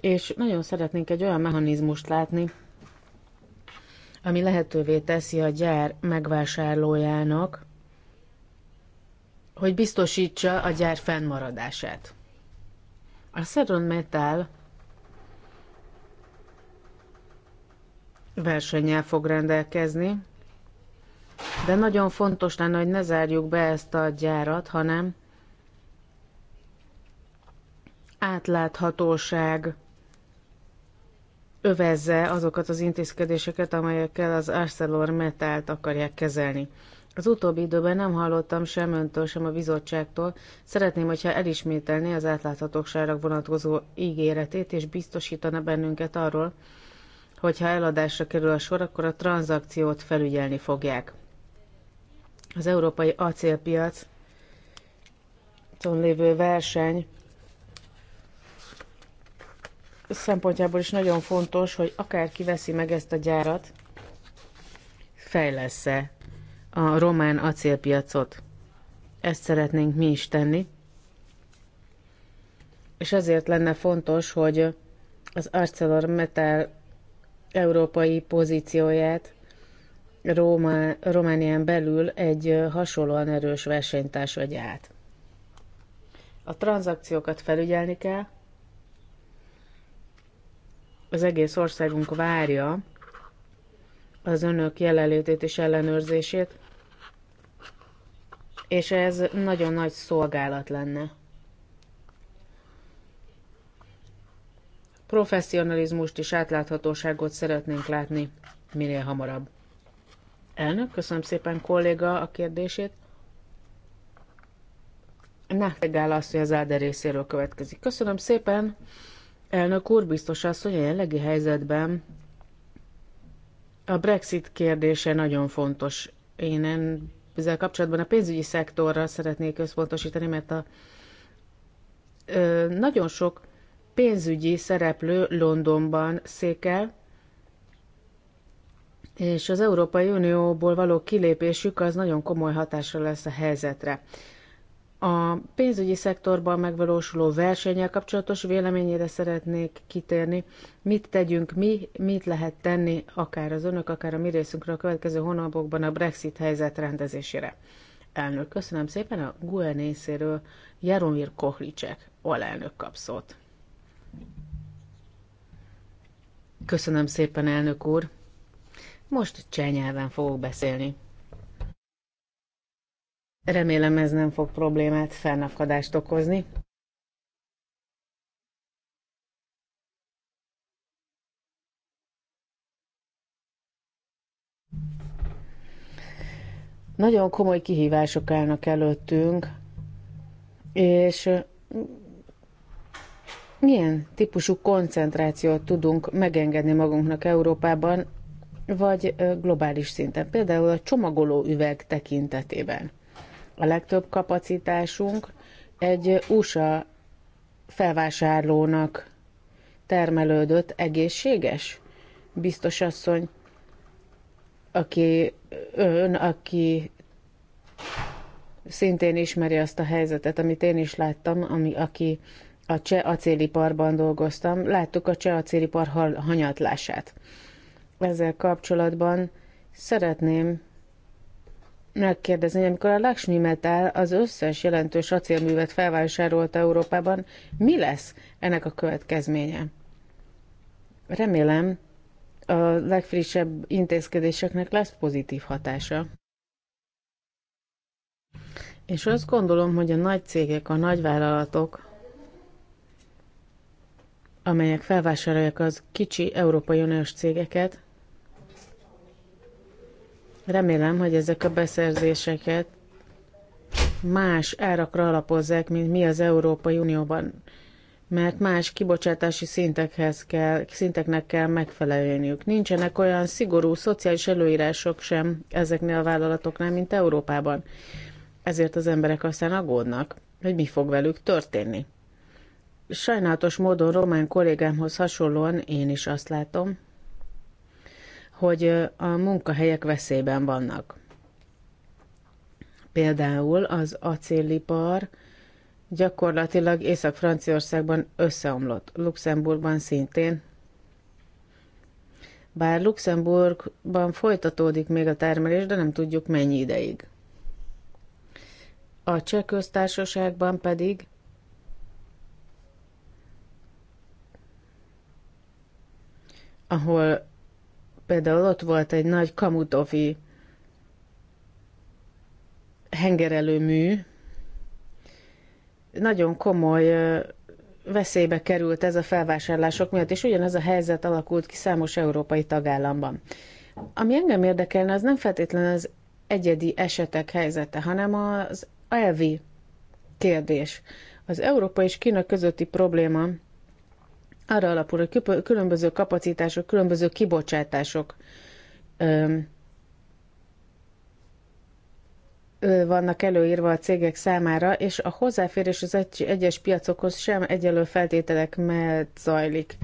és nagyon szeretnénk egy olyan mechanizmust látni, ami lehetővé teszi a gyár megvásárlójának, hogy biztosítsa a gyár fennmaradását. A Saturn Metal versennyel fog rendelkezni, de nagyon fontos lenne, hogy ne zárjuk be ezt a gyárat, hanem átláthatóság övezze azokat az intézkedéseket, amelyekkel az ArcelorMetált akarják kezelni. Az utóbbi időben nem hallottam sem öntől, sem a bizottságtól. Szeretném, hogyha elismételné az átláthatóságra vonatkozó ígéretét, és biztosítana bennünket arról, hogy ha eladásra kerül a sor, akkor a tranzakciót felügyelni fogják. Az európai acélpiac lévő verseny szempontjából is nagyon fontos, hogy akár kiveszi meg ezt a gyárat, fejlesz -e a román acélpiacot. Ezt szeretnénk mi is tenni. És ezért lenne fontos, hogy az ArcelorMittal európai pozícióját Róma, Románián belül egy hasonlóan erős versenytárs vegye át. A tranzakciókat felügyelni kell, az egész országunk várja az önök jelenlétét és ellenőrzését, és ez nagyon nagy szolgálat lenne. Professzionalizmust és átláthatóságot szeretnénk látni minél hamarabb. Elnök, köszönöm szépen kolléga a kérdését. Nektek áll az, hogy az Áder részéről következik. Köszönöm szépen! Elnök úr, biztos az, hogy a jelenlegi helyzetben a Brexit kérdése nagyon fontos. Én ezzel kapcsolatban a pénzügyi szektorra szeretnék összpontosítani, mert a, ö, nagyon sok pénzügyi szereplő Londonban székel, és az Európai Unióból való kilépésük az nagyon komoly hatásra lesz a helyzetre. A pénzügyi szektorban megvalósuló versenyel kapcsolatos véleményére szeretnék kitérni. Mit tegyünk mi, mit lehet tenni akár az önök, akár a mi részünkre a következő hónapokban a Brexit helyzet rendezésére. Elnök, köszönöm szépen a GUE részéről Jaromir Kohlicek, alelnök kapszót. Köszönöm szépen, elnök úr. Most csenyelven fogok beszélni. Remélem ez nem fog problémát, fennakadást okozni. Nagyon komoly kihívások állnak előttünk, és milyen típusú koncentrációt tudunk megengedni magunknak Európában, vagy globális szinten, például a csomagoló üveg tekintetében a legtöbb kapacitásunk egy USA felvásárlónak termelődött egészséges biztos asszony, aki ön, aki szintén ismeri azt a helyzetet, amit én is láttam, ami, aki a cseh acéliparban dolgoztam, láttuk a cseh acélipar hanyatlását. Ezzel kapcsolatban szeretném megkérdezni, amikor a Lakshmi Metal az összes jelentős acélművet felvásárolta Európában, mi lesz ennek a következménye? Remélem, a legfrissebb intézkedéseknek lesz pozitív hatása. És azt gondolom, hogy a nagy cégek, a nagy vállalatok, amelyek felvásárolják az kicsi Európai Uniós cégeket, Remélem, hogy ezek a beszerzéseket más árakra alapozzák, mint mi az Európai Unióban, mert más kibocsátási szintekhez kell, szinteknek kell megfelelniük. Nincsenek olyan szigorú szociális előírások sem ezeknél a vállalatoknál, mint Európában. Ezért az emberek aztán aggódnak, hogy mi fog velük történni. Sajnálatos módon román kollégámhoz hasonlóan én is azt látom, hogy a munkahelyek veszélyben vannak. Például az acélipar gyakorlatilag Észak-Franciaországban összeomlott, Luxemburgban szintén. Bár Luxemburgban folytatódik még a termelés, de nem tudjuk mennyi ideig. A cseh köztársaságban pedig ahol Például ott volt egy nagy kamutovi mű Nagyon komoly veszélybe került ez a felvásárlások miatt, és ugyanez a helyzet alakult ki számos európai tagállamban. Ami engem érdekelne, az nem feltétlenül az egyedi esetek helyzete, hanem az elvi kérdés. Az Európa és Kína közötti probléma arra alapul, hogy különböző kapacitások, különböző kibocsátások vannak előírva a cégek számára, és a hozzáférés az egy, egyes piacokhoz sem egyelő feltételek mellett zajlik.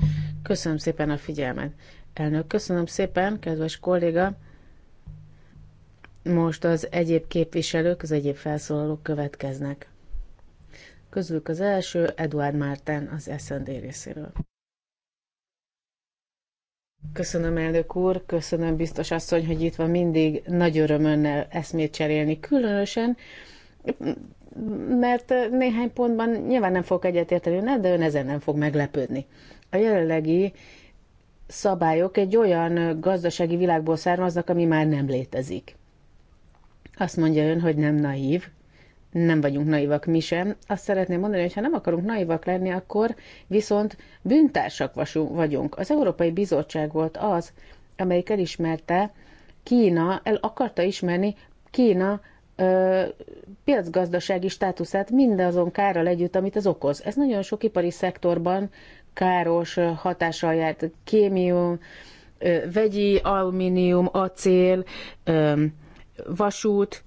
Köszönöm szépen a figyelmet. Elnök, köszönöm szépen, kedves kolléga. Most az egyéb képviselők, az egyéb felszólalók következnek. Közülük az első Eduard Márten az SND részéről. Köszönöm, elnök úr, köszönöm, biztos asszony, hogy itt van mindig. Nagy öröm önnel eszmét cserélni, különösen, mert néhány pontban nyilván nem fog egyetérteni, nem, de ön ezen nem fog meglepődni. A jelenlegi szabályok egy olyan gazdasági világból származnak, ami már nem létezik. Azt mondja ön, hogy nem naív, nem vagyunk naivak mi sem. Azt szeretném mondani, hogy ha nem akarunk naivak lenni, akkor viszont bűntársak vagyunk. Az Európai Bizottság volt az, amelyik elismerte, Kína el akarta ismerni Kína ö, piacgazdasági státuszát mindazon kárral együtt, amit ez okoz. Ez nagyon sok ipari szektorban káros hatással járt. Kémium, ö, vegyi, alumínium, acél, ö, vasút,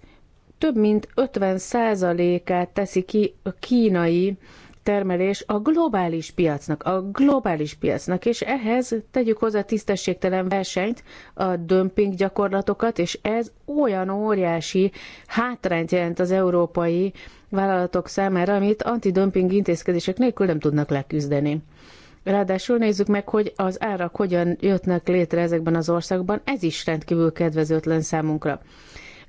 több mint 50%-át teszi ki a kínai termelés a globális piacnak, a globális piacnak, és ehhez tegyük hozzá tisztességtelen versenyt, a dömping gyakorlatokat, és ez olyan óriási hátrányt jelent az európai vállalatok számára, amit antidömping intézkedések nélkül nem tudnak leküzdeni. Ráadásul nézzük meg, hogy az árak hogyan jöttnek létre ezekben az országban, ez is rendkívül kedvezőtlen számunkra.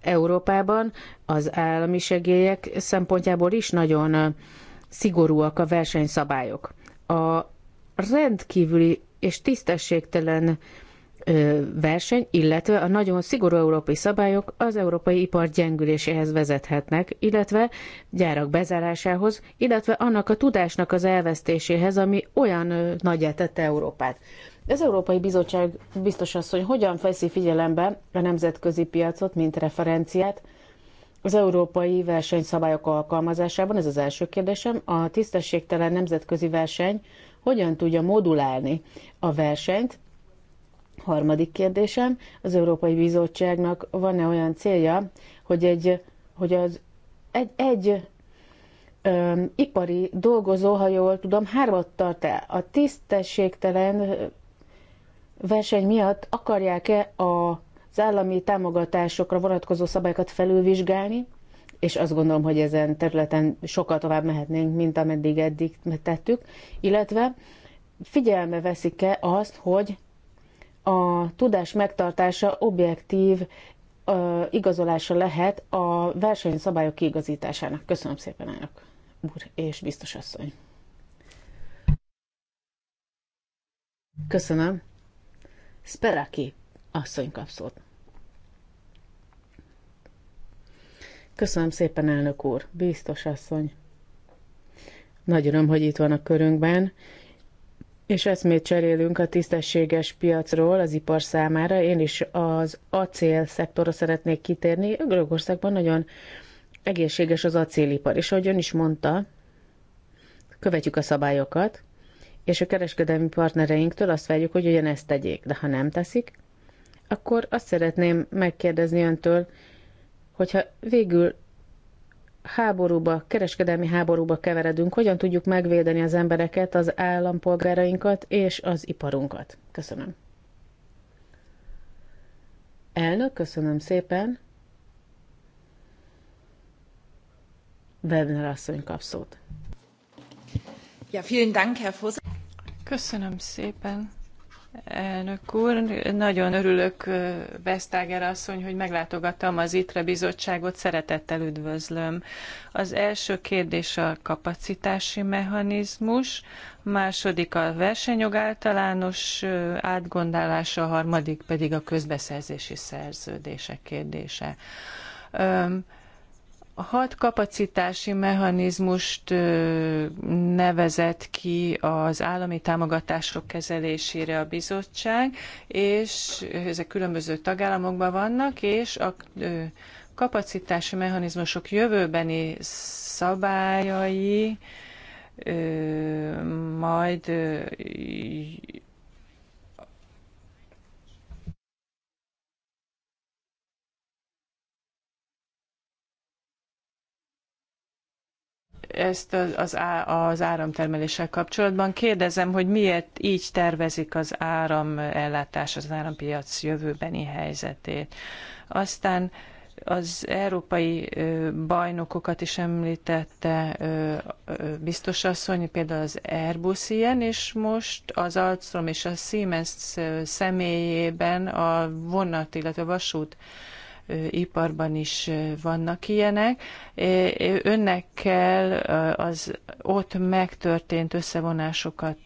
Európában az állami segélyek szempontjából is nagyon szigorúak a versenyszabályok. A rendkívüli és tisztességtelen verseny, illetve a nagyon szigorú európai szabályok az európai ipar gyengüléséhez vezethetnek, illetve gyárak bezárásához, illetve annak a tudásnak az elvesztéséhez, ami olyan nagy tette Európát. Az Európai Bizottság biztos az, hogy hogyan feszi figyelembe a nemzetközi piacot, mint referenciát az európai versenyszabályok alkalmazásában, ez az első kérdésem, a tisztességtelen nemzetközi verseny hogyan tudja modulálni a versenyt, Harmadik kérdésem, az Európai Bizottságnak van-e olyan célja, hogy egy, hogy az egy, egy ö, ipari dolgozó, ha jól tudom, hármat tart el. A tisztességtelen verseny miatt akarják-e az állami támogatásokra vonatkozó szabályokat felülvizsgálni? és azt gondolom, hogy ezen területen sokkal tovább mehetnénk, mint ameddig eddig tettük, illetve figyelme veszik-e azt, hogy a tudás megtartása objektív ö, igazolása lehet a versenyszabályok kiigazításának. Köszönöm szépen, elnök úr és biztos asszony. Köszönöm. Speraki asszony kap szót. Köszönöm szépen, elnök úr, biztos asszony. Nagy öröm, hogy itt van a körünkben, és eszmét cserélünk a tisztességes piacról az ipar számára. Én is az acél szektorra szeretnék kitérni. Görögországban nagyon egészséges az acélipar, és ahogy ön is mondta, követjük a szabályokat, és a kereskedelmi partnereinktől azt várjuk, hogy ugyanezt tegyék, de ha nem teszik, akkor azt szeretném megkérdezni öntől, hogyha végül háborúba, kereskedelmi háborúba keveredünk, hogyan tudjuk megvédeni az embereket, az állampolgárainkat és az iparunkat. Köszönöm. Elnök, köszönöm szépen. Webner asszony kap szót. Ja, vielen Dank, Herr Köszönöm szépen, Elnök úr, nagyon örülök Vesztáger asszony, hogy meglátogattam az ITRE bizottságot, szeretettel üdvözlöm. Az első kérdés a kapacitási mechanizmus, második a versenyjog általános átgondolása, a harmadik pedig a közbeszerzési szerződések kérdése. Öm, a hat kapacitási mechanizmust nevezett ki az állami támogatások kezelésére a bizottság, és ezek különböző tagállamokban vannak, és a kapacitási mechanizmusok jövőbeni szabályai majd ezt az, az áramtermeléssel kapcsolatban. Kérdezem, hogy miért így tervezik az áramellátás, az árampiac jövőbeni helyzetét. Aztán az európai bajnokokat is említette biztos asszony, például az Airbus ilyen, és most az Alstrom és a Siemens személyében a vonat, illetve vasút iparban is vannak ilyenek. Önnek kell az ott megtörtént összevonásokat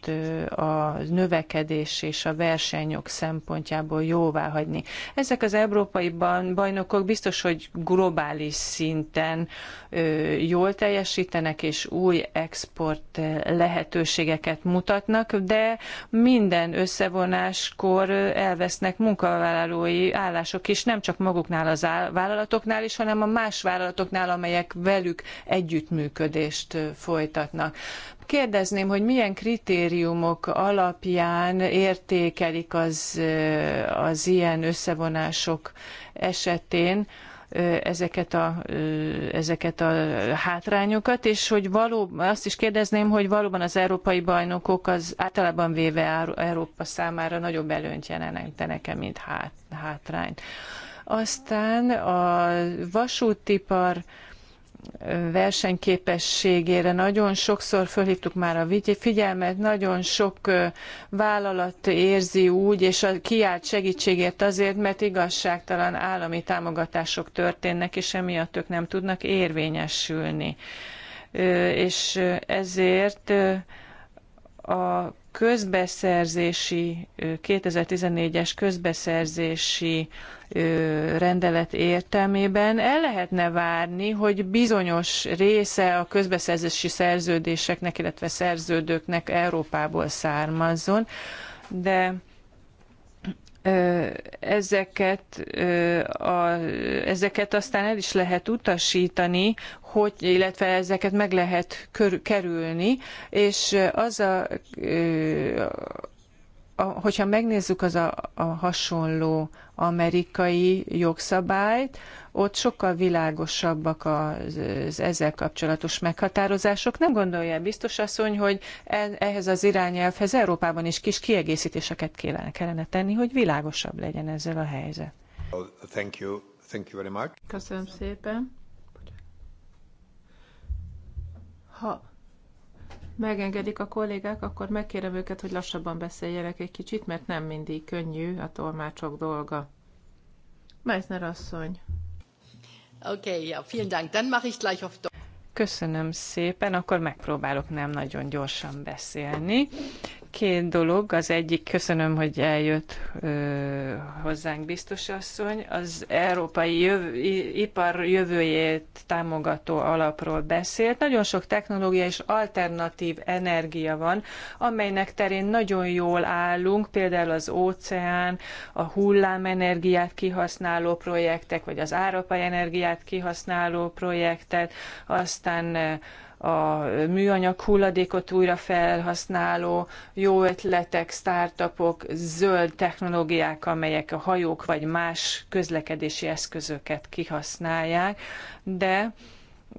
a növekedés és a versenyok szempontjából jóvá hagyni. Ezek az európai bajnokok biztos, hogy globális szinten jól teljesítenek és új export lehetőségeket mutatnak, de minden összevonáskor elvesznek munkavállalói állások is, nem csak maguknál az vállalatoknál is, hanem a más vállalatoknál, amelyek velük együttműködést folytatnak. Kérdezném, hogy milyen kritériumok alapján értékelik az, az ilyen összevonások esetén, ezeket a, ezeket a hátrányokat, és hogy való, azt is kérdezném, hogy valóban az európai bajnokok az általában véve Európa számára nagyobb előnyt jelentenek-e, mint hát- hátrányt. Aztán a vasútipar versenyképességére nagyon sokszor fölhívtuk már a figyelmet, nagyon sok vállalat érzi úgy, és kiált segítségért azért, mert igazságtalan állami támogatások történnek, és emiatt ők nem tudnak érvényesülni. És ezért a közbeszerzési, 2014-es közbeszerzési rendelet értelmében el lehetne várni, hogy bizonyos része a közbeszerzési szerződéseknek, illetve szerződőknek Európából származzon, de ezeket, a, ezeket aztán el is lehet utasítani, hogy, illetve ezeket meg lehet kerülni, és az a, a hogyha megnézzük az a, a hasonló amerikai jogszabályt, ott sokkal világosabbak az, az ezzel kapcsolatos meghatározások. Nem gondolja biztos asszony, hogy e, ehhez az irányelvhez Európában is kis kiegészítéseket kellene, kellene tenni, hogy világosabb legyen ezzel a helyzet. Thank you. Thank you very much. Köszönöm szépen. Ha megengedik a kollégák, akkor megkérem őket, hogy lassabban beszéljenek egy kicsit, mert nem mindig könnyű a tolmácsok dolga. Meissner asszony. Okay, ja, vielen Dank. Dann mache ich gleich auf Köszönöm szépen, akkor megpróbálok nem nagyon gyorsan beszélni. Két dolog, az egyik, köszönöm, hogy eljött ö, hozzánk biztos asszony, az európai jövő, ipar jövőjét támogató alapról beszélt. Nagyon sok technológia és alternatív energia van, amelynek terén nagyon jól állunk, például az óceán, a hullámenergiát kihasználó projektek, vagy az árapai energiát kihasználó projektet, aztán a műanyag hulladékot újra felhasználó, jó ötletek, startupok, zöld technológiák, amelyek a hajók vagy más közlekedési eszközöket kihasználják, de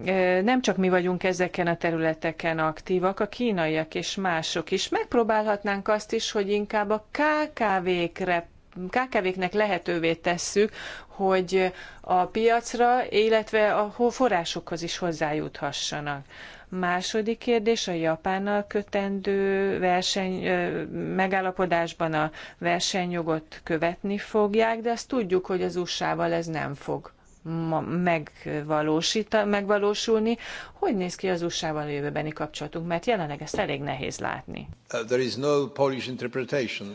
e, nem csak mi vagyunk ezeken a területeken aktívak, a kínaiak és mások is. Megpróbálhatnánk azt is, hogy inkább a KKV-kre KKV-knek lehetővé tesszük, hogy a piacra, illetve a forrásokhoz is hozzájuthassanak. Második kérdés a Japánnal kötendő verseny, megállapodásban a versenyjogot követni fogják, de azt tudjuk, hogy az USA-val ez nem fog megvalósulni. Hogy néz ki az USA-val a jövőbeni kapcsolatunk? Mert jelenleg ezt elég nehéz látni. Uh, there is no Polish interpretation.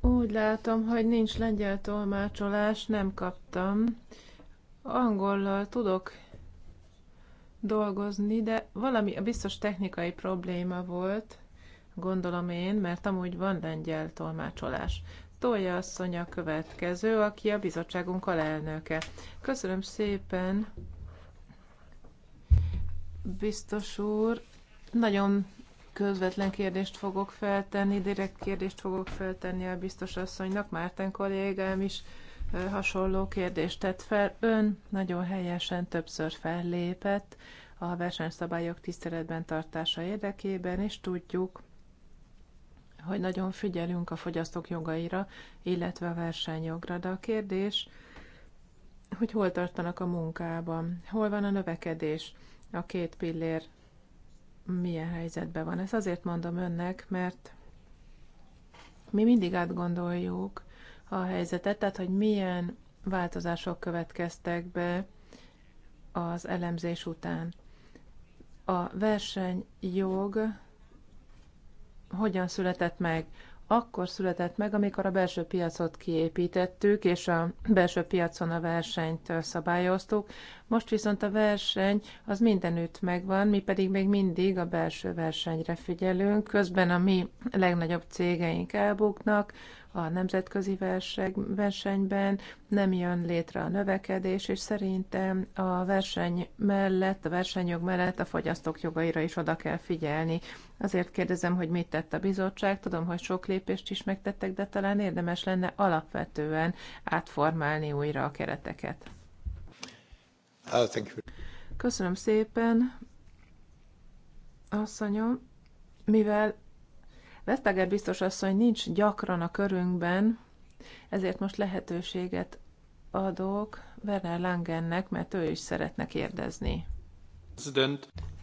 Úgy látom, hogy nincs lengyel tolmácsolás, nem kaptam. Angollal tudok dolgozni, de valami a biztos technikai probléma volt, gondolom én, mert amúgy van lengyel tolmácsolás. Tolja asszony a következő, aki a bizottságunk alelnöke. Köszönöm szépen, biztos úr. Nagyon közvetlen kérdést fogok feltenni, direkt kérdést fogok feltenni a biztos asszonynak, Márten kollégám is hasonló kérdést tett fel. Ön nagyon helyesen többször fellépett a versenyszabályok tiszteletben tartása érdekében, és tudjuk, hogy nagyon figyelünk a fogyasztók jogaira, illetve a versenyjogra. De a kérdés, hogy hol tartanak a munkában, hol van a növekedés, a két pillér milyen helyzetben van. Ezt azért mondom önnek, mert mi mindig átgondoljuk, a helyzetet, tehát hogy milyen változások következtek be az elemzés után. A versenyjog hogyan született meg? Akkor született meg, amikor a belső piacot kiépítettük, és a belső piacon a versenyt szabályoztuk. Most viszont a verseny az mindenütt megvan, mi pedig még mindig a belső versenyre figyelünk. Közben a mi legnagyobb cégeink elbuknak, a nemzetközi versenyben, nem jön létre a növekedés, és szerintem a verseny mellett, a versenyjog mellett a fogyasztók jogaira is oda kell figyelni. Azért kérdezem, hogy mit tett a bizottság, tudom, hogy sok lépést is megtettek, de talán érdemes lenne alapvetően átformálni újra a kereteket. Uh, Köszönöm szépen, asszonyom, mivel Vesztager biztos asszony nincs gyakran a körünkben, ezért most lehetőséget adok Werner Langennek, mert ő is szeretne kérdezni.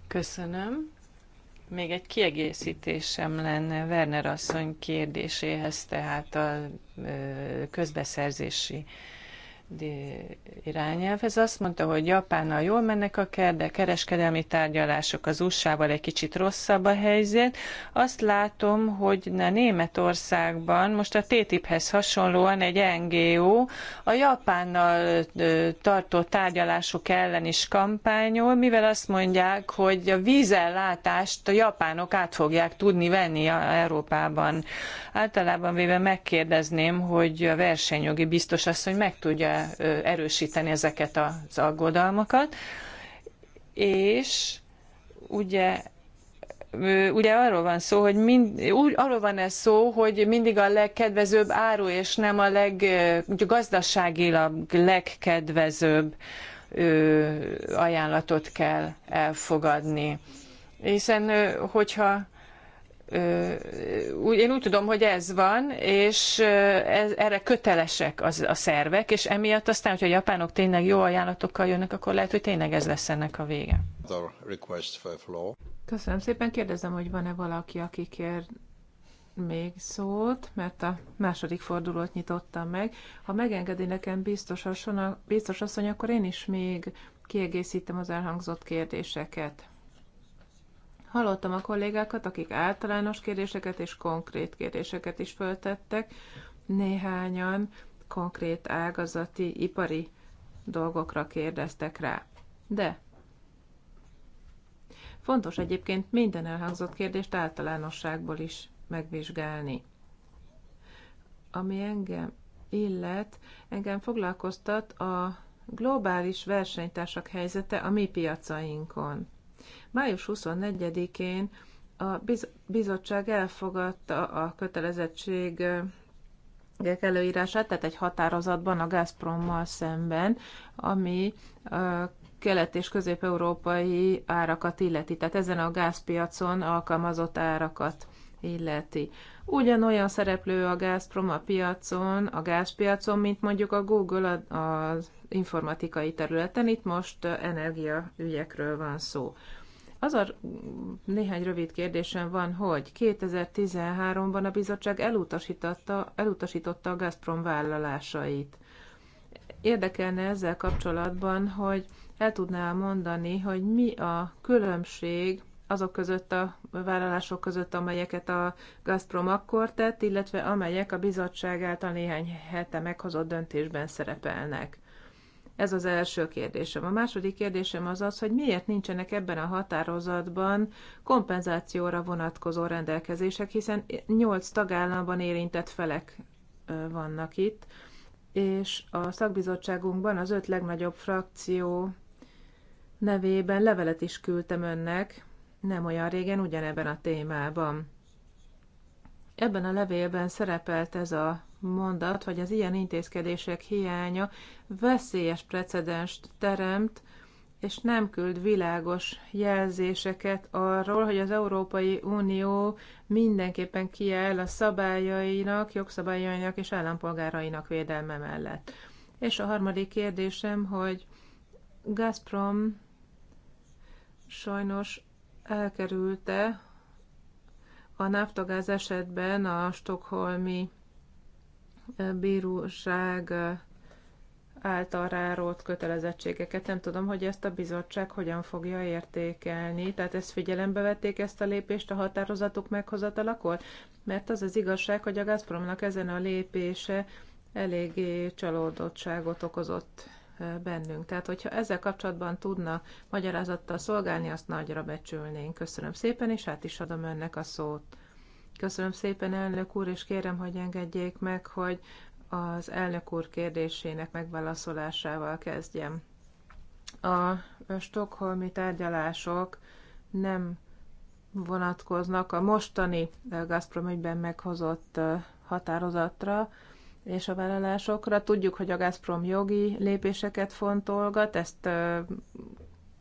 Köszönöm. Még egy kiegészítésem lenne Werner asszony kérdéséhez, tehát a közbeszerzési irányelv. Ez azt mondta, hogy Japánnal jól mennek a kereskedelmi tárgyalások, az USA-val egy kicsit rosszabb a helyzet. Azt látom, hogy na, Németországban most a TTIP-hez hasonlóan egy NGO a Japánnal tartott tárgyalások ellen is kampányol, mivel azt mondják, hogy a vízellátást a japánok át fogják tudni venni a Európában. Általában véve megkérdezném, hogy a versenyjogi biztos azt, hogy meg tudja erősíteni ezeket az aggodalmakat. És ugye ugye arról van szó, hogy mind, úgy, arról van ez szó, hogy mindig a legkedvezőbb áru, és nem a leg, gazdaságilag legkedvezőbb ö, ajánlatot kell elfogadni. Hiszen, hogyha én úgy tudom, hogy ez van, és ez, erre kötelesek az, a szervek, és emiatt aztán, hogyha a japánok tényleg jó ajánlatokkal jönnek, akkor lehet, hogy tényleg ez lesz ennek a vége. Köszönöm szépen, kérdezem, hogy van-e valaki, aki kér még szót, mert a második fordulót nyitottam meg. Ha megengedi nekem biztos, asszony, biztos asszony, akkor én is még kiegészítem az elhangzott kérdéseket. Hallottam a kollégákat, akik általános kérdéseket és konkrét kérdéseket is föltettek, néhányan konkrét ágazati, ipari dolgokra kérdeztek rá. De fontos egyébként minden elhangzott kérdést általánosságból is megvizsgálni. Ami engem illet, engem foglalkoztat a globális versenytársak helyzete a mi piacainkon. Május 24-én a bizottság elfogadta a kötelezettség előírását, tehát egy határozatban a Gazprommal szemben, ami kelet- és közép-európai árakat illeti, tehát ezen a gázpiacon alkalmazott árakat illeti. Ugyanolyan szereplő a Gazprom a piacon, a gázpiacon, mint mondjuk a Google az informatikai területen, itt most energiaügyekről van szó. Az a néhány rövid kérdésem van, hogy 2013-ban a bizottság elutasította, elutasította a Gazprom vállalásait. Érdekelne ezzel kapcsolatban, hogy el tudnál mondani, hogy mi a különbség azok között a vállalások között, amelyeket a Gazprom akkor tett, illetve amelyek a bizottság által néhány hete meghozott döntésben szerepelnek. Ez az első kérdésem. A második kérdésem az az, hogy miért nincsenek ebben a határozatban kompenzációra vonatkozó rendelkezések, hiszen nyolc tagállamban érintett felek vannak itt, és a szakbizottságunkban az öt legnagyobb frakció nevében levelet is küldtem önnek, nem olyan régen ugyanebben a témában. Ebben a levélben szerepelt ez a mondat, hogy az ilyen intézkedések hiánya veszélyes precedenst teremt, és nem küld világos jelzéseket arról, hogy az Európai Unió mindenképpen kiáll a szabályainak, jogszabályainak és állampolgárainak védelme mellett. És a harmadik kérdésem, hogy Gazprom sajnos elkerülte, a naftogáz esetben a stokholmi bíróság által rárót kötelezettségeket. Nem tudom, hogy ezt a bizottság hogyan fogja értékelni. Tehát ezt figyelembe vették ezt a lépést a határozatuk meghozatalakor? Mert az az igazság, hogy a Gazpromnak ezen a lépése eléggé csalódottságot okozott bennünk. Tehát, hogyha ezzel kapcsolatban tudna magyarázattal szolgálni, azt nagyra becsülnénk. Köszönöm szépen, és hát is adom önnek a szót. Köszönöm szépen, elnök úr, és kérem, hogy engedjék meg, hogy az elnök úr kérdésének megválaszolásával kezdjem. A stokholmi tárgyalások nem vonatkoznak a mostani Gazprom ügyben meghozott határozatra, és a vállalásokra. Tudjuk, hogy a Gazprom jogi lépéseket fontolgat, ezt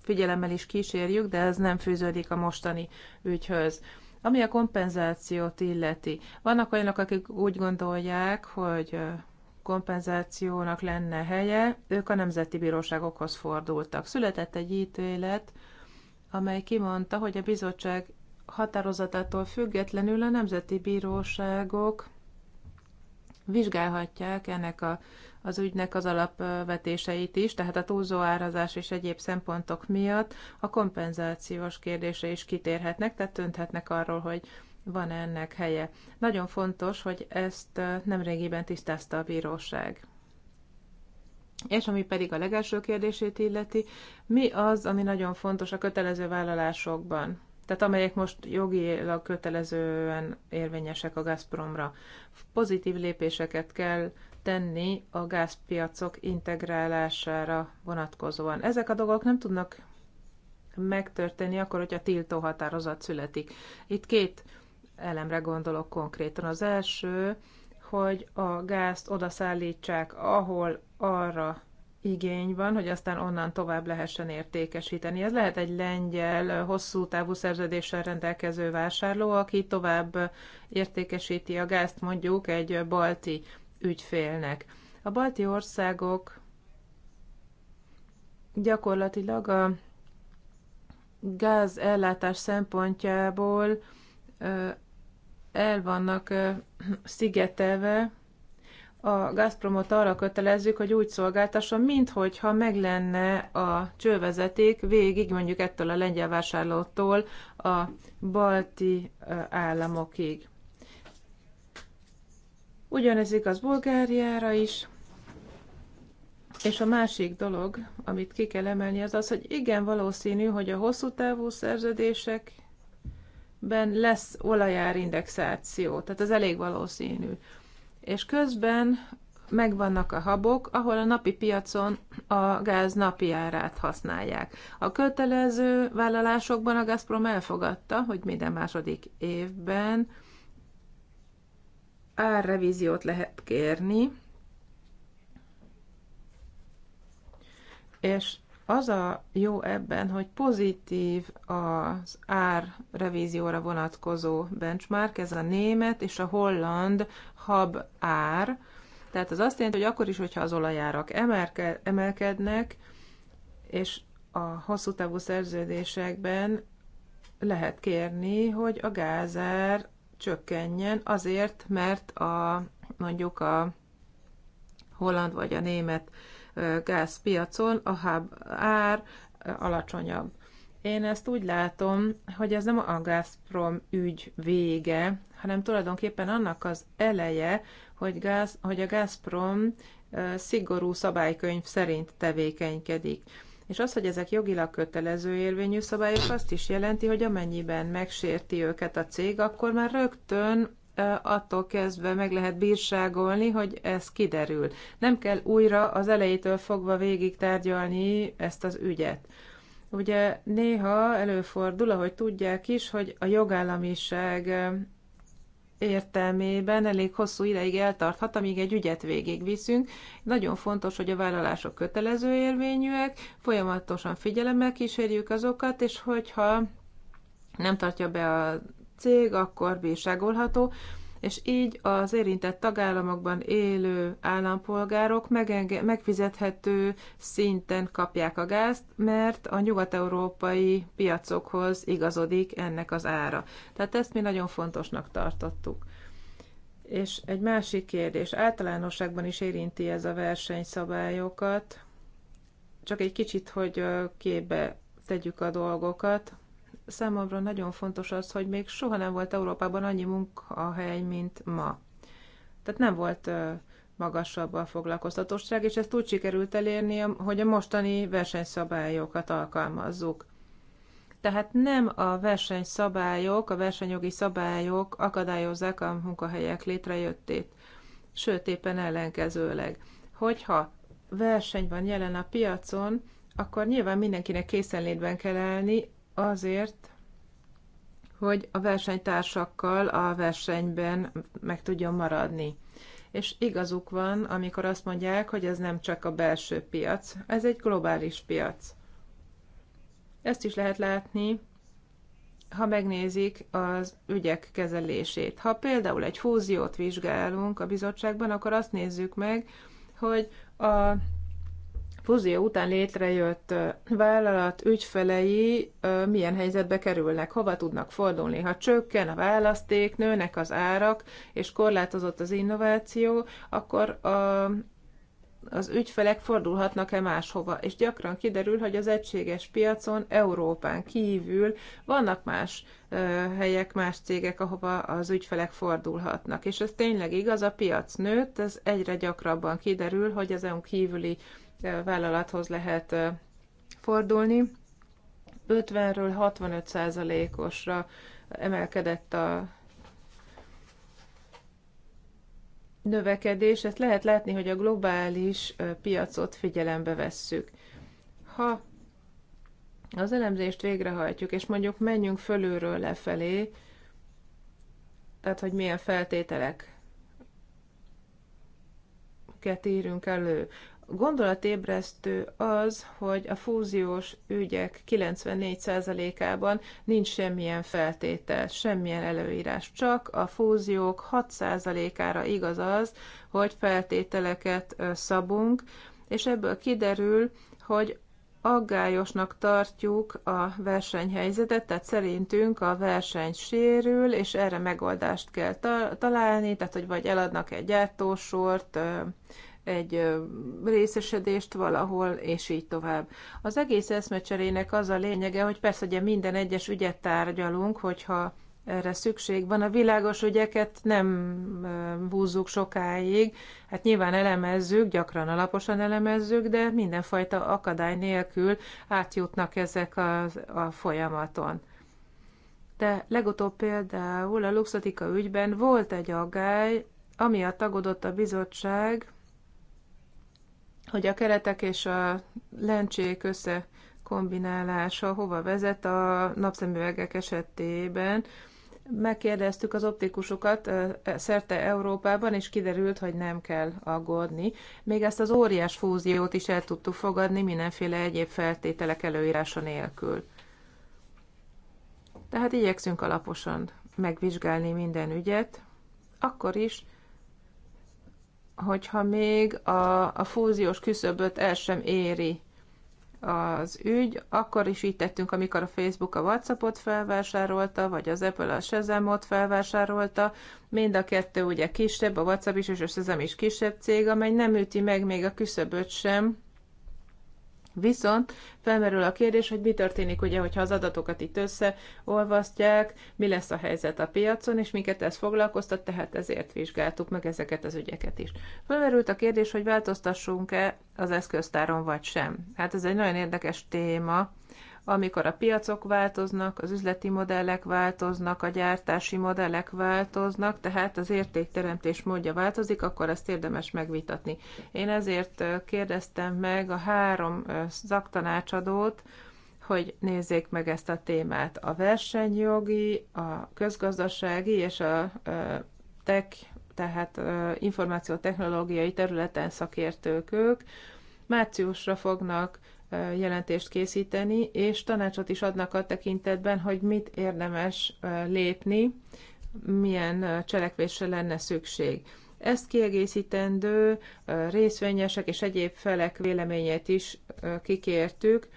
figyelemmel is kísérjük, de ez nem fűződik a mostani ügyhöz. Ami a kompenzációt illeti, vannak olyanok, akik úgy gondolják, hogy kompenzációnak lenne helye, ők a nemzeti bíróságokhoz fordultak. Született egy ítélet, amely kimondta, hogy a bizottság határozatától függetlenül a nemzeti bíróságok vizsgálhatják ennek a, az ügynek az alapvetéseit is, tehát a túlzó árazás és egyéb szempontok miatt a kompenzációs kérdése is kitérhetnek, tehát tönthetnek arról, hogy van -e ennek helye. Nagyon fontos, hogy ezt nemrégiben tisztázta a bíróság. És ami pedig a legelső kérdését illeti, mi az, ami nagyon fontos a kötelező vállalásokban? tehát amelyek most jogilag kötelezően érvényesek a Gazpromra. Pozitív lépéseket kell tenni a gázpiacok integrálására vonatkozóan. Ezek a dolgok nem tudnak megtörténni akkor, hogyha tiltó határozat születik. Itt két elemre gondolok konkrétan. Az első, hogy a gázt odaszállítsák, ahol arra igény van, hogy aztán onnan tovább lehessen értékesíteni. Ez lehet egy lengyel, hosszú távú szerződéssel rendelkező vásárló, aki tovább értékesíti a gázt mondjuk egy balti ügyfélnek. A balti országok gyakorlatilag a gáz ellátás szempontjából el vannak szigetelve, a Gazpromot arra kötelezzük, hogy úgy szolgáltasson, minthogyha meg lenne a csővezeték végig, mondjuk ettől a lengyel vásárlótól a balti államokig. Ugyanez igaz Bulgáriára is, és a másik dolog, amit ki kell emelni, az az, hogy igen valószínű, hogy a hosszú távú szerződésekben lesz olajárindexáció, tehát ez elég valószínű és közben megvannak a habok, ahol a napi piacon a gáz napi árát használják. A kötelező vállalásokban a Gazprom elfogadta, hogy minden második évben árrevíziót lehet kérni, és az a jó ebben, hogy pozitív az ár revízióra vonatkozó benchmark, ez a német és a holland hab ár. Tehát az azt jelenti, hogy akkor is, hogyha az olajárak emelkednek, és a hosszú távú szerződésekben lehet kérni, hogy a gázár csökkenjen azért, mert a mondjuk a holland vagy a német gázpiacon a hub ár alacsonyabb. Én ezt úgy látom, hogy ez nem a Gazprom ügy vége, hanem tulajdonképpen annak az eleje, hogy, gáz, hogy a Gazprom szigorú szabálykönyv szerint tevékenykedik. És az, hogy ezek jogilag kötelező érvényű szabályok, azt is jelenti, hogy amennyiben megsérti őket a cég, akkor már rögtön attól kezdve meg lehet bírságolni, hogy ez kiderül. Nem kell újra az elejétől fogva végig tárgyalni ezt az ügyet. Ugye néha előfordul, ahogy tudják is, hogy a jogállamiság értelmében elég hosszú ideig eltarthat, amíg egy ügyet végigviszünk. Nagyon fontos, hogy a vállalások kötelező érvényűek, folyamatosan figyelemmel kísérjük azokat, és hogyha nem tartja be a cég, akkor bírságolható, és így az érintett tagállamokban élő állampolgárok megenge- megfizethető szinten kapják a gázt, mert a nyugat-európai piacokhoz igazodik ennek az ára. Tehát ezt mi nagyon fontosnak tartottuk. És egy másik kérdés, általánosságban is érinti ez a versenyszabályokat, csak egy kicsit, hogy képbe tegyük a dolgokat számomra nagyon fontos az, hogy még soha nem volt Európában annyi munkahely, mint ma. Tehát nem volt magasabb a foglalkoztatottság, és ezt úgy sikerült elérni, hogy a mostani versenyszabályokat alkalmazzuk. Tehát nem a versenyszabályok, a versenyjogi szabályok akadályozzák a munkahelyek létrejöttét, sőt éppen ellenkezőleg. Hogyha verseny van jelen a piacon, akkor nyilván mindenkinek készenlétben kell állni, azért, hogy a versenytársakkal a versenyben meg tudjon maradni. És igazuk van, amikor azt mondják, hogy ez nem csak a belső piac, ez egy globális piac. Ezt is lehet látni, ha megnézik az ügyek kezelését. Ha például egy fúziót vizsgálunk a bizottságban, akkor azt nézzük meg, hogy a fúzió után létrejött vállalat ügyfelei milyen helyzetbe kerülnek, hova tudnak fordulni. Ha csökken a választék, nőnek az árak, és korlátozott az innováció, akkor a, az ügyfelek fordulhatnak-e máshova, és gyakran kiderül, hogy az egységes piacon, Európán kívül vannak más helyek, más cégek, ahova az ügyfelek fordulhatnak. És ez tényleg igaz, a piac nőtt, ez egyre gyakrabban kiderül, hogy az EU kívüli vállalathoz lehet fordulni. 50-ről 65 osra emelkedett a növekedés. Ezt lehet látni, hogy a globális piacot figyelembe vesszük. Ha az elemzést végrehajtjuk, és mondjuk menjünk fölülről lefelé, tehát hogy milyen feltételek ket írünk elő. Gondolatébresztő az, hogy a fúziós ügyek 94%-ában nincs semmilyen feltétel, semmilyen előírás, csak a fúziók 6%-ára igaz az, hogy feltételeket szabunk, és ebből kiderül, hogy aggályosnak tartjuk a versenyhelyzetet, tehát szerintünk a verseny sérül, és erre megoldást kell találni, tehát hogy vagy eladnak egy gyártósort, egy részesedést valahol, és így tovább. Az egész eszmecserének az a lényege, hogy persze ugye minden egyes ügyet tárgyalunk, hogyha erre szükség van. A világos ügyeket nem húzzuk sokáig, hát nyilván elemezzük, gyakran alaposan elemezzük, de mindenfajta akadály nélkül átjutnak ezek a, a folyamaton. De legutóbb például a Luxotika ügyben volt egy aggály, amiatt tagodott a bizottság, hogy a keretek és a lencsék össze kombinálása hova vezet a napszemüvegek esetében. Megkérdeztük az optikusokat e, szerte Európában, és kiderült, hogy nem kell aggódni. Még ezt az óriás fúziót is el tudtuk fogadni mindenféle egyéb feltételek előírása nélkül. Tehát igyekszünk alaposan megvizsgálni minden ügyet, akkor is, hogyha még a, a fúziós küszöböt el sem éri az ügy, akkor is így tettünk, amikor a Facebook a WhatsAppot felvásárolta, vagy az Apple a Sezamot felvásárolta. Mind a kettő ugye kisebb, a WhatsApp is és a Sezam is kisebb cég, amely nem üti meg még a küszöböt sem, Viszont felmerül a kérdés, hogy mi történik, ugye, hogyha az adatokat itt összeolvasztják, mi lesz a helyzet a piacon, és minket ez foglalkoztat, tehát ezért vizsgáltuk meg ezeket az ügyeket is. Felmerült a kérdés, hogy változtassunk-e az eszköztáron vagy sem. Hát ez egy nagyon érdekes téma, amikor a piacok változnak, az üzleti modellek változnak, a gyártási modellek változnak, tehát az értékteremtés módja változik, akkor ezt érdemes megvitatni. Én ezért kérdeztem meg a három szaktanácsadót, hogy nézzék meg ezt a témát. A versenyjogi, a közgazdasági és a tech, tehát információtechnológiai területen szakértők ők. Márciusra fognak jelentést készíteni, és tanácsot is adnak a tekintetben, hogy mit érdemes lépni, milyen cselekvésre lenne szükség. Ezt kiegészítendő részvényesek és egyéb felek véleményét is kikértük.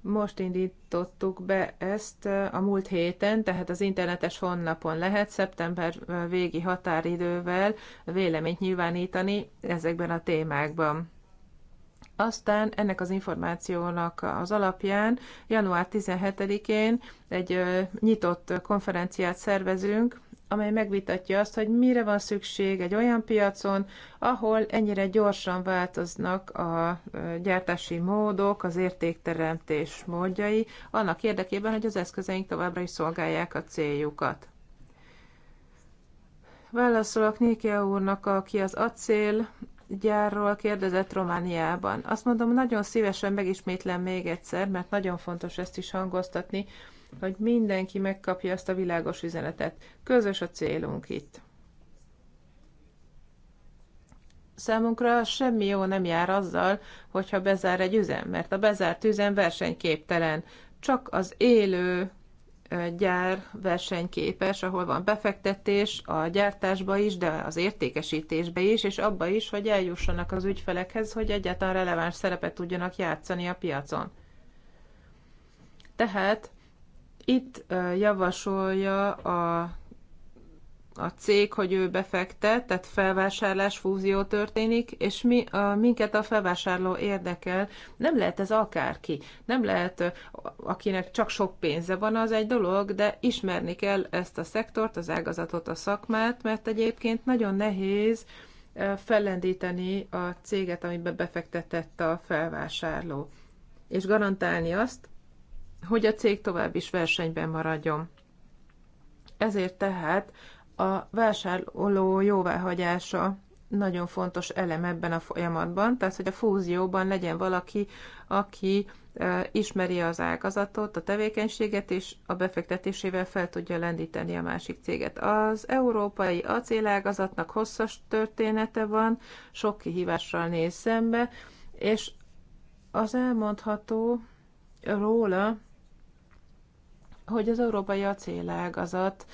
Most indítottuk be ezt a múlt héten, tehát az internetes honlapon lehet szeptember végi határidővel véleményt nyilvánítani ezekben a témákban. Aztán ennek az információnak az alapján január 17-én egy nyitott konferenciát szervezünk, amely megvitatja azt, hogy mire van szükség egy olyan piacon, ahol ennyire gyorsan változnak a gyártási módok, az értékteremtés módjai, annak érdekében, hogy az eszközeink továbbra is szolgálják a céljukat. Válaszolok Nékia úrnak, aki az acél gyárról kérdezett Romániában. Azt mondom, nagyon szívesen megismétlem még egyszer, mert nagyon fontos ezt is hangoztatni, hogy mindenki megkapja ezt a világos üzenetet. Közös a célunk itt. Számunkra semmi jó nem jár azzal, hogyha bezár egy üzem, mert a bezárt üzem versenyképtelen. Csak az élő gyár versenyképes, ahol van befektetés a gyártásba is, de az értékesítésbe is, és abba is, hogy eljussanak az ügyfelekhez, hogy egyáltalán releváns szerepet tudjanak játszani a piacon. Tehát itt javasolja a a cég, hogy ő befektet, tehát felvásárlás, fúzió történik, és mi, a, minket a felvásárló érdekel. Nem lehet ez akárki. Nem lehet, akinek csak sok pénze van, az egy dolog, de ismerni kell ezt a szektort, az ágazatot, a szakmát, mert egyébként nagyon nehéz fellendíteni a céget, amiben befektetett a felvásárló, és garantálni azt, hogy a cég tovább is versenyben maradjon. Ezért tehát a vásárló jóváhagyása nagyon fontos elem ebben a folyamatban, tehát hogy a fúzióban legyen valaki, aki e, ismeri az ágazatot, a tevékenységet, és a befektetésével fel tudja lendíteni a másik céget. Az európai acélágazatnak hosszas története van, sok kihívással néz szembe, és az elmondható róla, hogy az európai acélágazat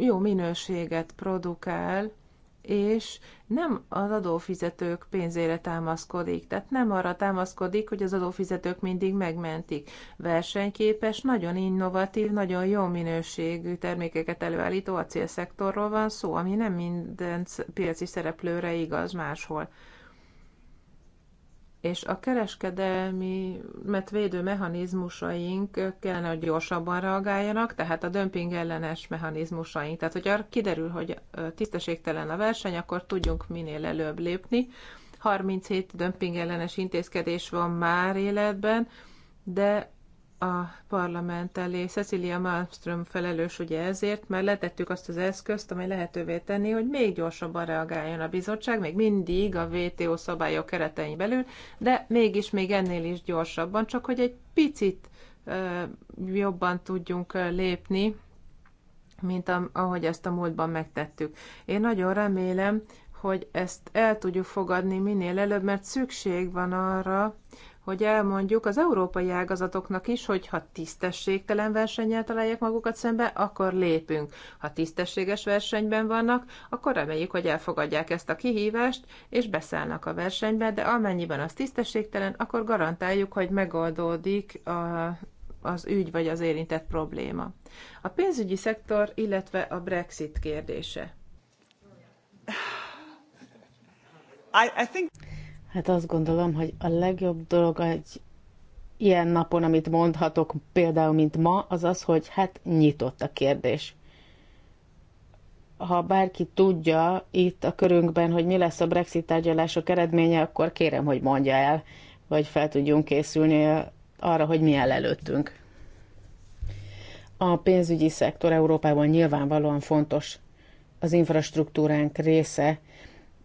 jó minőséget produkál, és nem az adófizetők pénzére támaszkodik. Tehát nem arra támaszkodik, hogy az adófizetők mindig megmentik. Versenyképes, nagyon innovatív, nagyon jó minőségű termékeket előállító acélszektorról van szó, ami nem minden piaci szereplőre igaz máshol és a kereskedelmi védő mechanizmusaink kellene, hogy gyorsabban reagáljanak, tehát a dömping ellenes mechanizmusaink. Tehát, hogyha kiderül, hogy tisztességtelen a verseny, akkor tudjunk minél előbb lépni. 37 dömping ellenes intézkedés van már életben, de a parlament elé. Cecilia Malmström felelős ugye ezért, mert letettük azt az eszközt, amely lehetővé tenni, hogy még gyorsabban reagáljon a bizottság, még mindig a WTO szabályok keretein belül, de mégis még ennél is gyorsabban, csak hogy egy picit jobban tudjunk lépni, mint ahogy ezt a múltban megtettük. Én nagyon remélem, hogy ezt el tudjuk fogadni minél előbb, mert szükség van arra, hogy elmondjuk az európai ágazatoknak is, hogy ha tisztességtelen versennyel találják magukat szembe, akkor lépünk. Ha tisztességes versenyben vannak, akkor reméljük, hogy elfogadják ezt a kihívást, és beszállnak a versenybe, de amennyiben az tisztességtelen, akkor garantáljuk, hogy megoldódik a az ügy vagy az érintett probléma. A pénzügyi szektor, illetve a Brexit kérdése. I, I think... Hát azt gondolom, hogy a legjobb dolog egy ilyen napon, amit mondhatok például, mint ma, az az, hogy hát nyitott a kérdés. Ha bárki tudja itt a körünkben, hogy mi lesz a Brexit tárgyalások eredménye, akkor kérem, hogy mondja el, vagy fel tudjunk készülni arra, hogy mi el előttünk. A pénzügyi szektor Európában nyilvánvalóan fontos. Az infrastruktúránk része,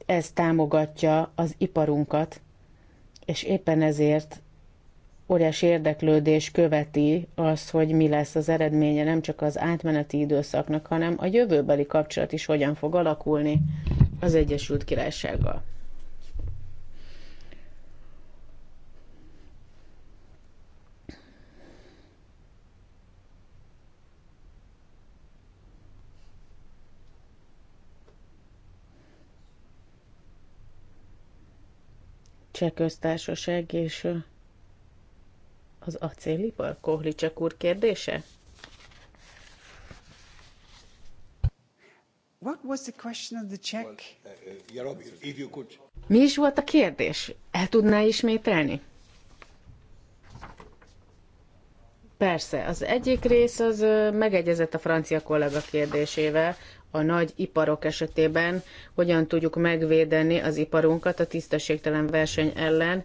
ez támogatja az iparunkat, és éppen ezért óriási érdeklődés követi azt, hogy mi lesz az eredménye nem csak az átmeneti időszaknak, hanem a jövőbeli kapcsolat is hogyan fog alakulni az Egyesült Királysággal. Cseh köztársaság és az acélipar? Kohlicsak úr kérdése? What was the question of the Czech? Well, uh, uh if you could... Mi is volt a kérdés? El tudná ismételni? Persze, az egyik rész az megegyezett a francia kollega kérdésével, a nagy iparok esetében, hogyan tudjuk megvédeni az iparunkat a tisztességtelen verseny ellen,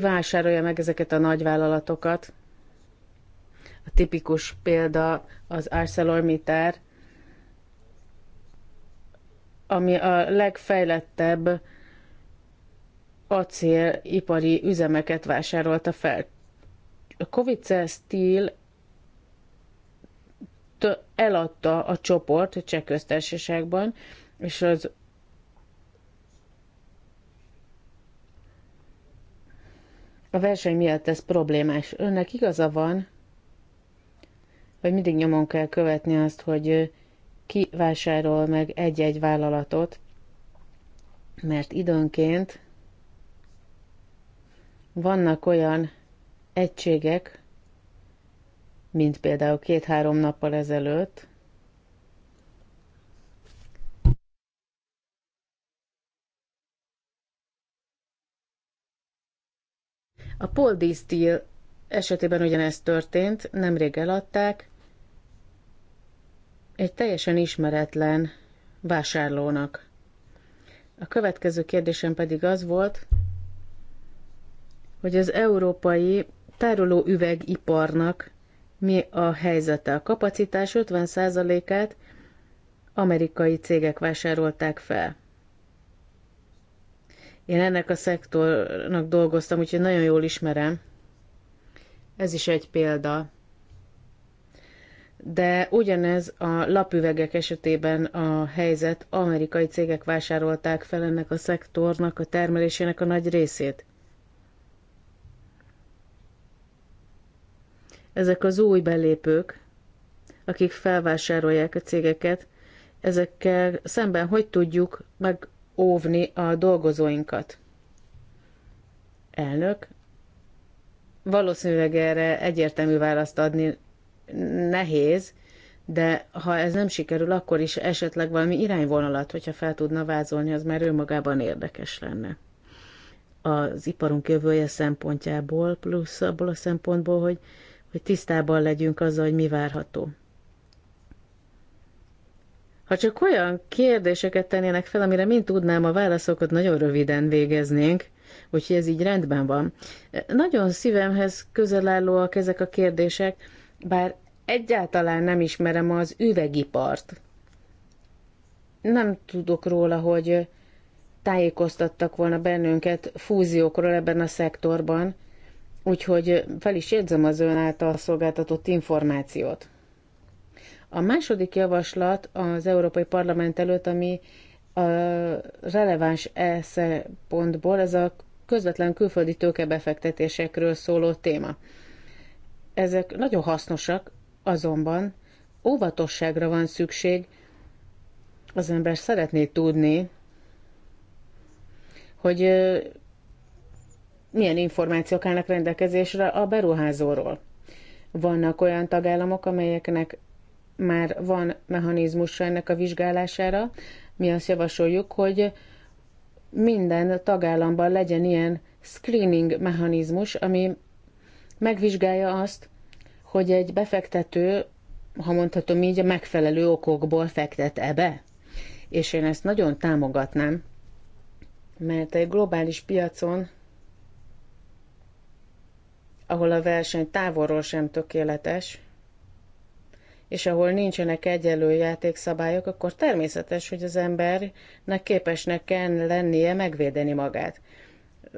vásárolja meg ezeket a nagyvállalatokat. A tipikus példa az ArcelorMittal, ami a legfejlettebb acélipari üzemeket vásárolta fel. A Kovice Steel eladta a csoport a cseh köztársaságban, és az a verseny miatt ez problémás. Önnek igaza van, vagy mindig nyomon kell követni azt, hogy ki vásárol meg egy-egy vállalatot, mert időnként vannak olyan egységek, mint például két-három nappal ezelőtt, A Paul D. Steel esetében ugyanezt történt, nemrég eladták egy teljesen ismeretlen vásárlónak. A következő kérdésem pedig az volt, hogy az európai tároló üvegiparnak mi a helyzete. A kapacitás 50%-át amerikai cégek vásárolták fel. Én ennek a szektornak dolgoztam, úgyhogy nagyon jól ismerem. Ez is egy példa. De ugyanez a lapüvegek esetében a helyzet, amerikai cégek vásárolták fel ennek a szektornak a termelésének a nagy részét. Ezek az új belépők, akik felvásárolják a cégeket, ezekkel szemben hogy tudjuk megóvni a dolgozóinkat? Elnök, valószínűleg erre egyértelmű választ adni nehéz, de ha ez nem sikerül, akkor is esetleg valami irányvonalat, hogyha fel tudna vázolni, az már önmagában érdekes lenne. Az iparunk jövője szempontjából, plusz abból a szempontból, hogy hogy tisztában legyünk azzal, hogy mi várható. Ha csak olyan kérdéseket tennének fel, amire mind tudnám, a válaszokat nagyon röviden végeznénk, úgyhogy ez így rendben van. Nagyon szívemhez közel állóak ezek a kérdések, bár egyáltalán nem ismerem az üvegipart. Nem tudok róla, hogy tájékoztattak volna bennünket fúziókról ebben a szektorban, Úgyhogy fel is jegyzem az ön által szolgáltatott információt. A második javaslat az Európai Parlament előtt, ami a releváns ESZE pontból, ez a közvetlen külföldi tőkebefektetésekről szóló téma. Ezek nagyon hasznosak, azonban óvatosságra van szükség. Az ember szeretné tudni, hogy milyen információk állnak rendelkezésre a beruházóról. Vannak olyan tagállamok, amelyeknek már van mechanizmusa ennek a vizsgálására. Mi azt javasoljuk, hogy minden tagállamban legyen ilyen screening mechanizmus, ami megvizsgálja azt, hogy egy befektető, ha mondhatom így, a megfelelő okokból fektet-e be. És én ezt nagyon támogatnám, mert egy globális piacon ahol a verseny távolról sem tökéletes, és ahol nincsenek egyenlő játékszabályok, akkor természetes, hogy az embernek képesnek kell lennie megvédeni magát.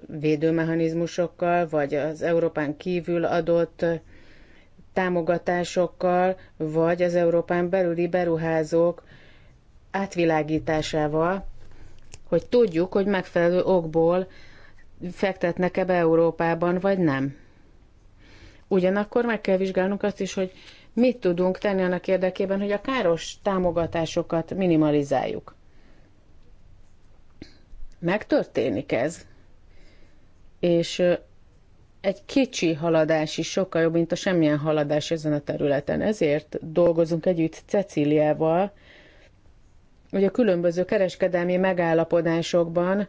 Védőmechanizmusokkal, vagy az Európán kívül adott támogatásokkal, vagy az Európán belüli beruházók átvilágításával, hogy tudjuk, hogy megfelelő okból fektetnek-e be Európában, vagy nem. Ugyanakkor meg kell vizsgálnunk azt is, hogy mit tudunk tenni annak érdekében, hogy a káros támogatásokat minimalizáljuk. Megtörténik ez, és egy kicsi haladás is sokkal jobb, mint a semmilyen haladás ezen a területen. Ezért dolgozunk együtt Ceciliával, hogy a különböző kereskedelmi megállapodásokban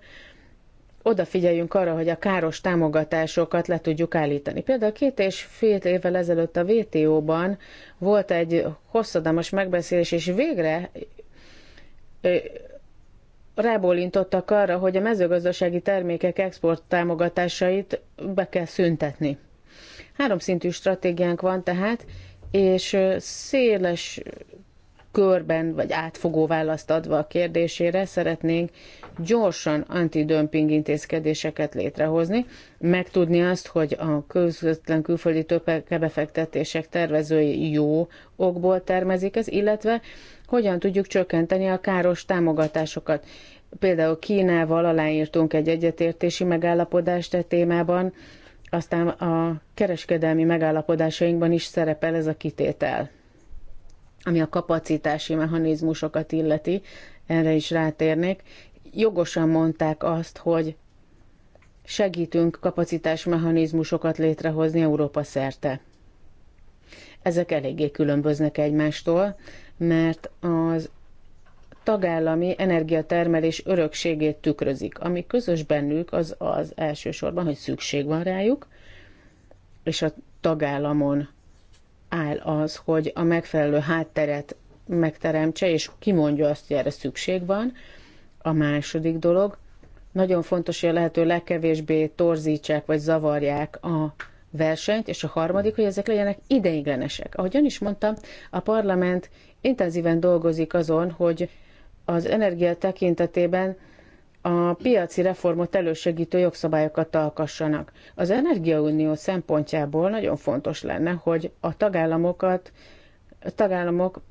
odafigyeljünk arra, hogy a káros támogatásokat le tudjuk állítani. Például két és fél évvel ezelőtt a WTO-ban volt egy hosszadalmas megbeszélés, és végre rábólintottak arra, hogy a mezőgazdasági termékek export támogatásait be kell szüntetni. Háromszintű stratégiánk van tehát, és széles körben vagy átfogó választ adva a kérdésére szeretnénk gyorsan antidömping intézkedéseket létrehozni, megtudni azt, hogy a közvetlen külföldi befektetések tervezői jó okból termezik ez, illetve hogyan tudjuk csökkenteni a káros támogatásokat. Például Kínával aláírtunk egy egyetértési megállapodást a e témában, aztán a kereskedelmi megállapodásainkban is szerepel ez a kitétel ami a kapacitási mechanizmusokat illeti, erre is rátérnék, jogosan mondták azt, hogy segítünk kapacitásmechanizmusokat létrehozni Európa szerte. Ezek eléggé különböznek egymástól, mert az tagállami energiatermelés örökségét tükrözik. Ami közös bennük az az elsősorban, hogy szükség van rájuk, és a tagállamon áll az, hogy a megfelelő hátteret megteremtse, és kimondja azt, hogy erre szükség van, a második dolog, nagyon fontos, hogy a lehető legkevésbé torzítsák vagy zavarják a versenyt, és a harmadik, hogy ezek legyenek ideiglenesek. ön is mondtam, a parlament intenzíven dolgozik azon, hogy az energia tekintetében a piaci reformot elősegítő jogszabályokat alkassanak. Az Energiaunió szempontjából nagyon fontos lenne, hogy a tagállamokat a tagállamok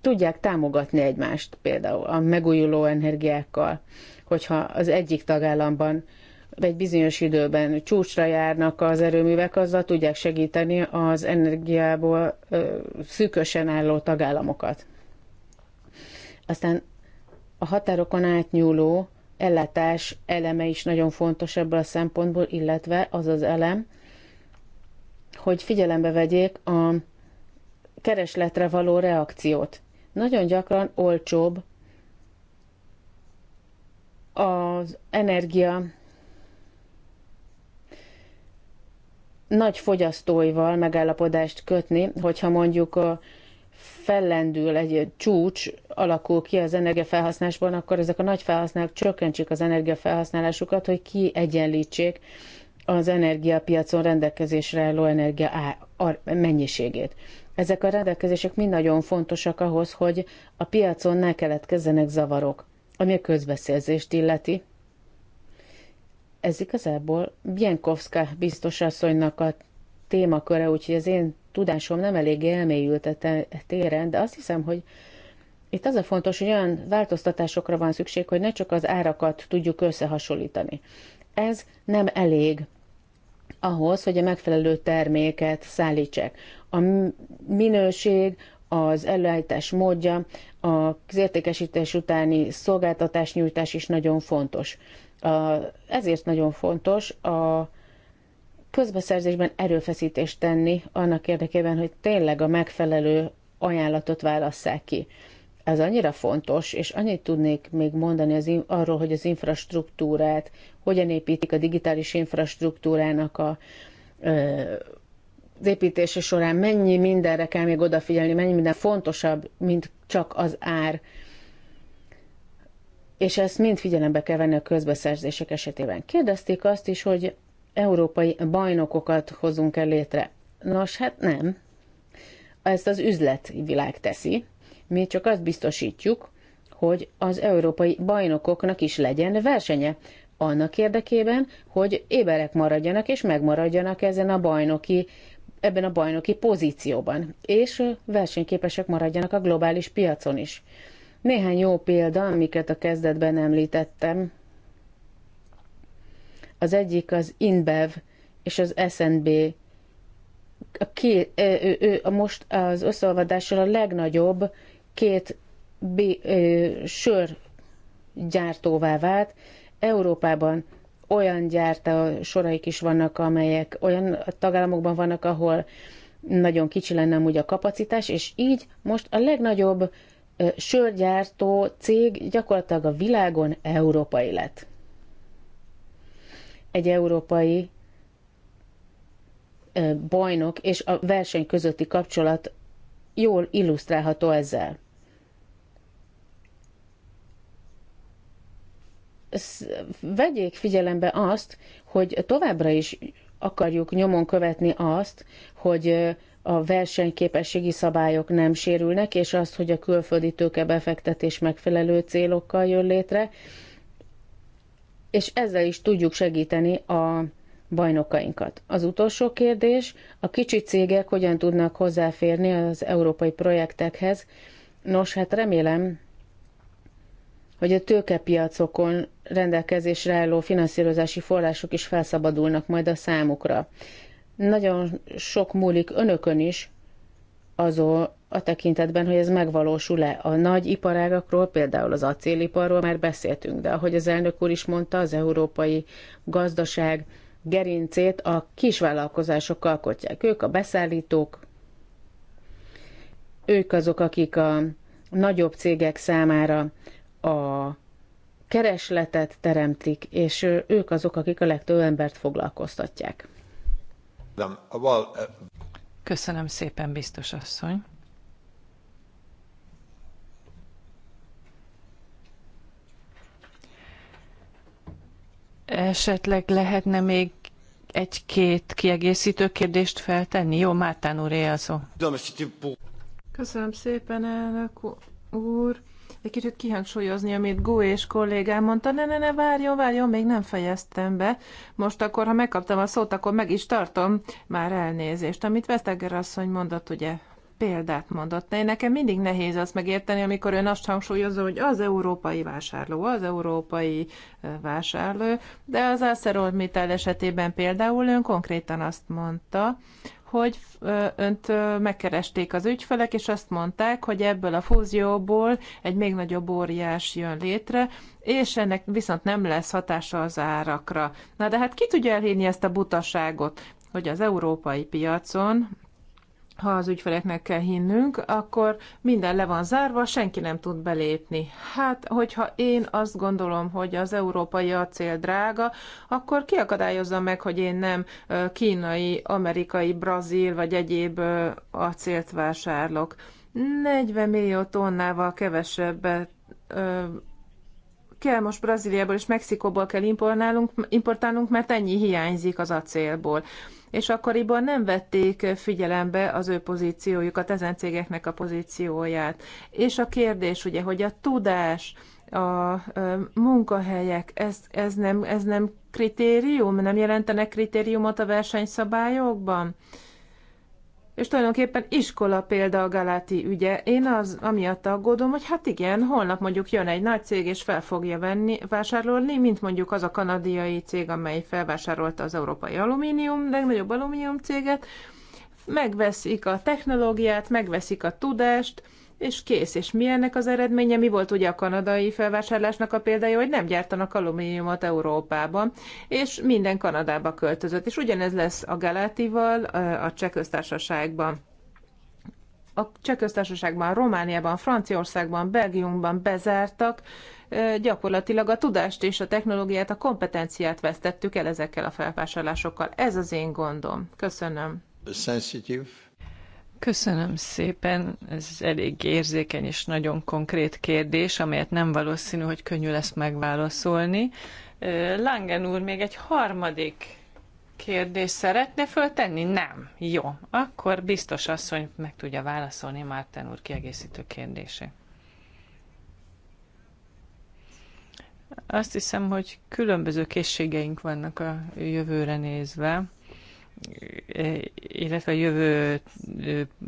tudják támogatni egymást, például a megújuló energiákkal, hogyha az egyik tagállamban egy bizonyos időben csúcsra járnak az erőművek, azzal tudják segíteni az energiából ö, szűkösen álló tagállamokat. Aztán a határokon átnyúló ellátás eleme is nagyon fontos ebből a szempontból, illetve az az elem, hogy figyelembe vegyék a keresletre való reakciót. Nagyon gyakran olcsóbb az energia nagy fogyasztóival megállapodást kötni, hogyha mondjuk a fellendül egy csúcs, alakul ki az energiafelhasználásban, akkor ezek a nagy felhasználók csökkentsék az energiafelhasználásukat, hogy kiegyenlítsék az energiapiacon rendelkezésre álló energia mennyiségét. Ezek a rendelkezések mind nagyon fontosak ahhoz, hogy a piacon ne keletkezzenek zavarok, ami a közbeszélzést illeti. Ez igazából Bienkowska biztos asszonynak a témaköre, úgyhogy az én tudásom nem elég elmélyült a e e téren, de azt hiszem, hogy itt az a fontos, hogy olyan változtatásokra van szükség, hogy ne csak az árakat tudjuk összehasonlítani. Ez nem elég ahhoz, hogy a megfelelő terméket szállítsák. A minőség, az előállítás módja, az értékesítés utáni szolgáltatás nyújtás is nagyon fontos. Ezért nagyon fontos a közbeszerzésben erőfeszítést tenni annak érdekében, hogy tényleg a megfelelő ajánlatot válasszák ki ez annyira fontos, és annyit tudnék még mondani az, arról, hogy az infrastruktúrát, hogyan építik a digitális infrastruktúrának a, az építése során, mennyi mindenre kell még odafigyelni, mennyi minden fontosabb, mint csak az ár. És ezt mind figyelembe kell venni a közbeszerzések esetében. Kérdezték azt is, hogy európai bajnokokat hozunk el létre. Nos, hát nem. Ezt az üzleti világ teszi, mi csak azt biztosítjuk, hogy az európai bajnokoknak is legyen versenye, annak érdekében, hogy éberek maradjanak és megmaradjanak ezen a bajnoki, ebben a bajnoki pozícióban, és versenyképesek maradjanak a globális piacon is. Néhány jó példa, amiket a kezdetben említettem. Az egyik az InBev és az SNB. A, ki, ő, ő, ő, most az összeolvadással a legnagyobb két bi- ö, sör gyártóvá vált. Európában olyan gyárta soraik is vannak, amelyek olyan tagállamokban vannak, ahol nagyon kicsi lenne amúgy a kapacitás, és így most a legnagyobb ö, sörgyártó cég gyakorlatilag a világon európai lett. Egy európai ö, bajnok és a verseny közötti kapcsolat jól illusztrálható ezzel. vegyék figyelembe azt, hogy továbbra is akarjuk nyomon követni azt, hogy a versenyképességi szabályok nem sérülnek, és azt, hogy a külföldi tőkebefektetés megfelelő célokkal jön létre, és ezzel is tudjuk segíteni a bajnokainkat. Az utolsó kérdés, a kicsi cégek hogyan tudnak hozzáférni az európai projektekhez? Nos, hát remélem, hogy a tőkepiacokon rendelkezésre álló finanszírozási források is felszabadulnak majd a számukra. Nagyon sok múlik önökön is azó a tekintetben, hogy ez megvalósul-e. A nagy iparágakról, például az acéliparról már beszéltünk, de ahogy az elnök úr is mondta, az európai gazdaság gerincét a kisvállalkozások alkotják. Ők a beszállítók, ők azok, akik a nagyobb cégek számára a keresletet teremtik, és ők azok, akik a legtöbb embert foglalkoztatják. Köszönöm szépen, biztos asszony. Esetleg lehetne még egy-két kiegészítő kérdést feltenni? Jó, Mártán úr, él szó. Köszönöm szépen, elnök úr egy kicsit kihangsúlyozni, amit Gó és kollégám mondta, ne, ne, ne, várjon, várjon, még nem fejeztem be. Most akkor, ha megkaptam a szót, akkor meg is tartom már elnézést. Amit Veszteger asszony mondott, ugye példát mondott. Én nekem mindig nehéz azt megérteni, amikor ön azt hangsúlyozza, hogy az európai vásárló, az európai vásárló, de az ArcelorMittal esetében például ön konkrétan azt mondta, hogy önt megkeresték az ügyfelek, és azt mondták, hogy ebből a fúzióból egy még nagyobb óriás jön létre, és ennek viszont nem lesz hatása az árakra. Na de hát ki tudja elhinni ezt a butaságot, hogy az európai piacon ha az ügyfeleknek kell hinnünk, akkor minden le van zárva, senki nem tud belépni. Hát, hogyha én azt gondolom, hogy az európai acél drága, akkor ki akadályozza meg, hogy én nem kínai, amerikai, brazil vagy egyéb acélt vásárlok. 40 millió tonnával kevesebbet kell most Brazíliából és Mexikóból kell importálnunk, importálnunk, mert ennyi hiányzik az acélból és akkoriban nem vették figyelembe az ő pozíciójukat, ezen cégeknek a pozícióját. És a kérdés ugye, hogy a tudás, a munkahelyek, ez, ez, nem, ez nem kritérium, nem jelentenek kritériumot a versenyszabályokban? és tulajdonképpen iskola példa a Galáti ügye. Én az amiatt aggódom, hogy hát igen, holnap mondjuk jön egy nagy cég, és fel fogja venni, vásárolni, mint mondjuk az a kanadiai cég, amely felvásárolta az európai alumínium, legnagyobb alumínium céget, megveszik a technológiát, megveszik a tudást, és kész. És mi ennek az eredménye? Mi volt ugye a kanadai felvásárlásnak a példája, hogy nem gyártanak alumíniumot Európában, és minden Kanadába költözött. És ugyanez lesz a Galátival a cseh köztársaságban a cseh köztársaságban, Romániában, Franciaországban, Belgiumban bezártak, gyakorlatilag a tudást és a technológiát, a kompetenciát vesztettük el ezekkel a felvásárlásokkal. Ez az én gondom. Köszönöm. Sensitive. Köszönöm szépen. Ez elég érzékeny és nagyon konkrét kérdés, amelyet nem valószínű, hogy könnyű lesz megválaszolni. Langen úr még egy harmadik kérdést szeretne föltenni? Nem. Jó. Akkor biztos asszony meg tudja válaszolni Márten úr kiegészítő kérdése. Azt hiszem, hogy különböző készségeink vannak a jövőre nézve illetve a jövő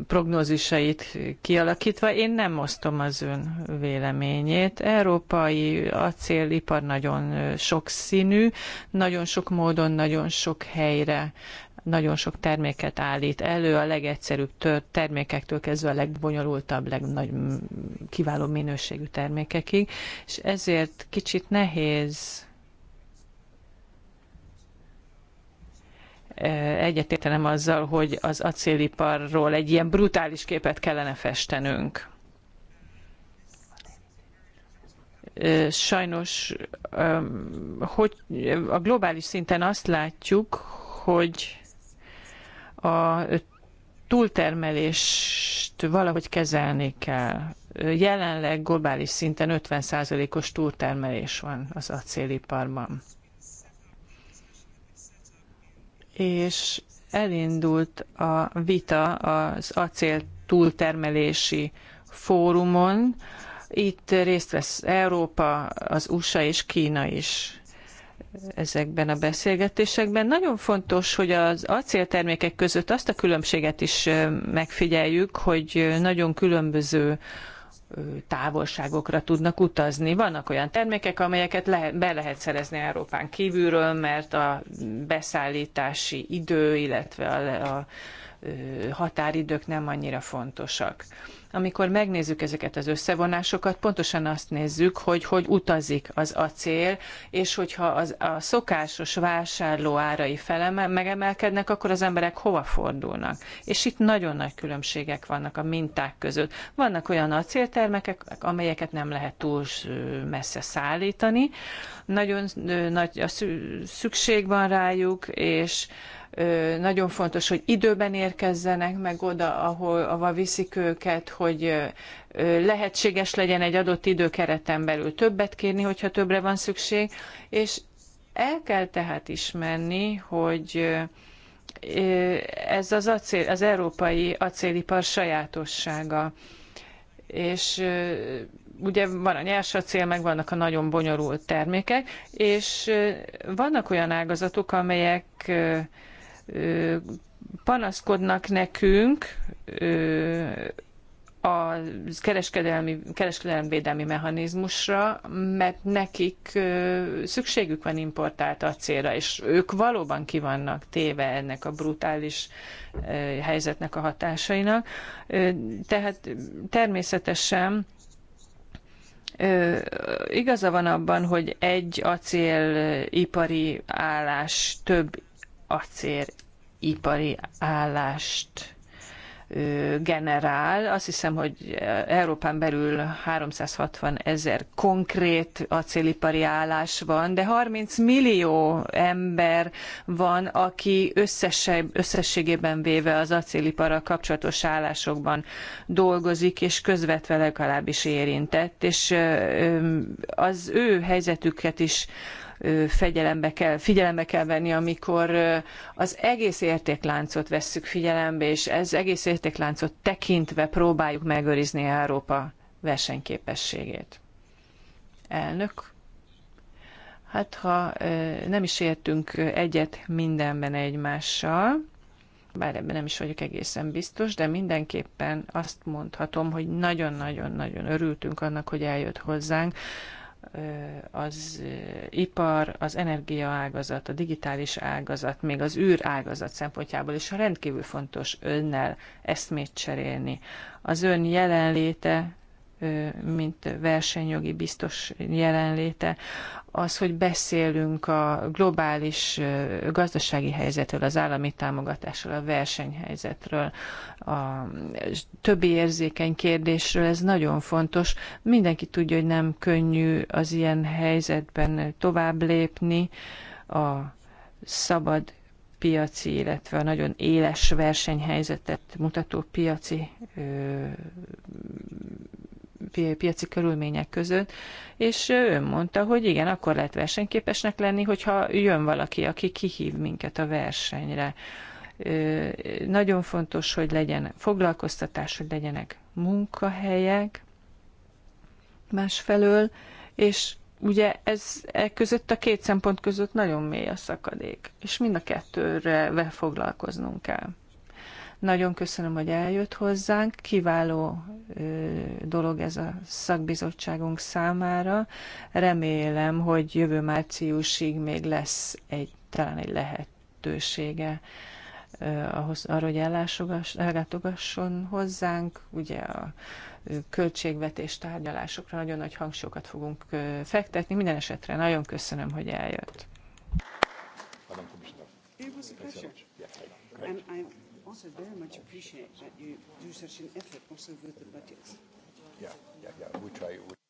prognózisait kialakítva, én nem osztom az ön véleményét. Európai acélipar nagyon színű nagyon sok módon, nagyon sok helyre nagyon sok terméket állít elő, a legegyszerűbb termékektől kezdve a legbonyolultabb, legnagy, kiváló minőségű termékekig, és ezért kicsit nehéz egyetértenem azzal, hogy az acéliparról egy ilyen brutális képet kellene festenünk. Sajnos hogy a globális szinten azt látjuk, hogy a túltermelést valahogy kezelni kell. Jelenleg globális szinten 50%-os túltermelés van az acéliparban és elindult a vita az acél túltermelési fórumon. Itt részt vesz Európa, az USA és Kína is ezekben a beszélgetésekben. Nagyon fontos, hogy az acéltermékek között azt a különbséget is megfigyeljük, hogy nagyon különböző távolságokra tudnak utazni. Vannak olyan termékek, amelyeket be lehet szerezni Európán kívülről, mert a beszállítási idő, illetve a, a határidők nem annyira fontosak. Amikor megnézzük ezeket az összevonásokat, pontosan azt nézzük, hogy hogy utazik az acél, és hogyha az, a szokásos vásárló árai feleme, megemelkednek, akkor az emberek hova fordulnak. És itt nagyon nagy különbségek vannak a minták között. Vannak olyan acéltermekek, amelyeket nem lehet túl messze szállítani, nagyon nagy a szükség van rájuk, és nagyon fontos, hogy időben érkezzenek meg oda, ahol, ahova viszik őket, hogy lehetséges legyen egy adott időkereten belül többet kérni, hogyha többre van szükség, és el kell tehát ismerni, hogy ez az, acél, az európai acélipar sajátossága. És ugye van a nyers acél, meg vannak a nagyon bonyolult termékek, és vannak olyan ágazatok, amelyek panaszkodnak nekünk a kereskedelmi, kereskedelemvédelmi mechanizmusra, mert nekik szükségük van importált acélra, és ők valóban kivannak téve ennek a brutális helyzetnek a hatásainak. Tehát természetesen igaza van abban, hogy egy acélipari állás több acélipari állást generál. Azt hiszem, hogy Európán belül 360 ezer konkrét acélipari állás van, de 30 millió ember van, aki összesse, összességében véve az acélipara kapcsolatos állásokban dolgozik, és közvetve legalábbis érintett, és az ő helyzetüket is fegyelembe kell, figyelembe kell venni, amikor az egész értékláncot vesszük figyelembe, és ez egész értékláncot tekintve próbáljuk megőrizni Európa versenyképességét. Elnök, hát ha nem is értünk egyet mindenben egymással, bár ebben nem is vagyok egészen biztos, de mindenképpen azt mondhatom, hogy nagyon-nagyon-nagyon örültünk annak, hogy eljött hozzánk, az ipar, az energiaágazat, a digitális ágazat, még az űr ágazat szempontjából is rendkívül fontos önnel eszmét cserélni. Az ön jelenléte mint versenyjogi biztos jelenléte, az, hogy beszélünk a globális gazdasági helyzetről, az állami támogatásról, a versenyhelyzetről, a többi érzékeny kérdésről, ez nagyon fontos. Mindenki tudja, hogy nem könnyű az ilyen helyzetben tovább lépni, a szabad piaci, illetve a nagyon éles versenyhelyzetet mutató piaci ö, piaci körülmények között, és ő mondta, hogy igen, akkor lehet versenyképesnek lenni, hogyha jön valaki, aki kihív minket a versenyre. Nagyon fontos, hogy legyen foglalkoztatás, hogy legyenek munkahelyek másfelől, és ugye ez e között a két szempont között nagyon mély a szakadék, és mind a kettőre foglalkoznunk kell. Nagyon köszönöm, hogy eljött hozzánk. Kiváló dolog ez a szakbizottságunk számára. Remélem, hogy jövő márciusig még lesz egy, talán egy lehetősége ahhoz, arra, hogy ellátogasson hozzánk. Ugye a költségvetés tárgyalásokra nagyon nagy hangsúlyokat fogunk fektetni. Minden esetre nagyon köszönöm, hogy eljött. It was a pleasure. And I also very much appreciate that you do such an effort also with the budgets. Yeah, yeah, yeah. We try. We